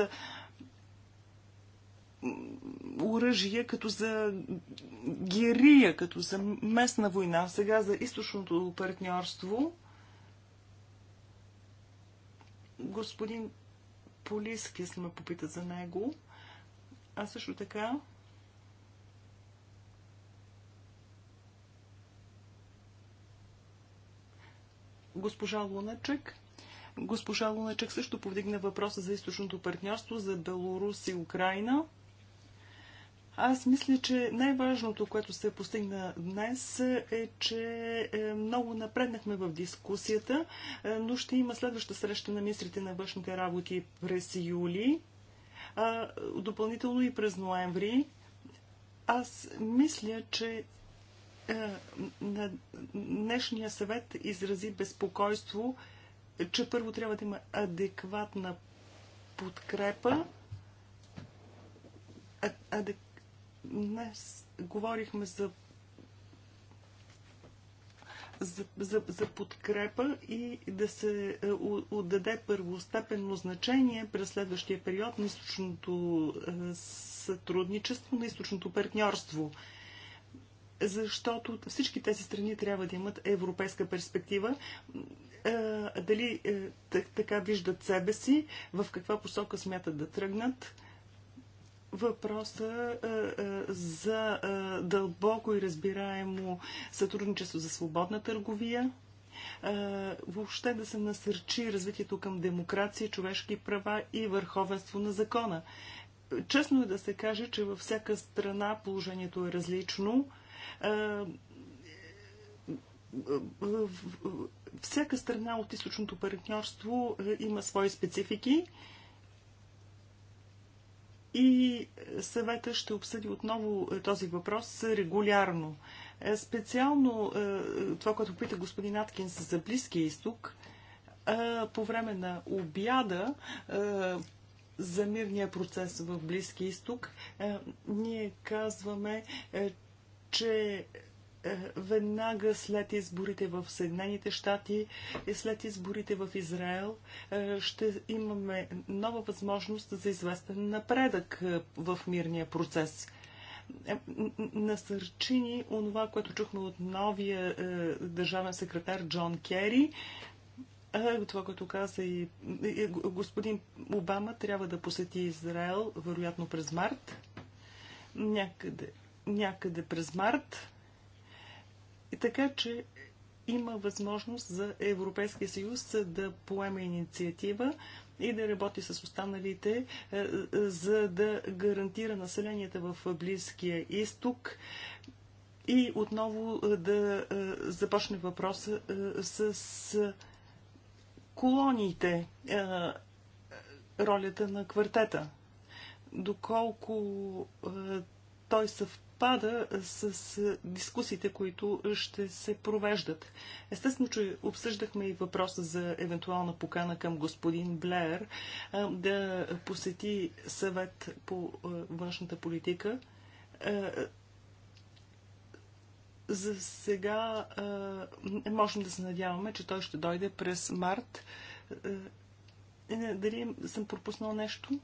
оръжие като за герия, като за местна война. Сега за източното партньорство господин Полиски сме попита за него. А също така госпожа Луначек. Госпожа Луначек също повдигна въпроса за източното партньорство за Беларус и Украина. Аз мисля, че най-важното, което се постигна днес е, че е, много напреднахме в дискусията, е, но ще има следваща среща на министрите на външните работи през юли, допълнително и през ноември. Аз мисля, че е, на днешния съвет изрази безпокойство, че първо трябва да има адекватна подкрепа, адекватна Днес говорихме за за, за, за подкрепа и да се е, отдаде първостепенно значение през следващия период на източното е, сътрудничество, на източното партньорство. Защото всички тези страни трябва да имат европейска перспектива. Е, дали така виждат себе си, в каква посока смятат да тръгнат въпроса е, е, за е, дълбоко и разбираемо сътрудничество за свободна търговия, въобще да се насърчи развитието към демокрация, човешки права и върховенство на закона. Честно е да се каже, че във всяка страна положението е различно всяка страна от източното партньорство има свои специфики и съвета ще обсъди отново е, този въпрос регулярно. Е, специално е, това, което пита господин Аткинс за Близкия изток, по време на обяда за мирния процес в Близкия изток, ние казваме, че веднага след изборите в Съединените щати и след изборите в Израел е, ще имаме нова възможност за известен напредък е, в мирния процес. Е, насърчи ни онова, което чухме от новия държавен секретар Джон Кери, това, което каза и господин Обама трябва да посети Израел, вероятно през март. Някъде, някъде през март. Така че има възможност за Европейския съюз да поеме инициатива и да работи с останалите, е, е, за да гарантира населенията в Близкия изток и отново е, да започне въпроса с колониите, ролята на квартета. Доколко той съвпада съвпада с дискусиите, които ще се провеждат. Естествено, че обсъждахме и въпроса за евентуална покана към господин Блеер да посети съвет по външната политика. За сега можем да се надяваме, че той ще дойде през март. Е, дали съм пропуснал нещо?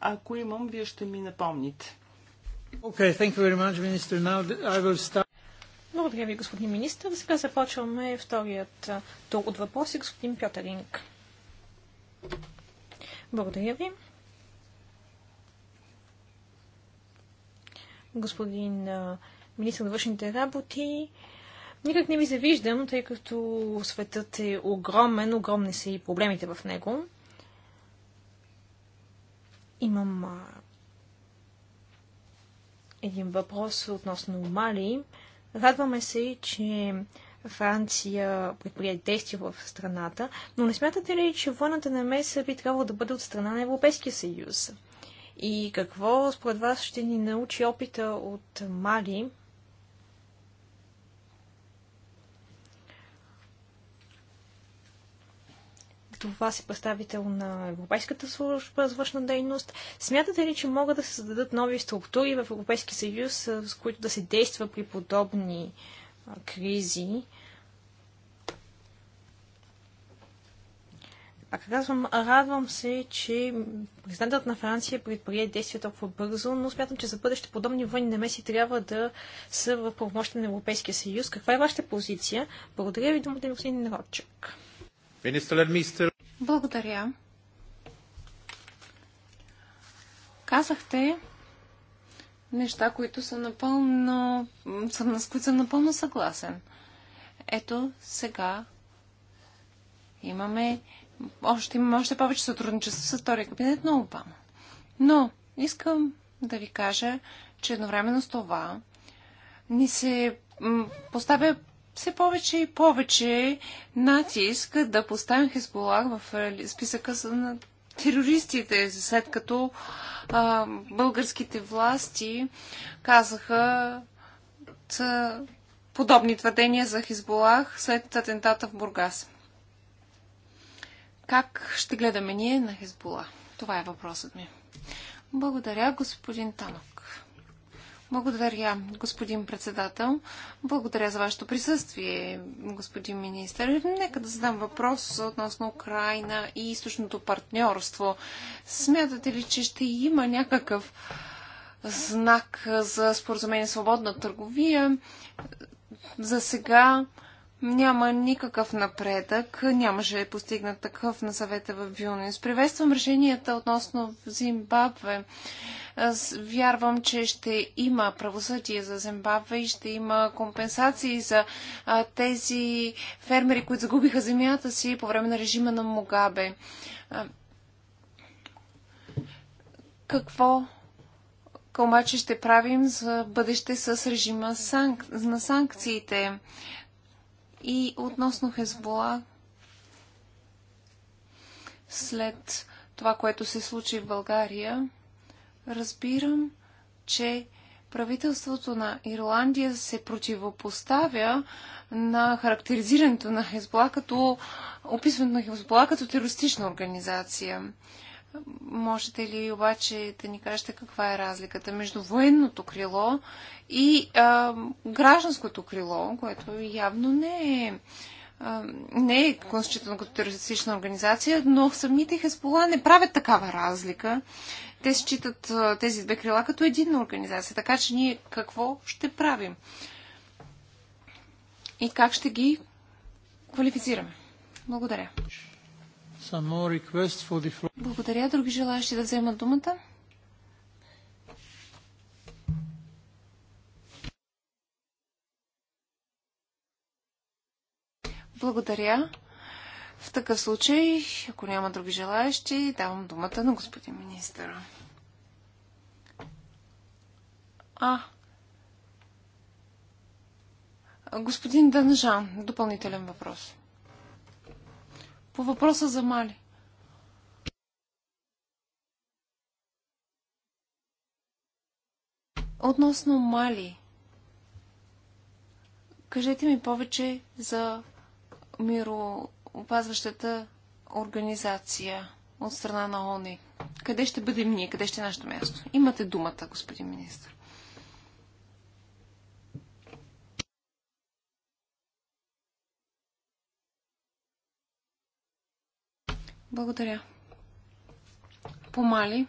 Ако имам, вие ще ми напомните. Благодаря ви, господин министр. Сега започваме вторият тур от въпроси, господин Пьотеринг. Благодаря ви. Господин министр на външните работи, никак не ви завиждам, тъй като светът е огромен, огромни са и проблемите в него. Имам един въпрос относно Мали. Радваме се, че Франция предприе действия в страната, но не смятате ли, че военната намеса би трябвало да бъде от страна на Европейския съюз? И какво според вас ще ни научи опита от Мали, това си представител на Европейската служба за външна дейност. Смятате ли, че могат да се създадат нови структури в Европейски съюз, с които да се действа при подобни а, кризи? Пак казвам, радвам се, че президентът на Франция предприе действия толкова бързо, но смятам, че за бъдеще подобни военни намеси трябва да са в правомощта на Европейския съюз. Каква е вашата позиция? Благодаря ви, думата ми, е господин Родчик. Благодаря. Казахте неща, които са напълно, с които съм напълно съгласен. Ето сега имаме още, имаме още повече сътрудничество с втория кабинет на Обама. Но искам да ви кажа, че едновременно с това ни се поставя все повече и повече натиск да поставим Хезболах в е, списъка на терористите, след като а, българските власти казаха ца, подобни твърдения за Хизболах след атентата в Бургас. Как ще гледаме ние на Хизбола? Това е въпросът ми. Благодаря, господин Танов. Благодаря, господин председател. Благодаря за вашето присъствие, господин министр. Нека да задам въпрос относно Украина и източното партньорство. Смятате ли, че ще има някакъв знак за споразумение свободна търговия? За сега няма никакъв напредък. Нямаше постигнат такъв на съвета в Вилнюс. Приветствам решенията относно Зимбабве. Аз вярвам, че ще има правосъдие за Зимбабве и ще има компенсации за а, тези фермери, които загубиха земята си по време на режима на Могабе. А, какво обаче ще правим за бъдеще с режима санк... на санкциите? И относно Хезбола, след това, което се случи в България, разбирам, че правителството на Ирландия се противопоставя на характеризирането на Хезбола като описването на Хезбола като терористична организация. Можете ли обаче да ни кажете каква е разликата между военното крило и а, гражданското крило, което явно не е, а, не е конституирано като терористична организация, но самите Хезбола не правят такава разлика. Те считат а, тези две крила като единна организация. Така че ние какво ще правим? И как ще ги квалифицираме? Благодаря. Благодаря. Други желаящи да вземат думата? Благодаря. В такъв случай, ако няма други желаящи, давам думата на господин министъра. А. Господин Данжан, допълнителен въпрос. По въпроса за Мали. Относно Мали, кажете ми повече за мироопазващата организация от страна на ОНИ. Къде ще бъдем ние? Къде ще е нашето място? Имате думата, господин министр. Благодаря. Помали.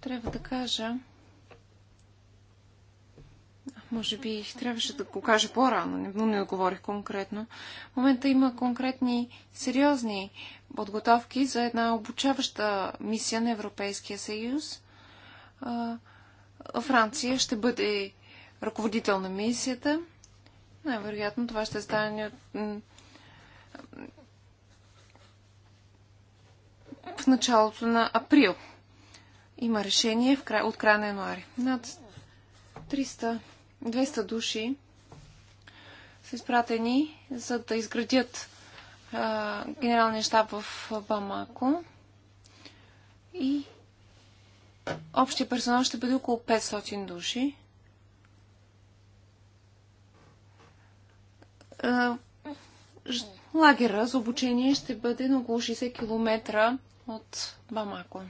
Трябва да кажа. Може би трябваше да го кажа по-рано, но не отговорих конкретно. В момента има конкретни, сериозни подготовки за една обучаваща мисия на Европейския съюз. Франция ще бъде ръководител на мисията. Най-вероятно това ще стане от в началото на април. Има решение в край, от края на януари. Над 300, 200 души са изпратени за да изградят а, генералния щаб в Бамако. И общия персонал ще бъде около 500 души. лагера за обучение ще бъде на около 60 км от Бамако.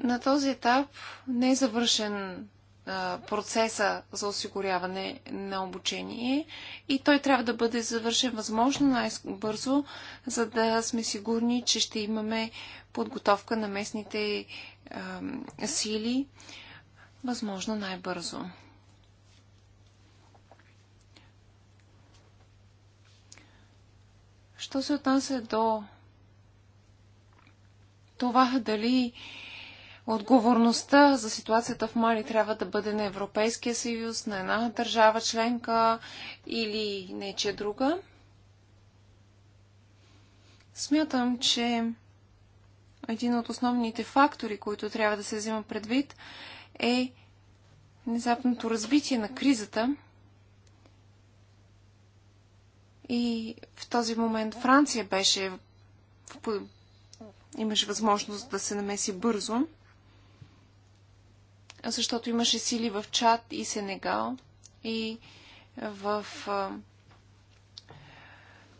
На този етап не е завършен процеса за осигуряване на обучение и той трябва да бъде завършен възможно най-бързо, за да сме сигурни, че ще имаме подготовка на местните сили възможно най-бързо. Що се отнася до това дали отговорността за ситуацията в Мали трябва да бъде на Европейския съюз, на една държава членка или нече друга. Смятам, че един от основните фактори, които трябва да се взима предвид, е внезапното развитие на кризата – и в този момент Франция беше имаше възможност да се намеси бързо, защото имаше сили в Чад и Сенегал и в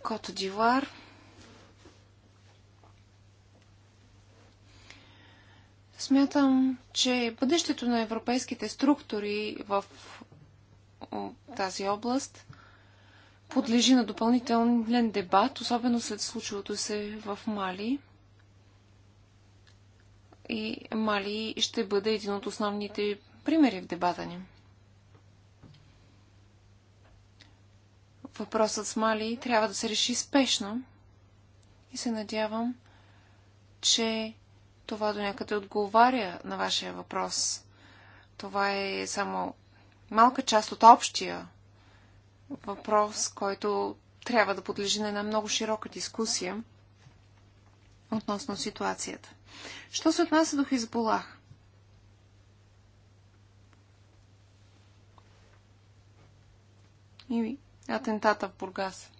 Кото Дивар. Смятам, че бъдещето на европейските структури в тази област подлежи на допълнителен дебат, особено след случилото се в Мали. И Мали ще бъде един от основните примери в дебата ни. Въпросът с Мали трябва да се реши спешно и се надявам, че това до някъде отговаря на вашия въпрос. Това е само малка част от общия въпрос, който трябва да подлежи на една много широка дискусия относно ситуацията. Що се отнася до Хизболах? И атентата в Бургаса.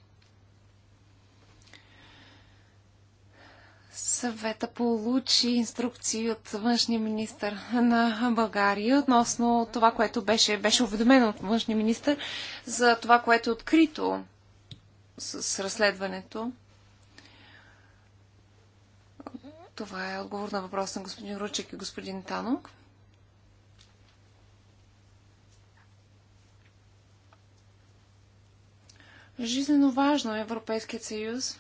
Съвета получи инструкции от външния министр на България относно това, което беше, беше уведомено от външния министр за това, което е открито с, разследването. Това е отговор на въпрос на господин Ручек и господин Танок. Жизненно важно е Европейският съюз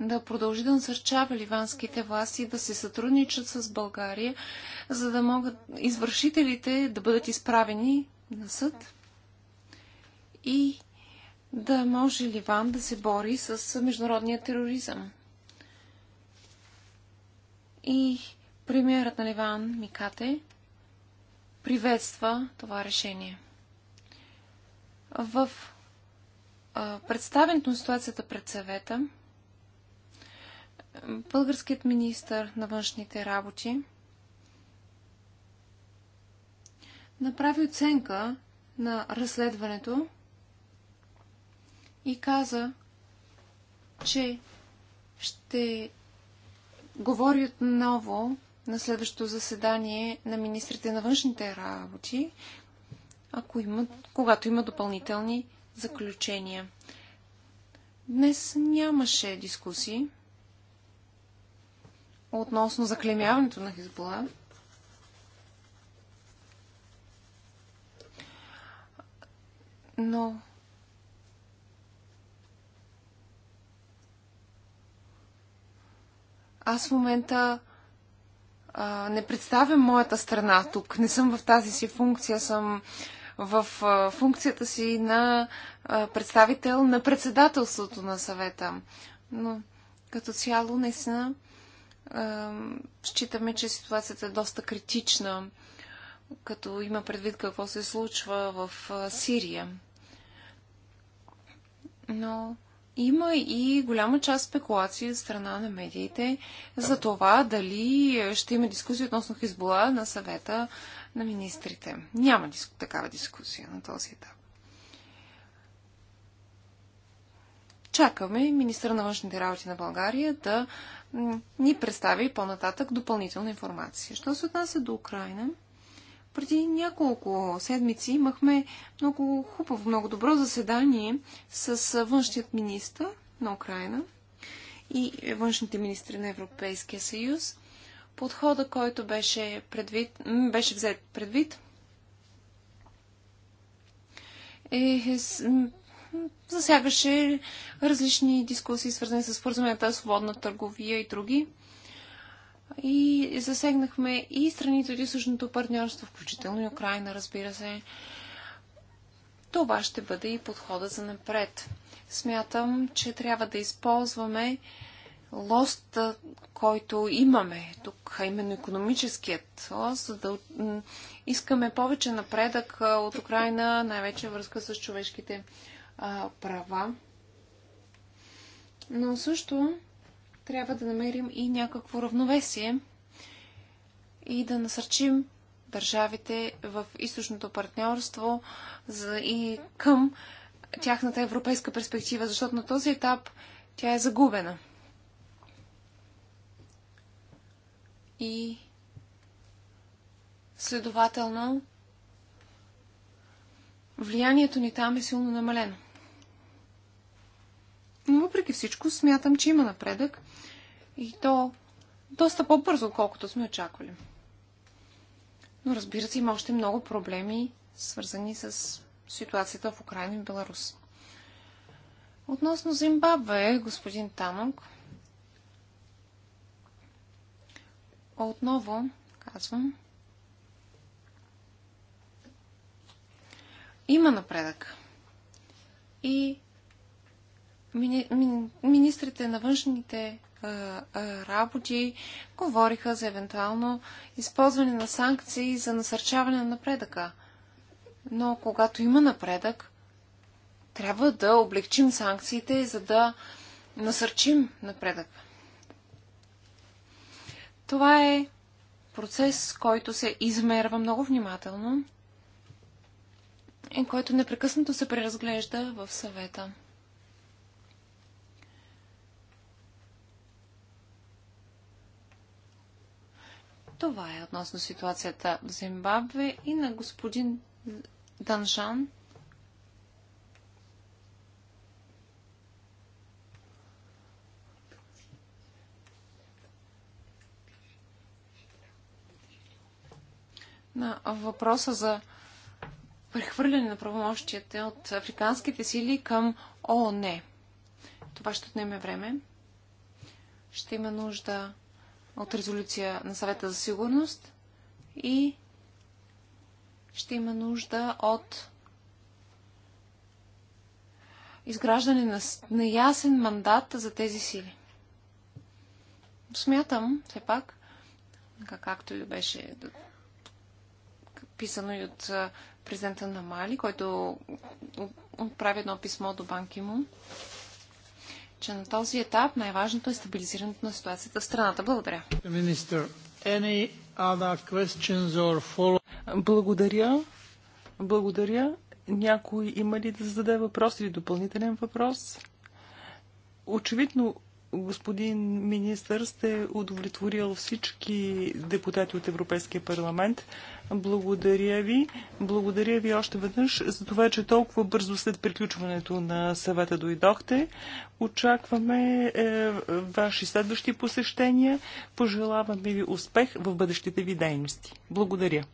да продължи да насърчава ливанските власти да се сътрудничат с България, за да могат извършителите да бъдат изправени на съд и да може Ливан да се бори с международния тероризъм. И премиерът на Ливан Микате приветства това решение. В представенето на ситуацията пред съвета българският министр на външните работи направи оценка на разследването и каза, че ще говори отново на следващото заседание на министрите на външните работи, ако има, когато има допълнителни заключения. Днес нямаше дискусии относно заклемяването на Хизбола. Но аз в момента а, не представям моята страна тук. Не съм в тази си функция, съм в а, функцията си на а, представител на председателството на съвета. Но като цяло, наистина, Считаме, че ситуацията е доста критична, като има предвид какво се случва в Сирия. Но има и голяма част спекулации от страна на медиите за това дали ще има дискусия относно Хизбола на съвета на министрите. Няма такава дискусия на този етап. Чакаме министра на външните работи на България да ни представи по-нататък допълнителна информация. Що се отнася до Украина, преди няколко седмици имахме много хубаво, много добро заседание с външният министр на Украина и външните министри на Европейския съюз. Подхода, който беше, предвид, беше взет предвид, е засягаше различни дискусии, свързани с споразуменията, свободна търговия и други. И засегнахме и страните от източното партньорство, включително и Украина, разбира се. Това ще бъде и подхода за напред. Смятам, че трябва да използваме лост, който имаме тук, а именно економическият лост, за да искаме повече напредък от Украина, най-вече връзка с човешките а, права. Но също трябва да намерим и някакво равновесие и да насърчим държавите в източното партньорство за и към тяхната европейска перспектива, защото на този етап тя е загубена. И следователно влиянието ни там е силно намалено. Но въпреки всичко смятам, че има напредък и то доста по-бързо, отколкото сме очаквали. Но разбира се, има още много проблеми, свързани с ситуацията в Украина и Беларус. Относно Зимбабве, господин Танок, отново казвам, има напредък. И мини, министрите на външните а, а, работи говориха за евентуално използване на санкции за насърчаване на напредъка. Но когато има напредък, трябва да облегчим санкциите, за да насърчим напредък. Това е процес, който се измерва много внимателно и който непрекъснато се преразглежда в съвета. Това е относно ситуацията в Зимбабве и на господин Данжан. На въпроса за прехвърляне на правомощията от африканските сили към ООН. Това ще отнеме време. Ще има нужда от резолюция на съвета за сигурност и ще има нужда от изграждане на, на ясен мандат за тези сили. Смятам, все пак, както и беше писано и от президента на Мали, който отправи едно писмо до банки му, че на този етап най-важното е стабилизирането на ситуацията в страната. Благодаря. Благодаря. Благодаря. Някой има ли да зададе въпрос или допълнителен въпрос? Очевидно господин министър, сте удовлетворил всички депутати от Европейския парламент. Благодаря ви. Благодаря ви още веднъж за това, че толкова бързо след приключването на съвета дойдохте. Очакваме е, ваши следващи посещения. Пожелаваме ви успех в бъдещите ви дейности. Благодаря.